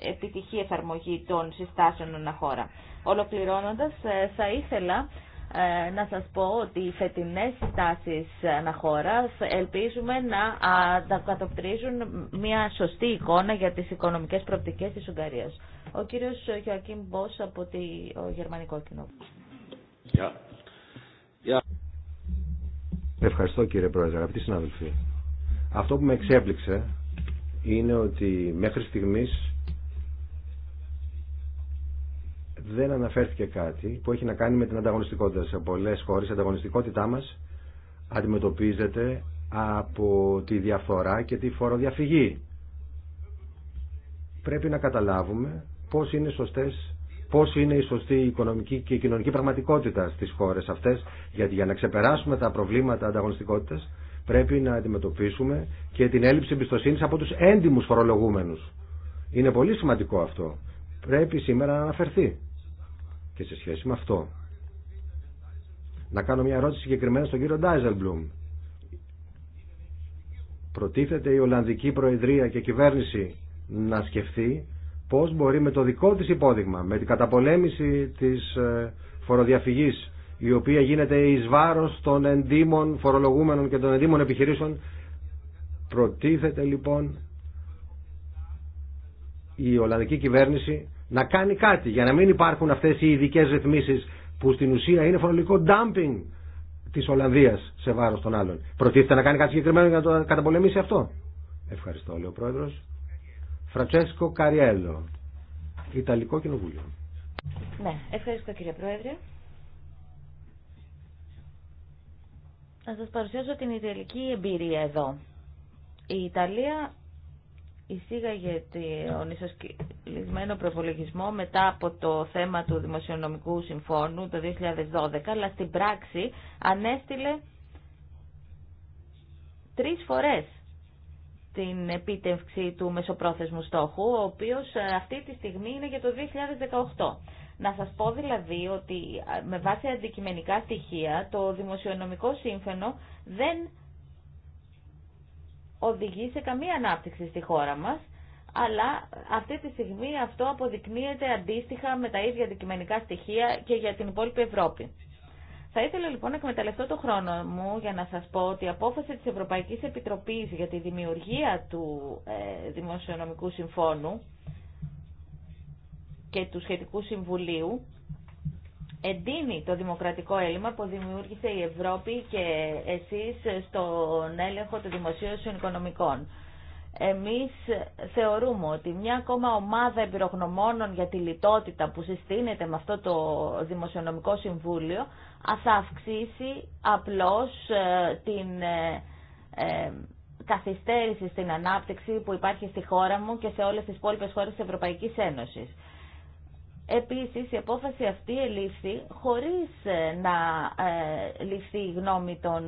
επιτυχή εφαρμογή των συστάσεων αναχώρα. Ολοκληρώνοντας, ε, θα ήθελα να σας πω ότι οι φετινές συστάσεις αναχώρα ελπίζουμε να αντακατοπτρίζουν μια σωστή εικόνα για τις οικονομικές προοπτικές της Ουγγαρίας. Ο κύριος Γιωακίμ Μπός από το Γερμανικό Κοινό. Yeah. Ευχαριστώ κύριε Πρόεδρε, αγαπητοί συνάδελφοι. Αυτό που με εξέπληξε είναι ότι μέχρι στιγμής δεν αναφέρθηκε κάτι που έχει να κάνει με την ανταγωνιστικότητα. Σε πολλές χώρες η ανταγωνιστικότητά μας αντιμετωπίζεται από τη διαφθορά και τη φοροδιαφυγή. Πρέπει να καταλάβουμε πώς είναι, σωστές, πώς είναι η σωστή οικονομική και κοινωνική πραγματικότητα στις χώρες αυτές, γιατί για να ξεπεράσουμε τα προβλήματα ανταγωνιστικότητας Πρέπει να αντιμετωπίσουμε και την έλλειψη εμπιστοσύνη από του έντιμου φορολογούμενου. Είναι πολύ σημαντικό αυτό. Πρέπει σήμερα να αναφερθεί. Και σε σχέση με αυτό, να κάνω μια ερώτηση συγκεκριμένα στον κύριο Ντάιζελμπλουμ. Προτίθεται η Ολλανδική Προεδρία και κυβέρνηση να σκεφτεί πώς μπορεί με το δικό της υπόδειγμα, με την καταπολέμηση της ε, φοροδιαφυγής η οποία γίνεται εις βάρος των εντύμων φορολογούμενων και των εντύμων επιχειρήσεων. Προτίθεται λοιπόν η Ολλανδική κυβέρνηση να κάνει κάτι για να μην υπάρχουν αυτές οι ειδικέ ρυθμίσεις που στην ουσία είναι φορολογικό dumping της Ολλανδίας σε βάρος των άλλων. Προτίθεται να κάνει κάτι συγκεκριμένο για να το καταπολεμήσει αυτό. Ευχαριστώ, λέει ο πρόεδρος. Φρατσέσκο Καριέλο, Ιταλικό Κοινοβούλιο. Ναι, ευχαριστώ κύριε Πρόεδρε. Να σας παρουσιάσω την ιταλική εμπειρία εδώ. Η Ιταλία εισήγαγε τον ισοσκελισμένο προπολογισμό μετά από το θέμα του Δημοσιονομικού Συμφώνου το 2012, αλλά στην πράξη ανέστηλε τρεις φορές την επίτευξη του μεσοπρόθεσμου στόχου, ο οποίος ε, αυτή τη στιγμή είναι για το 2018. Να σας πω δηλαδή ότι με βάση αντικειμενικά στοιχεία το δημοσιονομικό σύμφωνο δεν οδηγεί σε καμία ανάπτυξη στη χώρα μας, αλλά αυτή τη στιγμή αυτό αποδεικνύεται αντίστοιχα με τα ίδια αντικειμενικά στοιχεία και για την υπόλοιπη Ευρώπη. Θα ήθελα λοιπόν να εκμεταλλευτώ το χρόνο μου για να σας πω ότι η απόφαση της Ευρωπαϊκής Επιτροπής για τη δημιουργία του ε, Δημοσιονομικού Συμφώνου και του σχετικού συμβουλίου εντείνει το δημοκρατικό έλλειμμα που δημιούργησε η Ευρώπη και εσείς στον έλεγχο των δημοσίων οικονομικών. Εμείς θεωρούμε ότι μια ακόμα ομάδα εμπειρογνωμόνων για τη λιτότητα που συστήνεται με αυτό το Δημοσιονομικό Συμβούλιο θα αυξήσει απλώς ε, την ε, ε, καθυστέρηση στην ανάπτυξη που υπάρχει στη χώρα μου και σε όλες τις υπόλοιπες χώρες της Ευρωπαϊκής Ένωσης. Επίσης, η απόφαση αυτή ελήφθη χωρίς ε, να ε, ληφθεί η γνώμη των,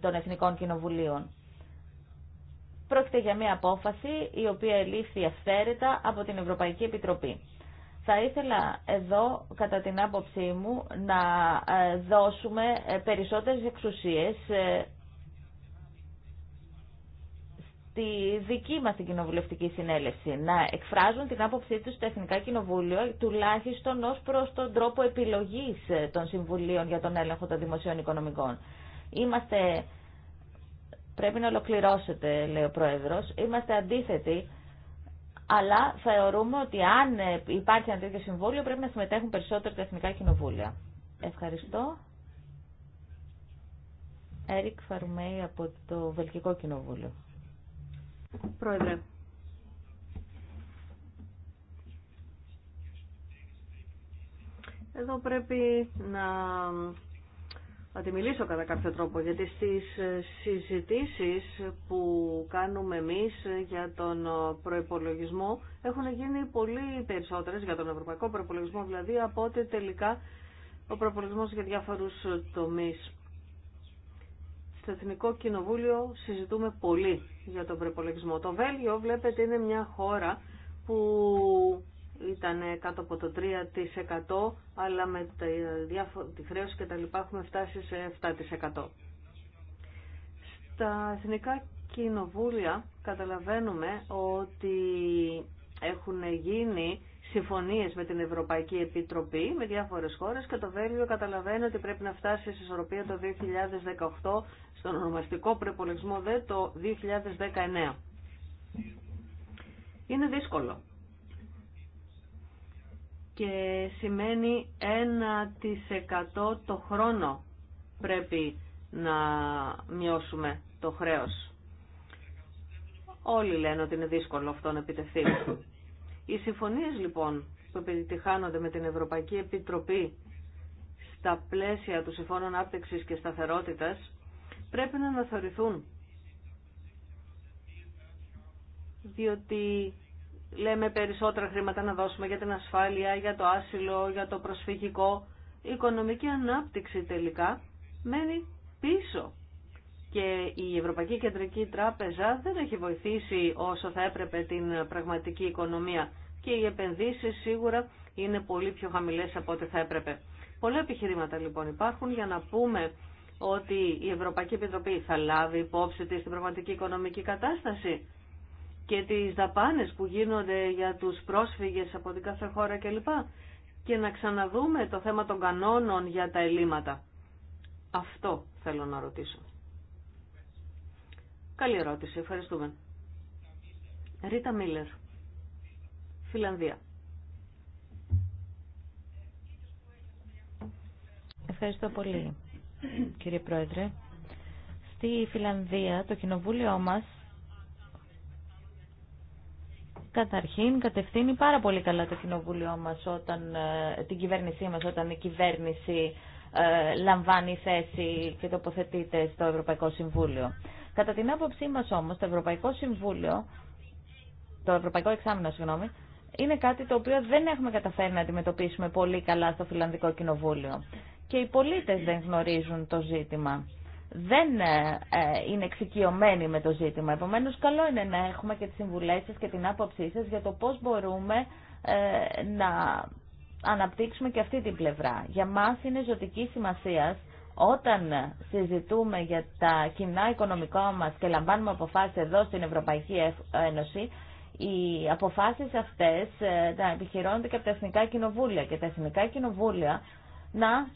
των Εθνικών Κοινοβουλίων. Πρόκειται για μια απόφαση η οποία ελήφθη αυθαίρετα από την Ευρωπαϊκή Επιτροπή. Θα ήθελα εδώ, κατά την άποψή μου, να ε, δώσουμε περισσότερες εξουσίες τη δική μας την κοινοβουλευτική συνέλευση να εκφράζουν την άποψή τους στο Εθνικά Κοινοβούλια τουλάχιστον ως προς τον τρόπο επιλογής ε, των Συμβουλίων για τον έλεγχο των δημοσίων οικονομικών. Είμαστε, πρέπει να ολοκληρώσετε λέει ο Πρόεδρος, είμαστε αντίθετοι αλλά θεωρούμε ότι αν ε, υπάρχει ένα τέτοιο συμβόλαιο πρέπει να συμμετέχουν περισσότερο τα Εθνικά Κοινοβούλια. Ευχαριστώ. Έρικ Φαρουμέη από το Βελγικό Κοινοβούλιο. Πρόεδρε. Εδώ πρέπει να αντιμιλήσω κατά κάποιο τρόπο, γιατί στις συζητήσεις που κάνουμε εμείς για τον προϋπολογισμό έχουν γίνει πολύ περισσότερες για τον ευρωπαϊκό προϋπολογισμό, δηλαδή από ό,τι τελικά ο προϋπολογισμός για διάφορους τομείς. Στο Εθνικό Κοινοβούλιο συζητούμε πολύ για τον προπολογισμό. Το Βέλγιο, βλέπετε, είναι μια χώρα που ήταν κάτω από το 3% αλλά με τη χρέωση και τα λοιπά έχουμε φτάσει σε 7%. Στα εθνικά κοινοβούλια καταλαβαίνουμε ότι έχουν γίνει συμφωνίες με την Ευρωπαϊκή Επιτροπή, με διάφορες χώρες και το Βέλγιο καταλαβαίνει ότι πρέπει να φτάσει σε ισορροπία το 2018 στον ονομαστικό προπολογισμό δε το 2019. Είναι δύσκολο και σημαίνει 1% το χρόνο πρέπει να μειώσουμε το χρέος. Όλοι λένε ότι είναι δύσκολο αυτό να επιτεθεί. Οι συμφωνίες λοιπόν που επιτυχάνονται με την Ευρωπαϊκή Επιτροπή στα πλαίσια του συμφώνων Ανάπτυξης και Σταθερότητας πρέπει να αναθεωρηθούν. Διότι λέμε περισσότερα χρήματα να δώσουμε για την ασφάλεια, για το άσυλο, για το προσφυγικό. Η οικονομική ανάπτυξη τελικά μένει πίσω και η Ευρωπαϊκή Κεντρική Τράπεζα δεν έχει βοηθήσει όσο θα έπρεπε την πραγματική οικονομία και οι επενδύσεις σίγουρα είναι πολύ πιο χαμηλές από ό,τι θα έπρεπε. Πολλά επιχειρήματα λοιπόν υπάρχουν για να πούμε ότι η Ευρωπαϊκή Επιτροπή θα λάβει υπόψη της την πραγματική οικονομική κατάσταση και τις δαπάνες που γίνονται για τους πρόσφυγες από την κάθε χώρα κλπ. Και να ξαναδούμε το θέμα των κανόνων για τα ελλείμματα. Αυτό θέλω να ρωτήσω. Καλή ερώτηση. Ευχαριστούμε. Ρίτα Μίλλερ. Φιλανδία. Ευχαριστώ πολύ, κύριε Πρόεδρε. Στη Φιλανδία, το κοινοβούλιο μας Καταρχήν, κατευθύνει πάρα πολύ καλά το κοινοβούλιο μας, όταν, ε, την κυβέρνησή μας, όταν η κυβέρνηση ε, λαμβάνει θέση και τοποθετείται στο Ευρωπαϊκό Συμβούλιο. Κατά την άποψή μας όμως, το Ευρωπαϊκό Συμβούλιο, το Ευρωπαϊκό Εξάμεινο, συγγνώμη, είναι κάτι το οποίο δεν έχουμε καταφέρει να αντιμετωπίσουμε πολύ καλά στο Φιλανδικό Κοινοβούλιο. Και οι πολίτες δεν γνωρίζουν το ζήτημα. Δεν ε, ε, είναι εξοικειωμένοι με το ζήτημα. Επομένως, καλό είναι να έχουμε και τις συμβουλές σας και την άποψή σας για το πώς μπορούμε ε, να αναπτύξουμε και αυτή την πλευρά. Για μας είναι ζωτική σημασία όταν συζητούμε για τα κοινά οικονομικά μας και λαμβάνουμε αποφάσεις εδώ στην Ευρωπαϊκή Ένωση οι αποφάσεις αυτές ε, να επιχειρώνονται και από τα Εθνικά Κοινοβούλια και τα Εθνικά Κοινοβούλια να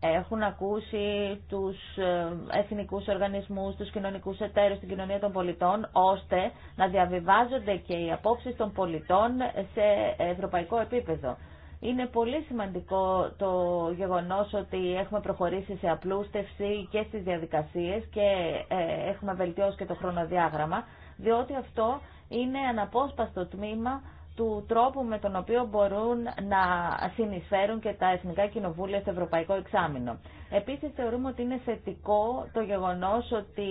έχουν ακούσει τους ε, εθνικούς οργανισμούς, τους κοινωνικούς εταίρους, την κοινωνία των πολιτών, ώστε να διαβιβάζονται και οι απόψεις των πολιτών σε ευρωπαϊκό επίπεδο. Είναι πολύ σημαντικό το γεγονός ότι έχουμε προχωρήσει σε απλούστευση και στις διαδικασίες και ε, έχουμε βελτιώσει και το χρονοδιάγραμμα, διότι αυτό είναι αναπόσπαστο τμήμα του τρόπου με τον οποίο μπορούν να συνεισφέρουν και τα Εθνικά Κοινοβούλια στο Ευρωπαϊκό Εξάμεινο. Επίσης θεωρούμε ότι είναι θετικό το γεγονός ότι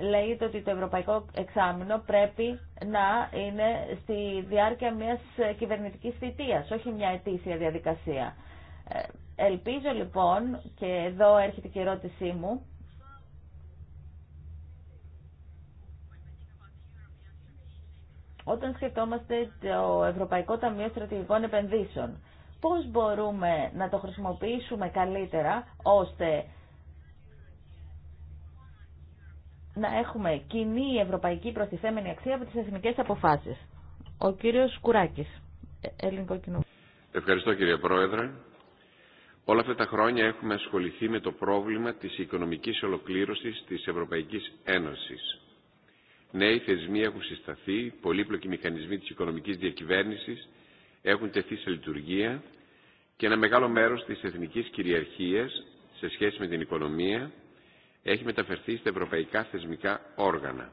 λέγεται ότι το Ευρωπαϊκό Εξάμεινο πρέπει να είναι στη διάρκεια μιας κυβερνητικής θητείας, όχι μια ετήσια διαδικασία. Ε, ελπίζω λοιπόν, και εδώ έρχεται και η ερώτησή μου, Όταν σκεφτόμαστε το Ευρωπαϊκό Ταμείο Στρατηγικών Επενδύσεων, πώς μπορούμε να το χρησιμοποιήσουμε καλύτερα ώστε να έχουμε κοινή ευρωπαϊκή προστιθέμενη αξία από τις εθνικές αποφάσεις. Ο κύριος Κουράκης, Ελληνικό Κοινό. Ευχαριστώ κύριε Πρόεδρε. Όλα αυτά τα χρόνια έχουμε ασχοληθεί με το πρόβλημα της οικονομικής ολοκλήρωσης της Ευρωπαϊκής Ένωσης. Νέοι θεσμοί έχουν συσταθεί, πολύπλοκοι μηχανισμοί της οικονομικής διακυβέρνησης έχουν τεθεί σε λειτουργία και ένα μεγάλο μέρος της εθνικής κυριαρχίας σε σχέση με την οικονομία έχει μεταφερθεί στα ευρωπαϊκά θεσμικά όργανα.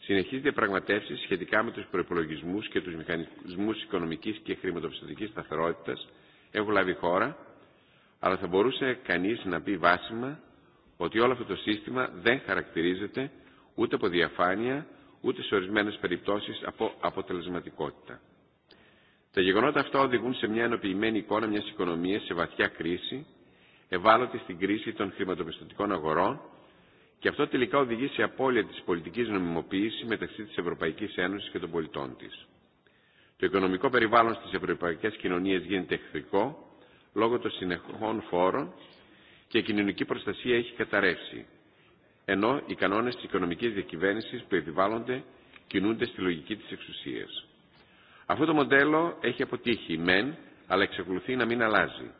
Συνεχίζονται διαπραγματεύσει σχετικά με του προπολογισμού και του μηχανισμού οικονομική και χρηματοπιστωτική σταθερότητα έχουν λάβει χώρα, αλλά θα μπορούσε κανεί να πει βάσιμα ότι όλο αυτό το σύστημα δεν χαρακτηρίζεται ούτε από διαφάνεια, ούτε σε ορισμένες περιπτώσεις από αποτελεσματικότητα. Τα γεγονότα αυτά οδηγούν σε μια ενοποιημένη εικόνα μιας οικονομίας σε βαθιά κρίση, ευάλωτη στην κρίση των χρηματοπιστωτικών αγορών και αυτό τελικά οδηγεί σε απώλεια της πολιτικής νομιμοποίησης μεταξύ της Ευρωπαϊκής Ένωσης και των πολιτών της. Το οικονομικό περιβάλλον στις ευρωπαϊκές κοινωνίες γίνεται εχθρικό λόγω των συνεχών φόρων και η κοινωνική προστασία έχει καταρρεύσει ενώ οι κανόνες της οικονομικής διακυβέρνησης που επιβάλλονται κινούνται στη λογική της εξουσίας. Αυτό το μοντέλο έχει αποτύχει, μεν, αλλά εξακολουθεί να μην αλλάζει.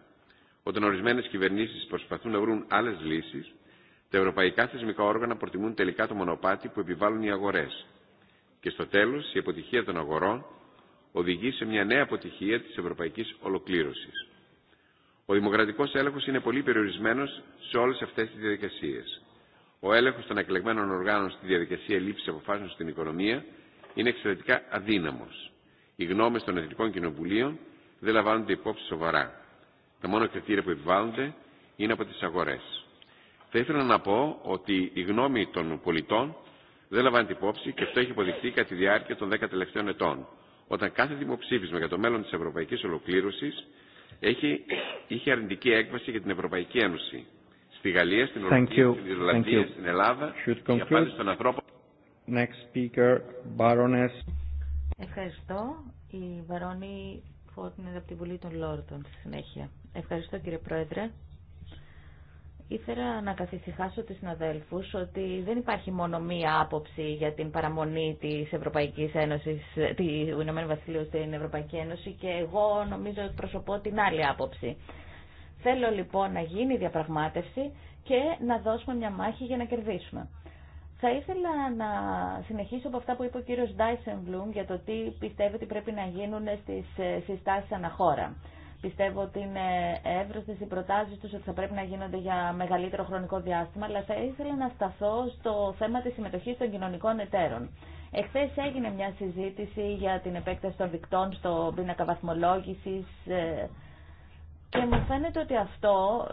Όταν ορισμένες κυβερνήσεις προσπαθούν να βρουν άλλες λύσεις, τα ευρωπαϊκά θεσμικά όργανα προτιμούν τελικά το μονοπάτι που επιβάλλουν οι αγορές. Και στο τέλος, η αποτυχία των αγορών οδηγεί σε μια νέα αποτυχία της ευρωπαϊκής ολοκλήρωσης. Ο δημοκρατικός έλεγχος είναι πολύ περιορισμένος σε όλες αυτές τις διαδικασίες ο έλεγχο των εκλεγμένων οργάνων στη διαδικασία λήψη αποφάσεων στην οικονομία είναι εξαιρετικά αδύναμο. Οι γνώμε των Εθνικών Κοινοβουλίων δεν λαμβάνονται υπόψη σοβαρά. Τα μόνο κριτήρια που επιβάλλονται είναι από τι αγορέ. Θα ήθελα να πω ότι η γνώμη των πολιτών δεν λαμβάνεται υπόψη και αυτό έχει αποδειχθεί κατά τη διάρκεια των 10 τελευταίων ετών, όταν κάθε δημοψήφισμα για το μέλλον τη ευρωπαϊκή ολοκλήρωση είχε αρνητική έκβαση για την Ευρωπαϊκή Ένωση στη Γαλλία, στην Ορβηγία, στην Ιρλανδία, στην Ελλάδα, για στον ανθρώπο. Next speaker, Baroness. Ευχαριστώ. Η Βαρόνη Φόρτνερ από την Βουλή των Λόρτων στη συνέχεια. Ευχαριστώ κύριε Πρόεδρε. Ήθελα να καθησυχάσω τις συναδέλφους ότι δεν υπάρχει μόνο μία άποψη για την παραμονή της Ευρωπαϊκής Ένωσης, του Ηνωμένου Βασιλείου στην Ευρωπαϊκή Ένωση και εγώ νομίζω προσωπώ την άλλη άποψη. Θέλω λοιπόν να γίνει διαπραγμάτευση και να δώσουμε μια μάχη για να κερδίσουμε. Θα ήθελα να συνεχίσω από αυτά που είπε ο κύριος Βλούμ για το τι πιστεύει ότι πρέπει να γίνουν στις ε, συστάσεις αναχώρα. Πιστεύω ότι είναι εύρωστε οι προτάσει του ότι θα πρέπει να γίνονται για μεγαλύτερο χρονικό διάστημα, αλλά θα ήθελα να σταθώ στο θέμα τη συμμετοχή των κοινωνικών εταίρων. Εχθέ έγινε μια συζήτηση για την επέκταση των δικτών στο πίνακα βαθμολόγηση ε, και μου φαίνεται ότι αυτό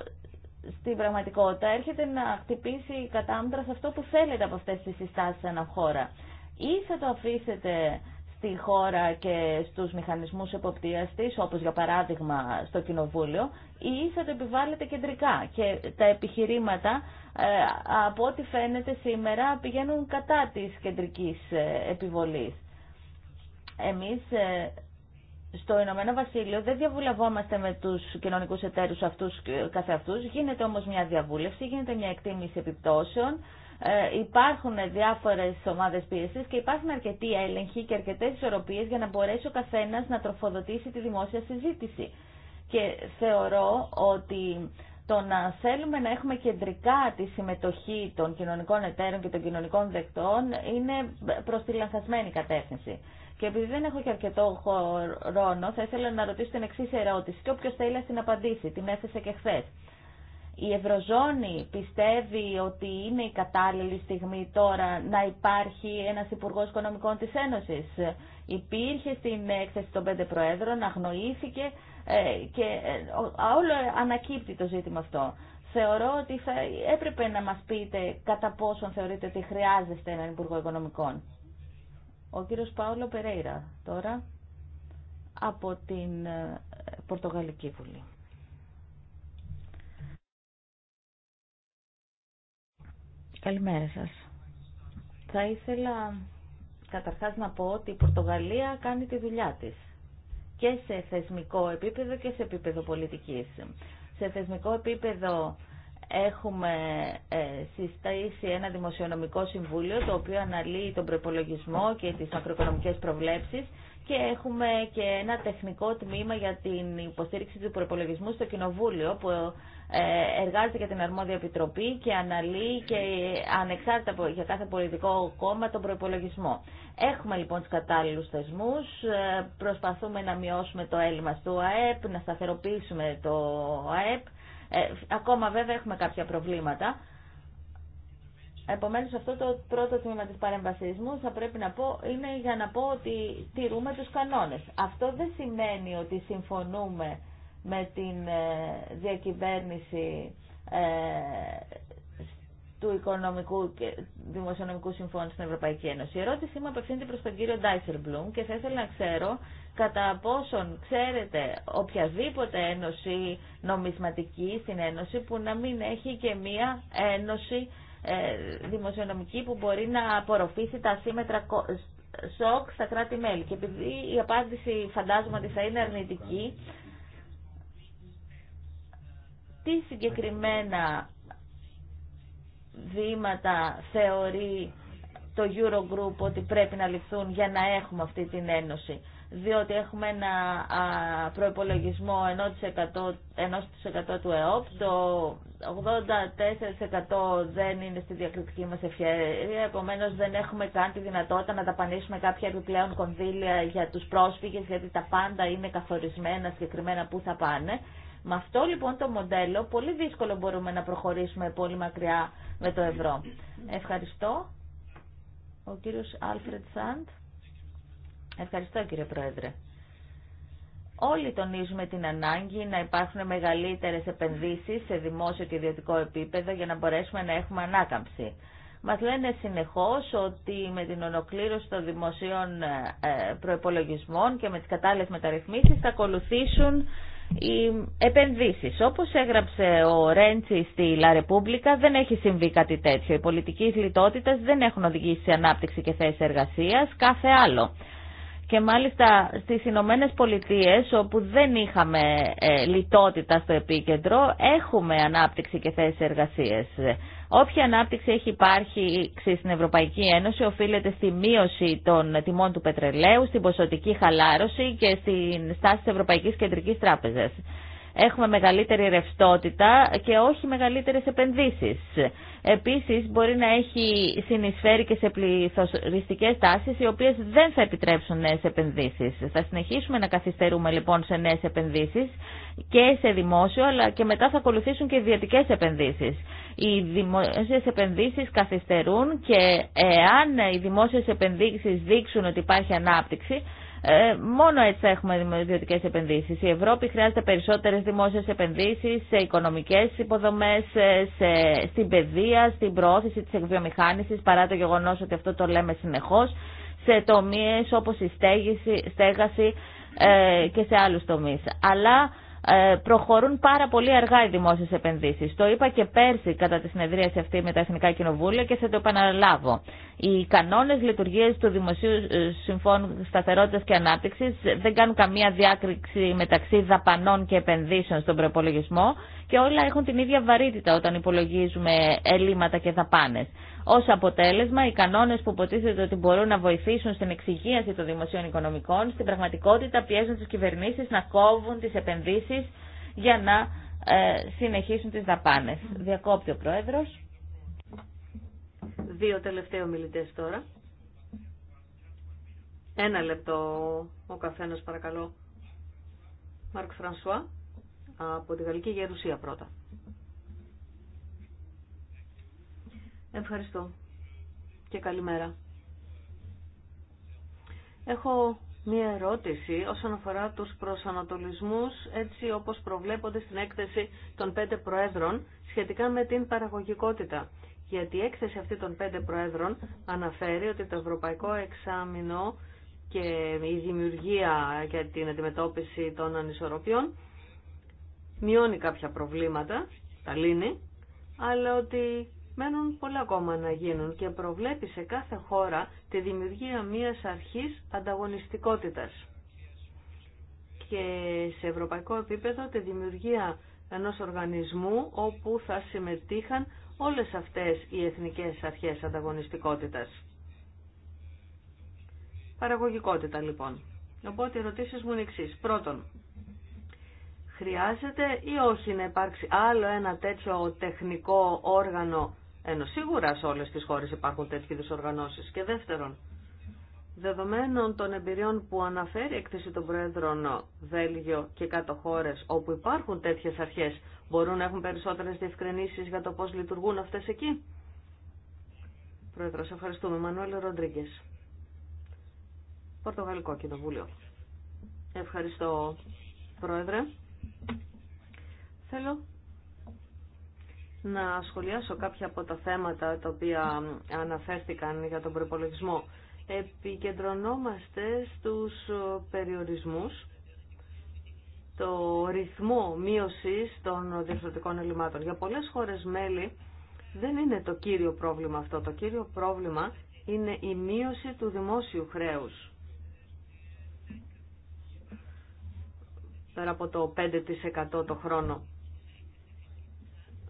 στην πραγματικότητα έρχεται να χτυπήσει άντρα σε αυτό που θέλετε από αυτές τις συστάσεις ανά χώρα. Ή θα το αφήσετε στη χώρα και στους μηχανισμούς εποπτείας της, όπως για παράδειγμα στο Κοινοβούλιο, ή θα το επιβάλλετε κεντρικά. Και τα επιχειρήματα, ε, από ό,τι φαίνεται σήμερα, πηγαίνουν κατά της κεντρικής ε, επιβολής. Εμείς ε, στο Ηνωμένο Βασίλειο δεν διαβουλευόμαστε με τους κοινωνικούς εταίρους αυτούς καθεαυτού. γίνεται όμω μια διαβούλευση, γίνεται μια εκτίμηση επιπτώσεων, ε, υπάρχουν διάφορε ομάδε πίεση και υπάρχουν αρκετοί έλεγχοι και αρκετέ ισορροπίε για να μπορέσει ο καθένα να τροφοδοτήσει τη δημόσια συζήτηση. Και θεωρώ ότι το να θέλουμε να έχουμε κεντρικά τη συμμετοχή των κοινωνικών εταίρων και των κοινωνικών δεκτών είναι προ τη λανθασμένη κατεύθυνση. Και επειδή δεν έχω και αρκετό χρόνο, θα ήθελα να ρωτήσω την εξή ερώτηση και όποιο θέλει να την απαντήσει. Την έθεσε και χθε. Η Ευρωζώνη πιστεύει ότι είναι η κατάλληλη στιγμή τώρα να υπάρχει ένας Υπουργό Οικονομικών της Ένωσης. Υπήρχε στην έκθεση των πέντε προέδρων, αγνοήθηκε ε, και ε, όλο ανακύπτει το ζήτημα αυτό. Θεωρώ ότι θα έπρεπε να μας πείτε κατά πόσον θεωρείτε ότι χρειάζεστε έναν Υπουργό Οικονομικών. Ο κύριος Παόλο Περέιρα τώρα από την ε, Πορτογαλική Βουλή. Καλημέρα σας. Θα ήθελα καταρχάς να πω ότι η Πορτογαλία κάνει τη δουλειά της και σε θεσμικό επίπεδο και σε επίπεδο πολιτικής. Σε θεσμικό επίπεδο έχουμε ε, συστήσει ένα δημοσιονομικό συμβούλιο το οποίο αναλύει τον προπολογισμό και τις μακροοικονομικές προβλέψεις και έχουμε και ένα τεχνικό τμήμα για την υποστήριξη του προπολογισμού στο Κοινοβούλιο που ε, εργάζεται για την αρμόδια επιτροπή και αναλύει και ανεξάρτητα για κάθε πολιτικό κόμμα τον προπολογισμό. Έχουμε λοιπόν τους κατάλληλους θεσμούς, ε, προσπαθούμε να μειώσουμε το έλλειμμα του ΑΕΠ, να σταθεροποιήσουμε το ΑΕΠ ε, ακόμα βέβαια έχουμε κάποια προβλήματα. Επομένως αυτό το πρώτο τμήμα της παρέμβασής μου θα πρέπει να πω είναι για να πω ότι τηρούμε τους κανόνες. Αυτό δεν σημαίνει ότι συμφωνούμε με την ε, διακυβέρνηση ε, του οικονομικού και δημοσιονομικού συμφώνου στην Ευρωπαϊκή Ένωση. Η ερώτησή μου απευθύνεται προ τον κύριο Μπλουμ και θα ήθελα να ξέρω κατά πόσον ξέρετε οποιαδήποτε ένωση νομισματική στην Ένωση που να μην έχει και μία ένωση ε, δημοσιονομική που μπορεί να απορροφήσει τα σύμμετρα σοκ στα κράτη-μέλη. Και επειδή η απάντηση φαντάζομαι ότι θα είναι αρνητική, τι συγκεκριμένα βήματα θεωρεί το Eurogroup ότι πρέπει να ληφθούν για να έχουμε αυτή την ένωση. Διότι έχουμε ένα προϋπολογισμό 1%, 1 του ΕΟΠ, το 84% δεν είναι στη διακριτική μας ευχαίρεια, επομένως δεν έχουμε καν τη δυνατότητα να ταπανίσουμε κάποια επιπλέον κονδύλια για τους πρόσφυγες, γιατί τα πάντα είναι καθορισμένα συγκεκριμένα που θα πάνε. Με αυτό λοιπόν το μοντέλο πολύ δύσκολο μπορούμε να προχωρήσουμε πολύ μακριά με το ευρώ. Ευχαριστώ. Ο κύριος Άλφρετ Σάντ. Ευχαριστώ κύριε Πρόεδρε. Όλοι τονίζουμε την ανάγκη να υπάρχουν μεγαλύτερες επενδύσεις σε δημόσιο και ιδιωτικό επίπεδο για να μπορέσουμε να έχουμε ανάκαμψη. Μας λένε συνεχώς ότι με την ολοκλήρωση των δημοσίων ε, προπολογισμών και με τις κατάλληλες μεταρρυθμίσεις θα ακολουθήσουν οι επενδύσεις. Όπως έγραψε ο Ρέντσι στη Λα δεν έχει συμβεί κάτι τέτοιο. Οι πολιτικοί λιτότητες δεν έχουν οδηγήσει σε ανάπτυξη και θέσει εργασίας, κάθε άλλο. Και μάλιστα στις Ηνωμένε Πολιτείε, όπου δεν είχαμε ε, λιτότητα στο επίκεντρο, έχουμε ανάπτυξη και θέσει εργασίας. Όποια ανάπτυξη έχει υπάρχει στην Ευρωπαϊκή Ένωση οφείλεται στη μείωση των τιμών του πετρελαίου, στην ποσοτική χαλάρωση και στην στάση της Ευρωπαϊκής Κεντρικής Τράπεζας έχουμε μεγαλύτερη ρευστότητα και όχι μεγαλύτερες επενδύσεις. Επίσης μπορεί να έχει συνεισφέρει και σε πληθωριστικές τάσεις οι οποίες δεν θα επιτρέψουν νέες επενδύσεις. Θα συνεχίσουμε να καθυστερούμε λοιπόν σε νέες επενδύσεις και σε δημόσιο αλλά και μετά θα ακολουθήσουν και ιδιωτικές επενδύσεις. Οι δημόσιες επενδύσεις καθυστερούν και εάν οι δημόσιες επενδύσεις δείξουν ότι υπάρχει ανάπτυξη ε, μόνο έτσι έχουμε ιδιωτικέ επενδύσει. Η Ευρώπη χρειάζεται περισσότερε δημόσιε επενδύσει σε οικονομικέ υποδομέ, ε, στην παιδεία, στην προώθηση τη εκβιομηχάνηση, παρά το γεγονό ότι αυτό το λέμε συνεχώ, σε τομείε όπω η στέγαση, στέγαση ε, και σε άλλου τομεί. Αλλά ε, προχωρούν πάρα πολύ αργά οι δημόσιες επενδύσεις. Το είπα και πέρσι κατά τη συνεδρίαση αυτή με τα Εθνικά Κοινοβούλια και θα το επαναλάβω. Οι κανόνες λειτουργίας του Δημοσίου Συμφώνου Σταθερότητας και Ανάπτυξης δεν κάνουν καμία διάκριση μεταξύ δαπανών και επενδύσεων στον προπολογισμό και όλα έχουν την ίδια βαρύτητα όταν υπολογίζουμε ελλείμματα και δαπάνε. Ω αποτέλεσμα, οι κανόνε που υποτίθεται ότι μπορούν να βοηθήσουν στην εξυγίαση των δημοσίων οικονομικών, στην πραγματικότητα πιέζουν τι κυβερνήσει να κόβουν τι επενδύσει για να ε, συνεχίσουν τι δαπάνε. Διακόπτει ο Πρόεδρο. Δύο τελευταίοι ομιλητέ τώρα. Ένα λεπτό ο καθένα, παρακαλώ. Μαρκ Φρανσουά από τη Γαλλική Γερουσία πρώτα. Ευχαριστώ και καλημέρα. Έχω μία ερώτηση όσον αφορά τους προσανατολισμούς έτσι όπως προβλέπονται στην έκθεση των πέντε προέδρων σχετικά με την παραγωγικότητα. Γιατί η έκθεση αυτή των πέντε προέδρων αναφέρει ότι το Ευρωπαϊκό Εξάμεινο και η δημιουργία για την αντιμετώπιση των ανισορροπιών μειώνει κάποια προβλήματα, τα λύνει, αλλά ότι μένουν πολλά ακόμα να γίνουν και προβλέπει σε κάθε χώρα τη δημιουργία μιας αρχής ανταγωνιστικότητας και σε ευρωπαϊκό επίπεδο τη δημιουργία ενός οργανισμού όπου θα συμμετείχαν όλες αυτές οι εθνικές αρχές ανταγωνιστικότητας. Παραγωγικότητα λοιπόν. Οπότε οι ερωτήσεις μου είναι εξής. Πρώτον, χρειάζεται ή όχι να υπάρξει άλλο ένα τέτοιο τεχνικό όργανο, ενώ σίγουρα σε όλες τις χώρες υπάρχουν τέτοιες οργανώσεις. Και δεύτερον, δεδομένων των εμπειριών που αναφέρει η εκτίση των Προέδρων Βέλγιο και κάτω χώρες όπου υπάρχουν τέτοιες αρχές, μπορούν να έχουν περισσότερες διευκρινήσεις για το πώς λειτουργούν αυτές εκεί. Πρόεδρος, ευχαριστούμε. Μανουέλ Ροντρίγκες. Πορτογαλικό Κοινοβούλιο. Ευχαριστώ, Πρόεδρε. Θέλω να σχολιάσω κάποια από τα θέματα τα οποία αναφέρθηκαν για τον προπολογισμό. Επικεντρωνόμαστε στους περιορισμούς, το ρυθμό μείωσης των διευθυντικών ελλημάτων. Για πολλές χώρες μέλη δεν είναι το κύριο πρόβλημα αυτό. Το κύριο πρόβλημα είναι η μείωση του δημόσιου χρέους. Πέρα από το 5% το χρόνο.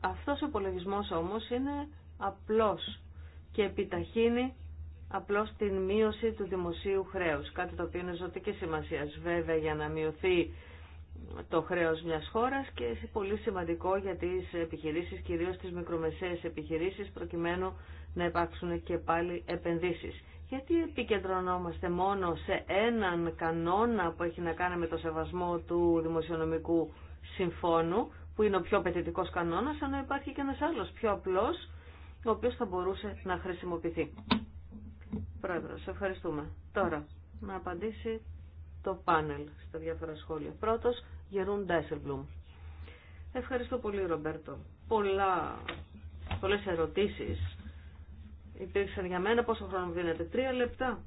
Αυτός ο υπολογισμό όμως είναι απλός και επιταχύνει απλώς την μείωση του δημοσίου χρέους, κάτι το οποίο είναι ζωτική σημασία βέβαια για να μειωθεί το χρέος μιας χώρας και είναι πολύ σημαντικό για τις επιχειρήσεις, κυρίως τις μικρομεσαίες επιχειρήσεις, προκειμένου να υπάρξουν και πάλι επενδύσεις. Γιατί επικεντρωνόμαστε μόνο σε έναν κανόνα που έχει να κάνει με το σεβασμό του δημοσιονομικού συμφώνου, που είναι ο πιο απαιτητικό κανόνα, ενώ υπάρχει και ένα άλλο πιο απλό, ο οποίο θα μπορούσε να χρησιμοποιηθεί. Πρόεδρο, σε ευχαριστούμε. Τώρα, να απαντήσει το πάνελ στα διάφορα σχόλια. Πρώτο, Γερούν Ντάισελμπλουμ. Ευχαριστώ πολύ, Ρομπέρτο. Πολλά, πολλές ερωτήσεις υπήρξαν για μένα. Πόσο χρόνο μου δίνετε, τρία λεπτά.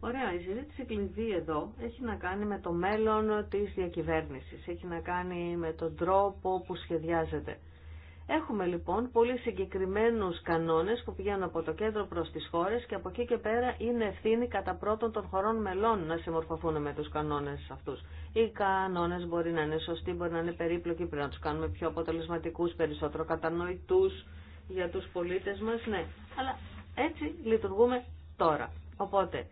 Ωραία, η συζήτηση κλειδί εδώ έχει να κάνει με το μέλλον της διακυβέρνησης, έχει να κάνει με τον τρόπο που σχεδιάζεται. Έχουμε λοιπόν πολύ συγκεκριμένους κανόνες που πηγαίνουν από το κέντρο προς τις χώρες και από εκεί και πέρα είναι ευθύνη κατά πρώτον των χωρών μελών να συμμορφωθούν με τους κανόνες αυτούς. Οι κανόνες μπορεί να είναι σωστοί, μπορεί να είναι περίπλοκοι, πρέπει να τους κάνουμε πιο αποτελεσματικούς, περισσότερο κατανοητούς για τους πολίτες μας, ναι. Αλλά έτσι λειτουργούμε τώρα. Οπότε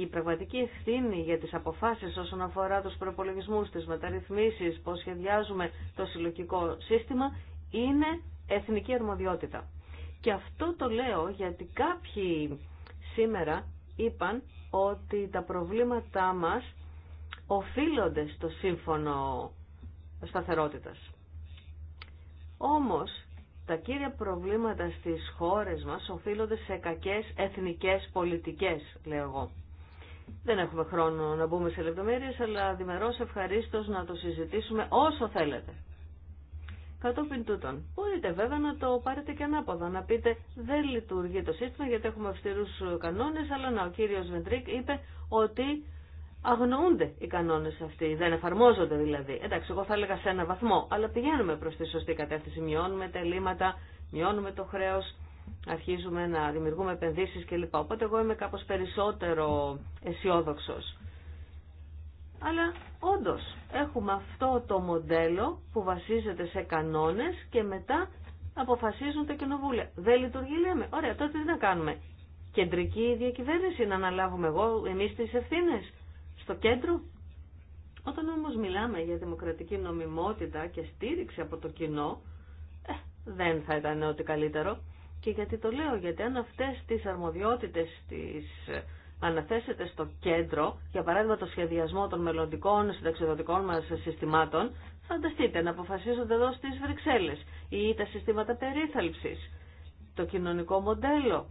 η πραγματική ευθύνη για τις αποφάσεις όσον αφορά τους προπολογισμούς, τις μεταρρυθμίσεις, πώς σχεδιάζουμε το συλλογικό σύστημα, είναι εθνική αρμοδιότητα. Και αυτό το λέω γιατί κάποιοι σήμερα είπαν ότι τα προβλήματά μας οφείλονται στο σύμφωνο σταθερότητας. Όμως, τα κύρια προβλήματα στις χώρες μας οφείλονται σε κακές εθνικές πολιτικές, λέω εγώ. Δεν έχουμε χρόνο να μπούμε σε λεπτομέρειες, αλλά διμερώς ευχαρίστως να το συζητήσουμε όσο θέλετε. Κατόπιν τούτων, μπορείτε βέβαια να το πάρετε και ανάποδα, να πείτε δεν λειτουργεί το σύστημα γιατί έχουμε αυστηρούς κανόνες, αλλά να, ο κύριος Βεντρίκ είπε ότι αγνοούνται οι κανόνες αυτοί, δεν εφαρμόζονται δηλαδή. Εντάξει, εγώ θα έλεγα σε ένα βαθμό, αλλά πηγαίνουμε προς τη σωστή κατεύθυνση, μειώνουμε ελλείμματα, μειώνουμε το χρέος, αρχίζουμε να δημιουργούμε επενδύσεις κλπ. Οπότε εγώ είμαι κάπως περισσότερο αισιόδοξο. Αλλά όντως έχουμε αυτό το μοντέλο που βασίζεται σε κανόνες και μετά αποφασίζουν τα κοινοβούλια. Δεν λειτουργεί λέμε. Ωραία, τότε τι να κάνουμε. Κεντρική διακυβέρνηση να αναλάβουμε εγώ, εμείς τις ευθύνε στο κέντρο. Όταν όμως μιλάμε για δημοκρατική νομιμότητα και στήριξη από το κοινό, ε, δεν θα ήταν ό,τι καλύτερο. Και γιατί το λέω, γιατί αν αυτές τις αρμοδιότητες τις αναθέσετε στο κέντρο, για παράδειγμα το σχεδιασμό των μελλοντικών συνταξιδοτικών μα συστημάτων, φανταστείτε να αποφασίζονται εδώ στις Βρυξέλλες ή τα συστήματα περίθαλψης, το κοινωνικό μοντέλο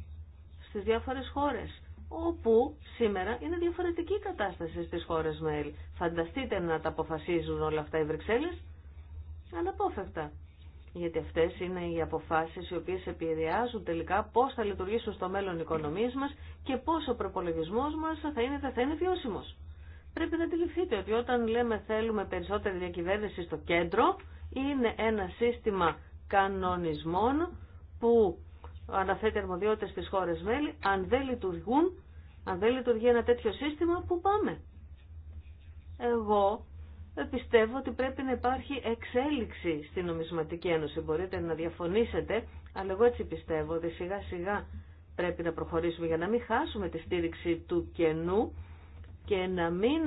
στις διάφορες χώρες όπου σήμερα είναι διαφορετική η κατάσταση στις χώρες ΜΕΛ. Φανταστείτε να τα αποφασίζουν όλα αυτά οι Βρυξέλλες, αναπόφευκτα γιατί αυτές είναι οι αποφάσεις οι οποίες επηρεάζουν τελικά πώς θα λειτουργήσουν στο μέλλον οι οικονομίες μας και πώς ο προπολογισμό μας θα είναι, θα είναι βιώσιμος. Πρέπει να αντιληφθείτε ότι όταν λέμε θέλουμε περισσότερη διακυβέρνηση στο κέντρο, είναι ένα σύστημα κανονισμών που αναθέτει αρμοδιότητες στις χώρες μέλη, αν δεν λειτουργούν, αν δεν λειτουργεί ένα τέτοιο σύστημα, πού πάμε. Εγώ ε, πιστεύω ότι πρέπει να υπάρχει εξέλιξη στην νομισματική ένωση. Μπορείτε να διαφωνήσετε, αλλά εγώ έτσι πιστεύω ότι σιγά σιγά πρέπει να προχωρήσουμε για να μην χάσουμε τη στήριξη του κενού και να μην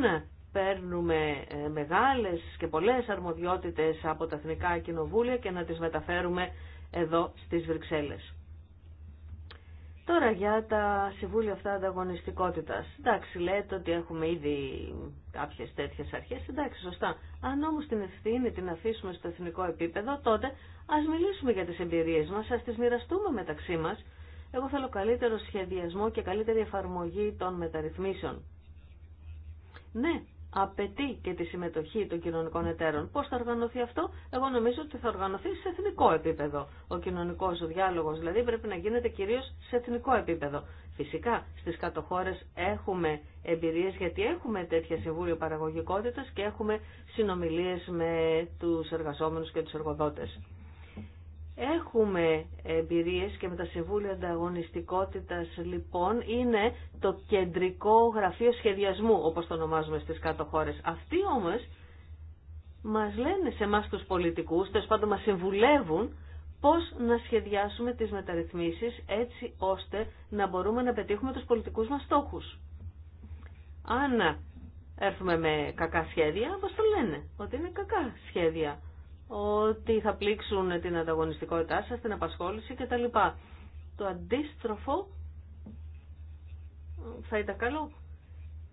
παίρνουμε ε, μεγάλες και πολλές αρμοδιότητες από τα εθνικά κοινοβούλια και να τις μεταφέρουμε εδώ στις Βρυξέλλες. Τώρα για τα συμβούλια αυτά ανταγωνιστικότητα. Εντάξει, λέτε ότι έχουμε ήδη κάποιε τέτοιε αρχέ. Εντάξει, σωστά. Αν όμω την ευθύνη την αφήσουμε στο εθνικό επίπεδο, τότε α μιλήσουμε για τι εμπειρίε μα, α τι μοιραστούμε μεταξύ μα. Εγώ θέλω καλύτερο σχεδιασμό και καλύτερη εφαρμογή των μεταρρυθμίσεων. Ναι, απαιτεί και τη συμμετοχή των κοινωνικών εταίρων. Πώς θα οργανωθεί αυτό, εγώ νομίζω ότι θα οργανωθεί σε εθνικό επίπεδο. Ο κοινωνικός διάλογος δηλαδή πρέπει να γίνεται κυρίως σε εθνικό επίπεδο. Φυσικά στις κατοχώρες έχουμε εμπειρίες γιατί έχουμε τέτοια συμβούλια παραγωγικότητας και έχουμε συνομιλίες με τους εργαζόμενους και τους εργοδότες. Έχουμε εμπειρίες και με τα Συμβούλια ανταγωνιστικότητα λοιπόν είναι το κεντρικό γραφείο σχεδιασμού όπως το ονομάζουμε στις κάτω χώρες. Αυτοί όμως μας λένε σε εμά τους πολιτικούς, τέλος πάντων μας συμβουλεύουν πώς να σχεδιάσουμε τις μεταρρυθμίσεις έτσι ώστε να μπορούμε να πετύχουμε τους πολιτικούς μας στόχους. Αν έρθουμε με κακά σχέδια, μας το λένε ότι είναι κακά σχέδια ότι θα πλήξουν την ανταγωνιστικότητά σας, την απασχόληση κτλ. Το αντίστροφο θα ήταν καλό.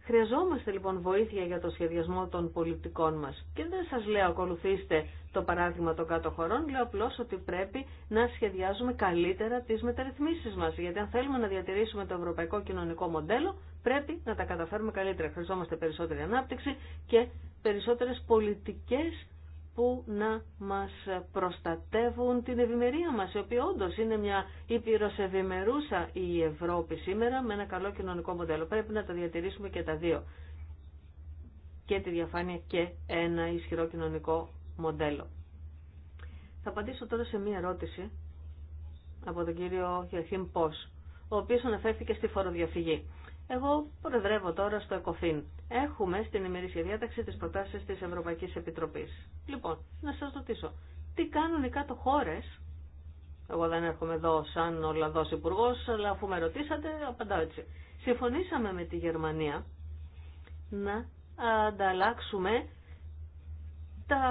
Χρειαζόμαστε λοιπόν βοήθεια για το σχεδιασμό των πολιτικών μας. Και δεν σας λέω ακολουθήστε το παράδειγμα των κάτω χωρών, λέω απλώ ότι πρέπει να σχεδιάζουμε καλύτερα τις μεταρρυθμίσεις μας. Γιατί αν θέλουμε να διατηρήσουμε το ευρωπαϊκό κοινωνικό μοντέλο, πρέπει να τα καταφέρουμε καλύτερα. Χρειαζόμαστε περισσότερη ανάπτυξη και περισσότερες πολιτικές που να μας προστατεύουν την ευημερία μας, η οποία όντω είναι μια ήπειρος ευημερούσα η Ευρώπη σήμερα με ένα καλό κοινωνικό μοντέλο. Πρέπει να τα διατηρήσουμε και τα δύο. Και τη διαφάνεια και ένα ισχυρό κοινωνικό μοντέλο. Θα απαντήσω τώρα σε μία ερώτηση από τον κύριο Γιωχήμ Πώς, ο οποίος αναφέρθηκε στη φοροδιαφυγή. Εγώ προεδρεύω τώρα στο ΕΚΟΦΗΝ έχουμε στην ημερήσια διάταξη τις προτάσεις της Ευρωπαϊκής Επιτροπής. Λοιπόν, να σας ρωτήσω, τι κάνουν οι κάτω χώρες, εγώ δεν έρχομαι εδώ σαν Ολλανδός υπουργό, αλλά αφού με ρωτήσατε, απαντάω έτσι. Συμφωνήσαμε με τη Γερμανία να ανταλλάξουμε τα...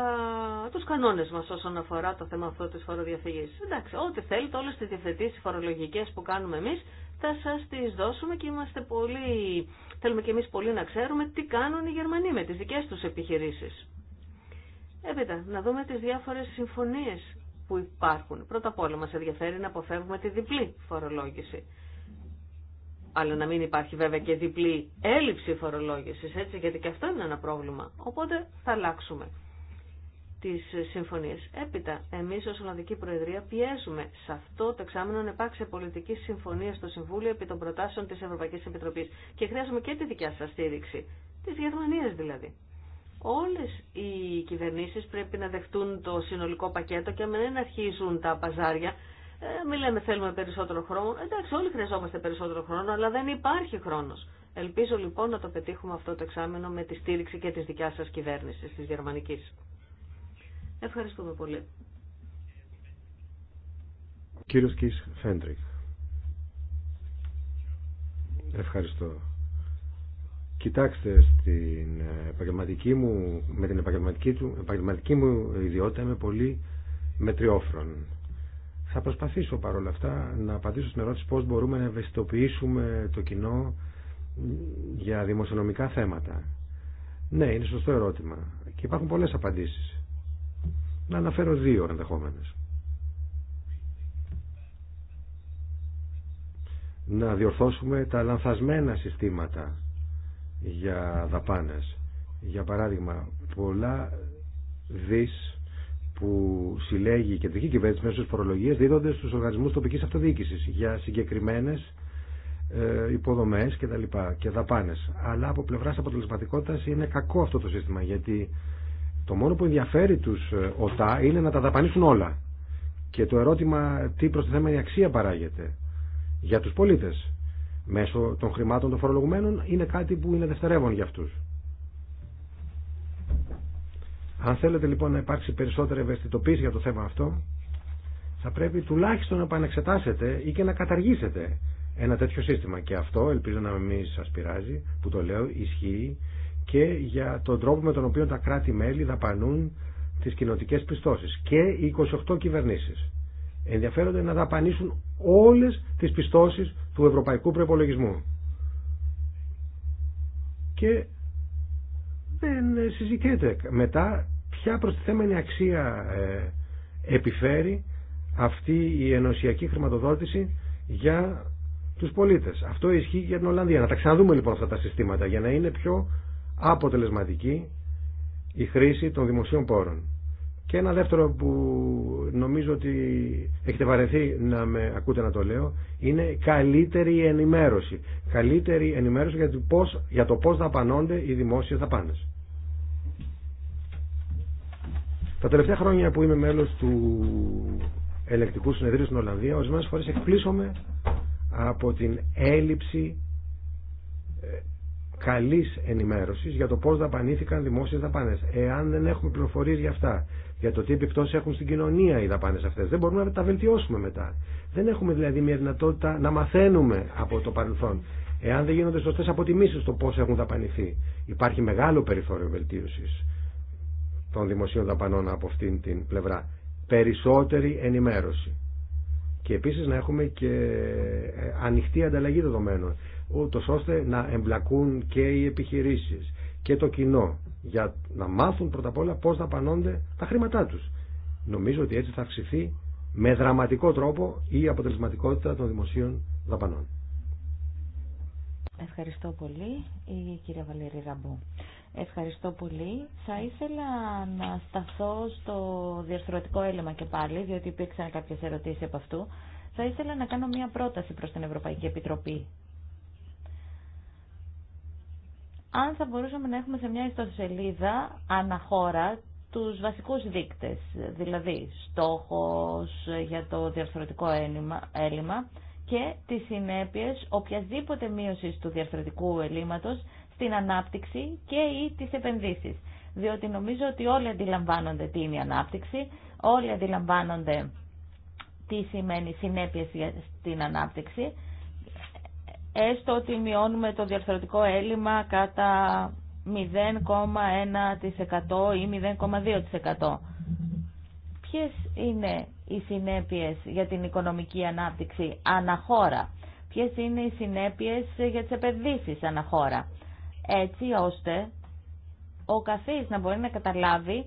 τους κανόνες μας όσον αφορά το θέμα αυτό της φοροδιαφυγής. Εντάξει, ό,τι θέλετε, όλες τις διευθετήσεις φορολογικές που κάνουμε εμείς, θα σας τις δώσουμε και είμαστε πολύ, θέλουμε και εμείς πολύ να ξέρουμε τι κάνουν οι Γερμανοί με τις δικές τους επιχειρήσεις. Έπειτα, να δούμε τις διάφορες συμφωνίες που υπάρχουν. Πρώτα απ' όλα μας ενδιαφέρει να αποφεύγουμε τη διπλή φορολόγηση. Αλλά να μην υπάρχει βέβαια και διπλή έλλειψη φορολόγησης, έτσι, γιατί και αυτό είναι ένα πρόβλημα. Οπότε θα αλλάξουμε τις συμφωνίες. Έπειτα, εμείς ως Ολλανδική Προεδρία πιέζουμε σε αυτό το εξάμεινο να υπάρξει πολιτική συμφωνία στο Συμβούλιο επί των προτάσεων της Ευρωπαϊκής Επιτροπής και χρειάζομαι και τη δικιά σας στήριξη, της Γερμανίας δηλαδή. Όλες οι κυβερνήσεις πρέπει να δεχτούν το συνολικό πακέτο και μην αρχίζουν τα παζάρια. Ε, μην λέμε θέλουμε περισσότερο χρόνο. Εντάξει, όλοι χρειαζόμαστε περισσότερο χρόνο, αλλά δεν υπάρχει χρόνος. Ελπίζω λοιπόν να το πετύχουμε αυτό το εξάμεινο με τη στήριξη και της δικιάς σας κυβέρνησης, της Γερμανικής. Ευχαριστούμε πολύ. Κύριος Κις Φέντρικ. Ευχαριστώ. Κοιτάξτε, στην επαγγελματική μου, με την επαγγελματική, του, επαγγελματική μου ιδιότητα είμαι πολύ μετριόφρον. Θα προσπαθήσω παρόλα αυτά να απαντήσω στην ερώτηση πώς μπορούμε να ευαισθητοποιήσουμε το κοινό για δημοσιονομικά θέματα. Ναι, είναι σωστό ερώτημα. Και υπάρχουν πολλές απαντήσεις να αναφέρω δύο ενδεχομένε. Να διορθώσουμε τα λανθασμένα συστήματα για δαπάνες. Για παράδειγμα, πολλά δις που συλλέγει η κεντρική κυβέρνηση μέσω φορολογία δίδονται στους οργανισμούς τοπικής αυτοδιοίκησης για συγκεκριμένες ε, υποδομές και τα λοιπά και δαπάνες. Αλλά από πλευράς αποτελεσματικότητας είναι κακό αυτό το σύστημα γιατί το μόνο που ενδιαφέρει τους ε, ΟΤΑ είναι να τα δαπανίσουν όλα. Και το ερώτημα τι η αξία παράγεται για τους πολίτες μέσω των χρημάτων των φορολογουμένων είναι κάτι που είναι δευτερεύον για αυτού. Αν θέλετε λοιπόν να υπάρξει περισσότερη ευαισθητοποίηση για το θέμα αυτό, θα πρέπει τουλάχιστον να επανεξετάσετε ή και να καταργήσετε ένα τέτοιο σύστημα. Και αυτό, ελπίζω να μην σας πειράζει, που το λέω, ισχύει και για τον τρόπο με τον οποίο τα κράτη-μέλη δαπανούν τις κοινοτικέ πιστώσεις. Και οι 28 κυβερνήσεις ενδιαφέρονται να δαπανίσουν όλες τις πιστώσεις του ευρωπαϊκού προπολογισμού. Και δεν συζητιέται μετά ποια προστιθέμενη αξία ε, επιφέρει αυτή η ενωσιακή χρηματοδότηση για τους πολίτες. Αυτό ισχύει για την Ολλανδία. Να τα ξαναδούμε λοιπόν αυτά τα συστήματα για να είναι πιο αποτελεσματική η χρήση των δημοσίων πόρων. Και ένα δεύτερο που νομίζω ότι έχετε βαρεθεί να με ακούτε να το λέω είναι καλύτερη ενημέρωση. Καλύτερη ενημέρωση για το πώς, για το πώς δαπανώνται οι δημόσιες δαπάνες. Τα τελευταία χρόνια που είμαι μέλος του ελεκτικού συνεδρίου στην Ολλανδία ορισμένες φορές εκπλήσωμαι από την έλλειψη Καλή ενημέρωση για το πώ δαπανήθηκαν δημόσιε δαπάνε. Εάν δεν έχουμε πληροφορίε για αυτά, για το τι επιπτώσει έχουν στην κοινωνία οι δαπάνε αυτέ. δεν μπορούμε να τα βελτιώσουμε μετά. Δεν έχουμε δηλαδή μια δυνατότητα να μαθαίνουμε από το παρελθόν. Εάν δεν γίνονται σωστέ αποτιμήσει το πώ έχουν δαπανηθεί. Υπάρχει μεγάλο περιθώριο βελτίωση των δημοσίων δαπανών από αυτήν την πλευρά. Περισσότερη ενημέρωση. Και επίση να έχουμε και ε, ανοιχτή ανταλλαγή δεδομένων ούτως ώστε να εμπλακούν και οι επιχειρήσεις και το κοινό για να μάθουν πρώτα απ' όλα πώς δαπανώνται τα χρήματά τους. Νομίζω ότι έτσι θα αυξηθεί με δραματικό τρόπο η αποτελεσματικότητα των δημοσίων δαπανών. Ευχαριστώ πολύ, η κυρία Βαλερή Ραμπού. Ευχαριστώ πολύ. Θα ήθελα να σταθώ στο διαστρωτικό έλλειμμα και πάλι, διότι υπήρξαν κάποιες ερωτήσεις από αυτού. Θα ήθελα να κάνω μια πρόταση προς την Ευρωπαϊκή Επιτροπή αν θα μπορούσαμε να έχουμε σε μια ιστοσελίδα αναχώρα τους βασικούς δείκτες, δηλαδή στόχος για το διαρθρωτικό έλλειμμα και τις συνέπειες οποιασδήποτε μείωση του διαρθρωτικού ελλείμματος στην ανάπτυξη και ή τις επενδύσεις. Διότι νομίζω ότι όλοι αντιλαμβάνονται τι είναι η ανάπτυξη, όλοι αντιλαμβάνονται τι σημαίνει συνέπειες στην ανάπτυξη έστω ότι μειώνουμε το διαρθρωτικό έλλειμμα κατά 0,1% ή 0,2%. Ποιες είναι οι συνέπειες για την οικονομική ανάπτυξη αναχώρα. Ποιες είναι οι συνέπειες για τις επενδύσεις αναχώρα. Έτσι ώστε ο καθής να μπορεί να καταλάβει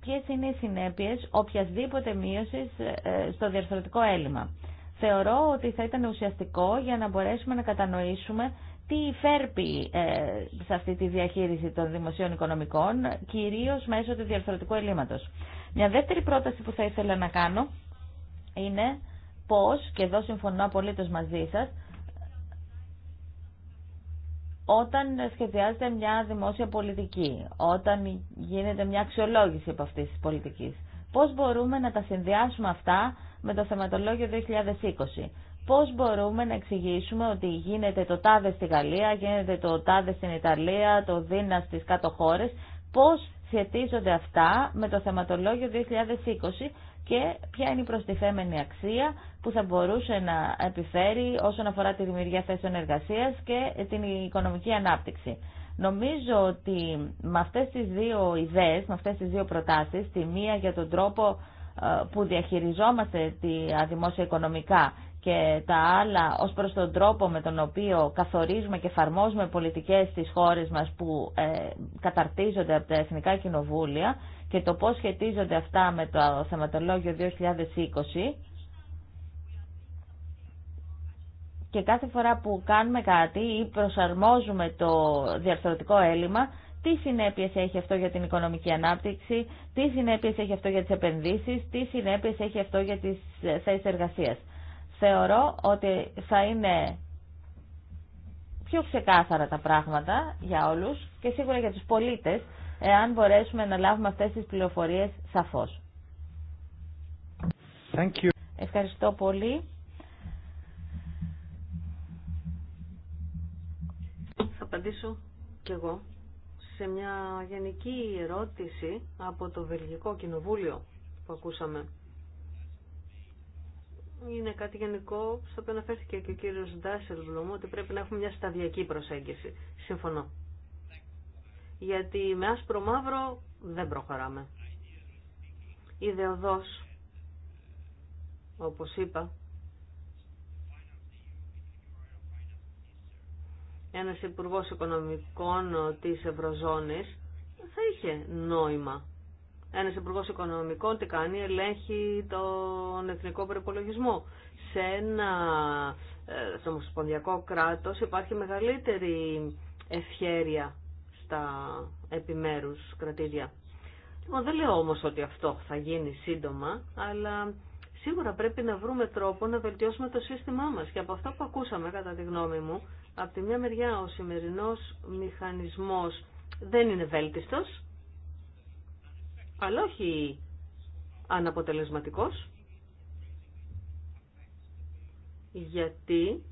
ποιες είναι οι συνέπειες οποιασδήποτε μείωσης ε, στο διαρθρωτικό έλλειμμα θεωρώ ότι θα ήταν ουσιαστικό για να μπορέσουμε να κατανοήσουμε τι φέρπει ε, σε αυτή τη διαχείριση των δημοσίων οικονομικών, κυρίως μέσω του διαρθρωτικού ελλείμματος. Μια δεύτερη πρόταση που θα ήθελα να κάνω είναι πώς, και εδώ συμφωνώ απολύτως μαζί σας, όταν σχεδιάζεται μια δημόσια πολιτική, όταν γίνεται μια αξιολόγηση από αυτής της πολιτικής. Πώς μπορούμε να τα συνδυάσουμε αυτά με το θεματολόγιο 2020. Πώς μπορούμε να εξηγήσουμε ότι γίνεται το τάδε στη Γαλλία, γίνεται το τάδε στην Ιταλία, το δίνα στις κάτω χώρες. Πώς σχετίζονται αυτά με το θεματολόγιο 2020 και ποια είναι η προστιθέμενη αξία που θα μπορούσε να επιφέρει όσον αφορά τη δημιουργία θέσεων εργασίας και την οικονομική ανάπτυξη. Νομίζω ότι με αυτές τις δύο ιδέες, με αυτές τις δύο προτάσεις, τη μία για τον τρόπο ε, που διαχειριζόμαστε τη δημόσια οικονομικά και τα άλλα ως προς τον τρόπο με τον οποίο καθορίζουμε και εφαρμόζουμε πολιτικές στις χώρες μας που ε, καταρτίζονται από τα Εθνικά Κοινοβούλια και το πώς σχετίζονται αυτά με το θεματολόγιο 2020, και κάθε φορά που κάνουμε κάτι ή προσαρμόζουμε το διαρθρωτικό έλλειμμα, τι συνέπειες έχει αυτό για την οικονομική ανάπτυξη, τι συνέπειες έχει αυτό για τις επενδύσεις, τι συνέπειες έχει αυτό για τις θέσεις εργασίας. Θεωρώ ότι θα είναι πιο ξεκάθαρα τα πράγματα για όλους και σίγουρα για τους πολίτες, εάν μπορέσουμε να λάβουμε αυτές τις πληροφορίες σαφώς. Ευχαριστώ πολύ. απαντήσω κι εγώ σε μια γενική ερώτηση από το Βελγικό Κοινοβούλιο που ακούσαμε. Είναι κάτι γενικό, στο οποίο αναφέρθηκε και ο κύριος Ντάσελβλουμ ότι πρέπει να έχουμε μια σταδιακή προσέγγιση. Συμφωνώ. Γιατί με άσπρο μαύρο δεν προχωράμε. Ιδεοδός, όπως είπα, ένας υπουργό οικονομικών της Ευρωζώνης θα είχε νόημα. Ένας υπουργό οικονομικών τι κάνει, ελέγχει τον εθνικό προπολογισμό. Σε ένα ε, στο ομοσπονδιακό κράτος υπάρχει μεγαλύτερη ευχέρεια στα επιμέρους κρατήδια. Λοιπόν, δεν λέω όμως ότι αυτό θα γίνει σύντομα, αλλά σίγουρα πρέπει να βρούμε τρόπο να βελτιώσουμε το σύστημά μας. Και από αυτό που ακούσαμε, κατά τη γνώμη μου, από τη μια μεριά ο σημερινός μηχανισμός δεν είναι βέλτιστος, αλλά όχι αναποτελεσματικός, γιατί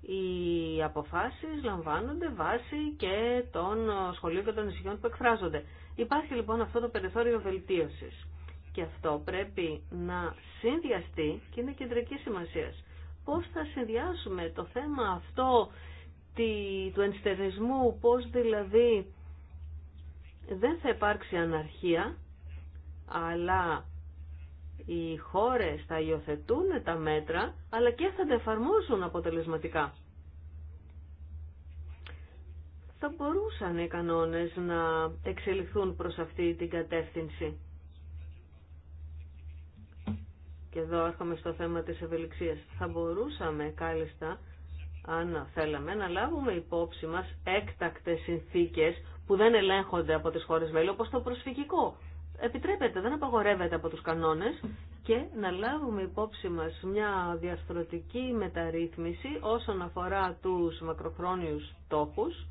οι αποφάσεις λαμβάνονται βάσει και των σχολείων και των νησιών που εκφράζονται. Υπάρχει λοιπόν αυτό το περιθώριο βελτίωσης και αυτό πρέπει να συνδυαστεί και είναι κεντρική σημασία πώς θα συνδυάσουμε το θέμα αυτό του ενστερισμού, πώς δηλαδή δεν θα υπάρξει αναρχία, αλλά οι χώρες θα υιοθετούν τα μέτρα, αλλά και θα τα εφαρμόσουν αποτελεσματικά. Θα μπορούσαν οι κανόνες να εξελιχθούν προς αυτή την κατεύθυνση. Και εδώ έρχομαι στο θέμα της ευελιξίας. Θα μπορούσαμε κάλλιστα, αν θέλαμε, να λάβουμε υπόψη μας έκτακτες συνθήκες που δεν ελέγχονται από τις χώρες μέλη, όπως το προσφυγικό. Επιτρέπεται, δεν απαγορεύεται από τους κανόνες και να λάβουμε υπόψη μας μια διαστρωτική μεταρρύθμιση όσον αφορά τους μακροχρόνιους στόχους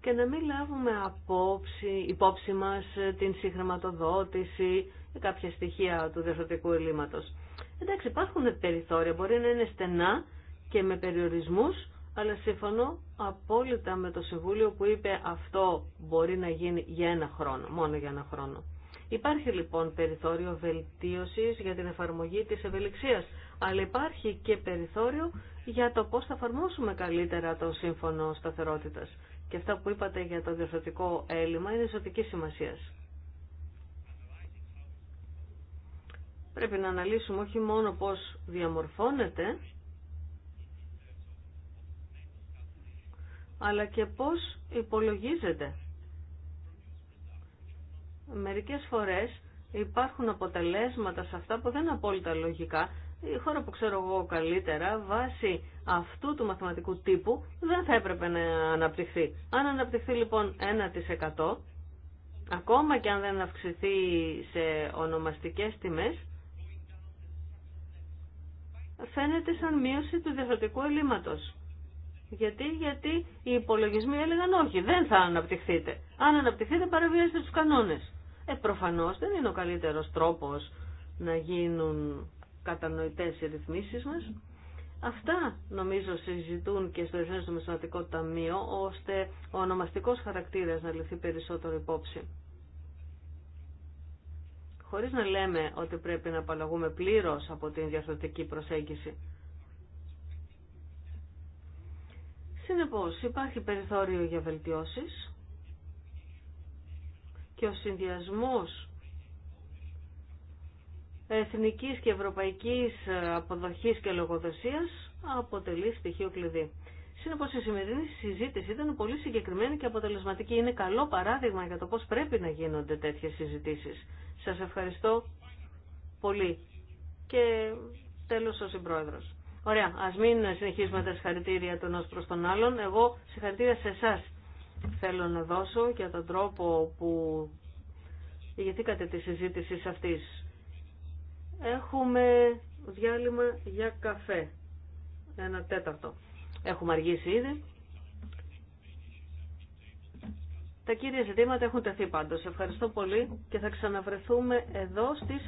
και να μην λάβουμε απόψη, υπόψη μας την συγχρηματοδότηση, κάποια στοιχεία του διαφορετικού ελλείμματο. Εντάξει, υπάρχουν περιθώρια, μπορεί να είναι στενά και με περιορισμού, αλλά συμφωνώ απόλυτα με το Συμβούλιο που είπε αυτό μπορεί να γίνει για ένα χρόνο, μόνο για ένα χρόνο. Υπάρχει λοιπόν περιθώριο βελτίωση για την εφαρμογή τη ευελιξία, αλλά υπάρχει και περιθώριο για το πώ θα εφαρμόσουμε καλύτερα το σύμφωνο σταθερότητα. Και αυτά που είπατε για το διορθωτικό έλλειμμα είναι ζωτική σημασία. Πρέπει να αναλύσουμε όχι μόνο πώς διαμορφώνεται, αλλά και πώς υπολογίζεται. Μερικές φορές υπάρχουν αποτελέσματα σε αυτά που δεν είναι απόλυτα λογικά. Η χώρα που ξέρω εγώ καλύτερα, βάσει αυτού του μαθηματικού τύπου, δεν θα έπρεπε να αναπτυχθεί. Αν αναπτυχθεί λοιπόν 1%, ακόμα και αν δεν αυξηθεί σε ονομαστικές τιμές, φαίνεται σαν μείωση του διαφορετικού ελλείμματος. Γιατί, γιατί οι υπολογισμοί έλεγαν όχι, δεν θα αναπτυχθείτε. Αν αναπτυχθείτε παραβιάζετε τους κανόνες. Ε, προφανώς δεν είναι ο καλύτερος τρόπος να γίνουν κατανοητές οι ρυθμίσεις μας. Αυτά νομίζω συζητούν και στο Εθνές Νομισματικό Ταμείο, ώστε ο ονομαστικός χαρακτήρας να λυθεί περισσότερο υπόψη χωρίς να λέμε ότι πρέπει να απαλλαγούμε πλήρως από την διαρθρωτική προσέγγιση. Συνεπώς, υπάρχει περιθώριο για βελτιώσεις και ο συνδυασμός εθνικής και ευρωπαϊκής αποδοχής και λογοδοσίας αποτελεί στοιχείο κλειδί. Συνεπώς η σημερινή συζήτηση ήταν πολύ συγκεκριμένη και αποτελεσματική. Είναι καλό παράδειγμα για το πώς πρέπει να γίνονται τέτοιες συζητήσεις. Σας ευχαριστώ πολύ. Και τέλος ο συμπρόεδρος. Ωραία, ας μην συνεχίσουμε τα συγχαρητήρια των προς τον άλλον. Εγώ συγχαρητήρια σε εσά θέλω να δώσω για τον τρόπο που ηγηθήκατε τη συζήτηση αυτής. Έχουμε διάλειμμα για καφέ. Ένα τέταρτο. Έχουμε αργήσει ήδη. Τα κύρια ζητήματα έχουν τεθεί πάντως. Ευχαριστώ πολύ και θα ξαναβρεθούμε εδώ στις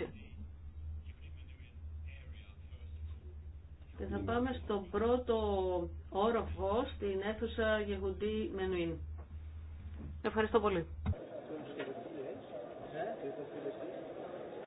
11.30. Και θα πάμε στον πρώτο όροφο στην αίθουσα Γεγουντή Μενουίν. Ευχαριστώ πολύ.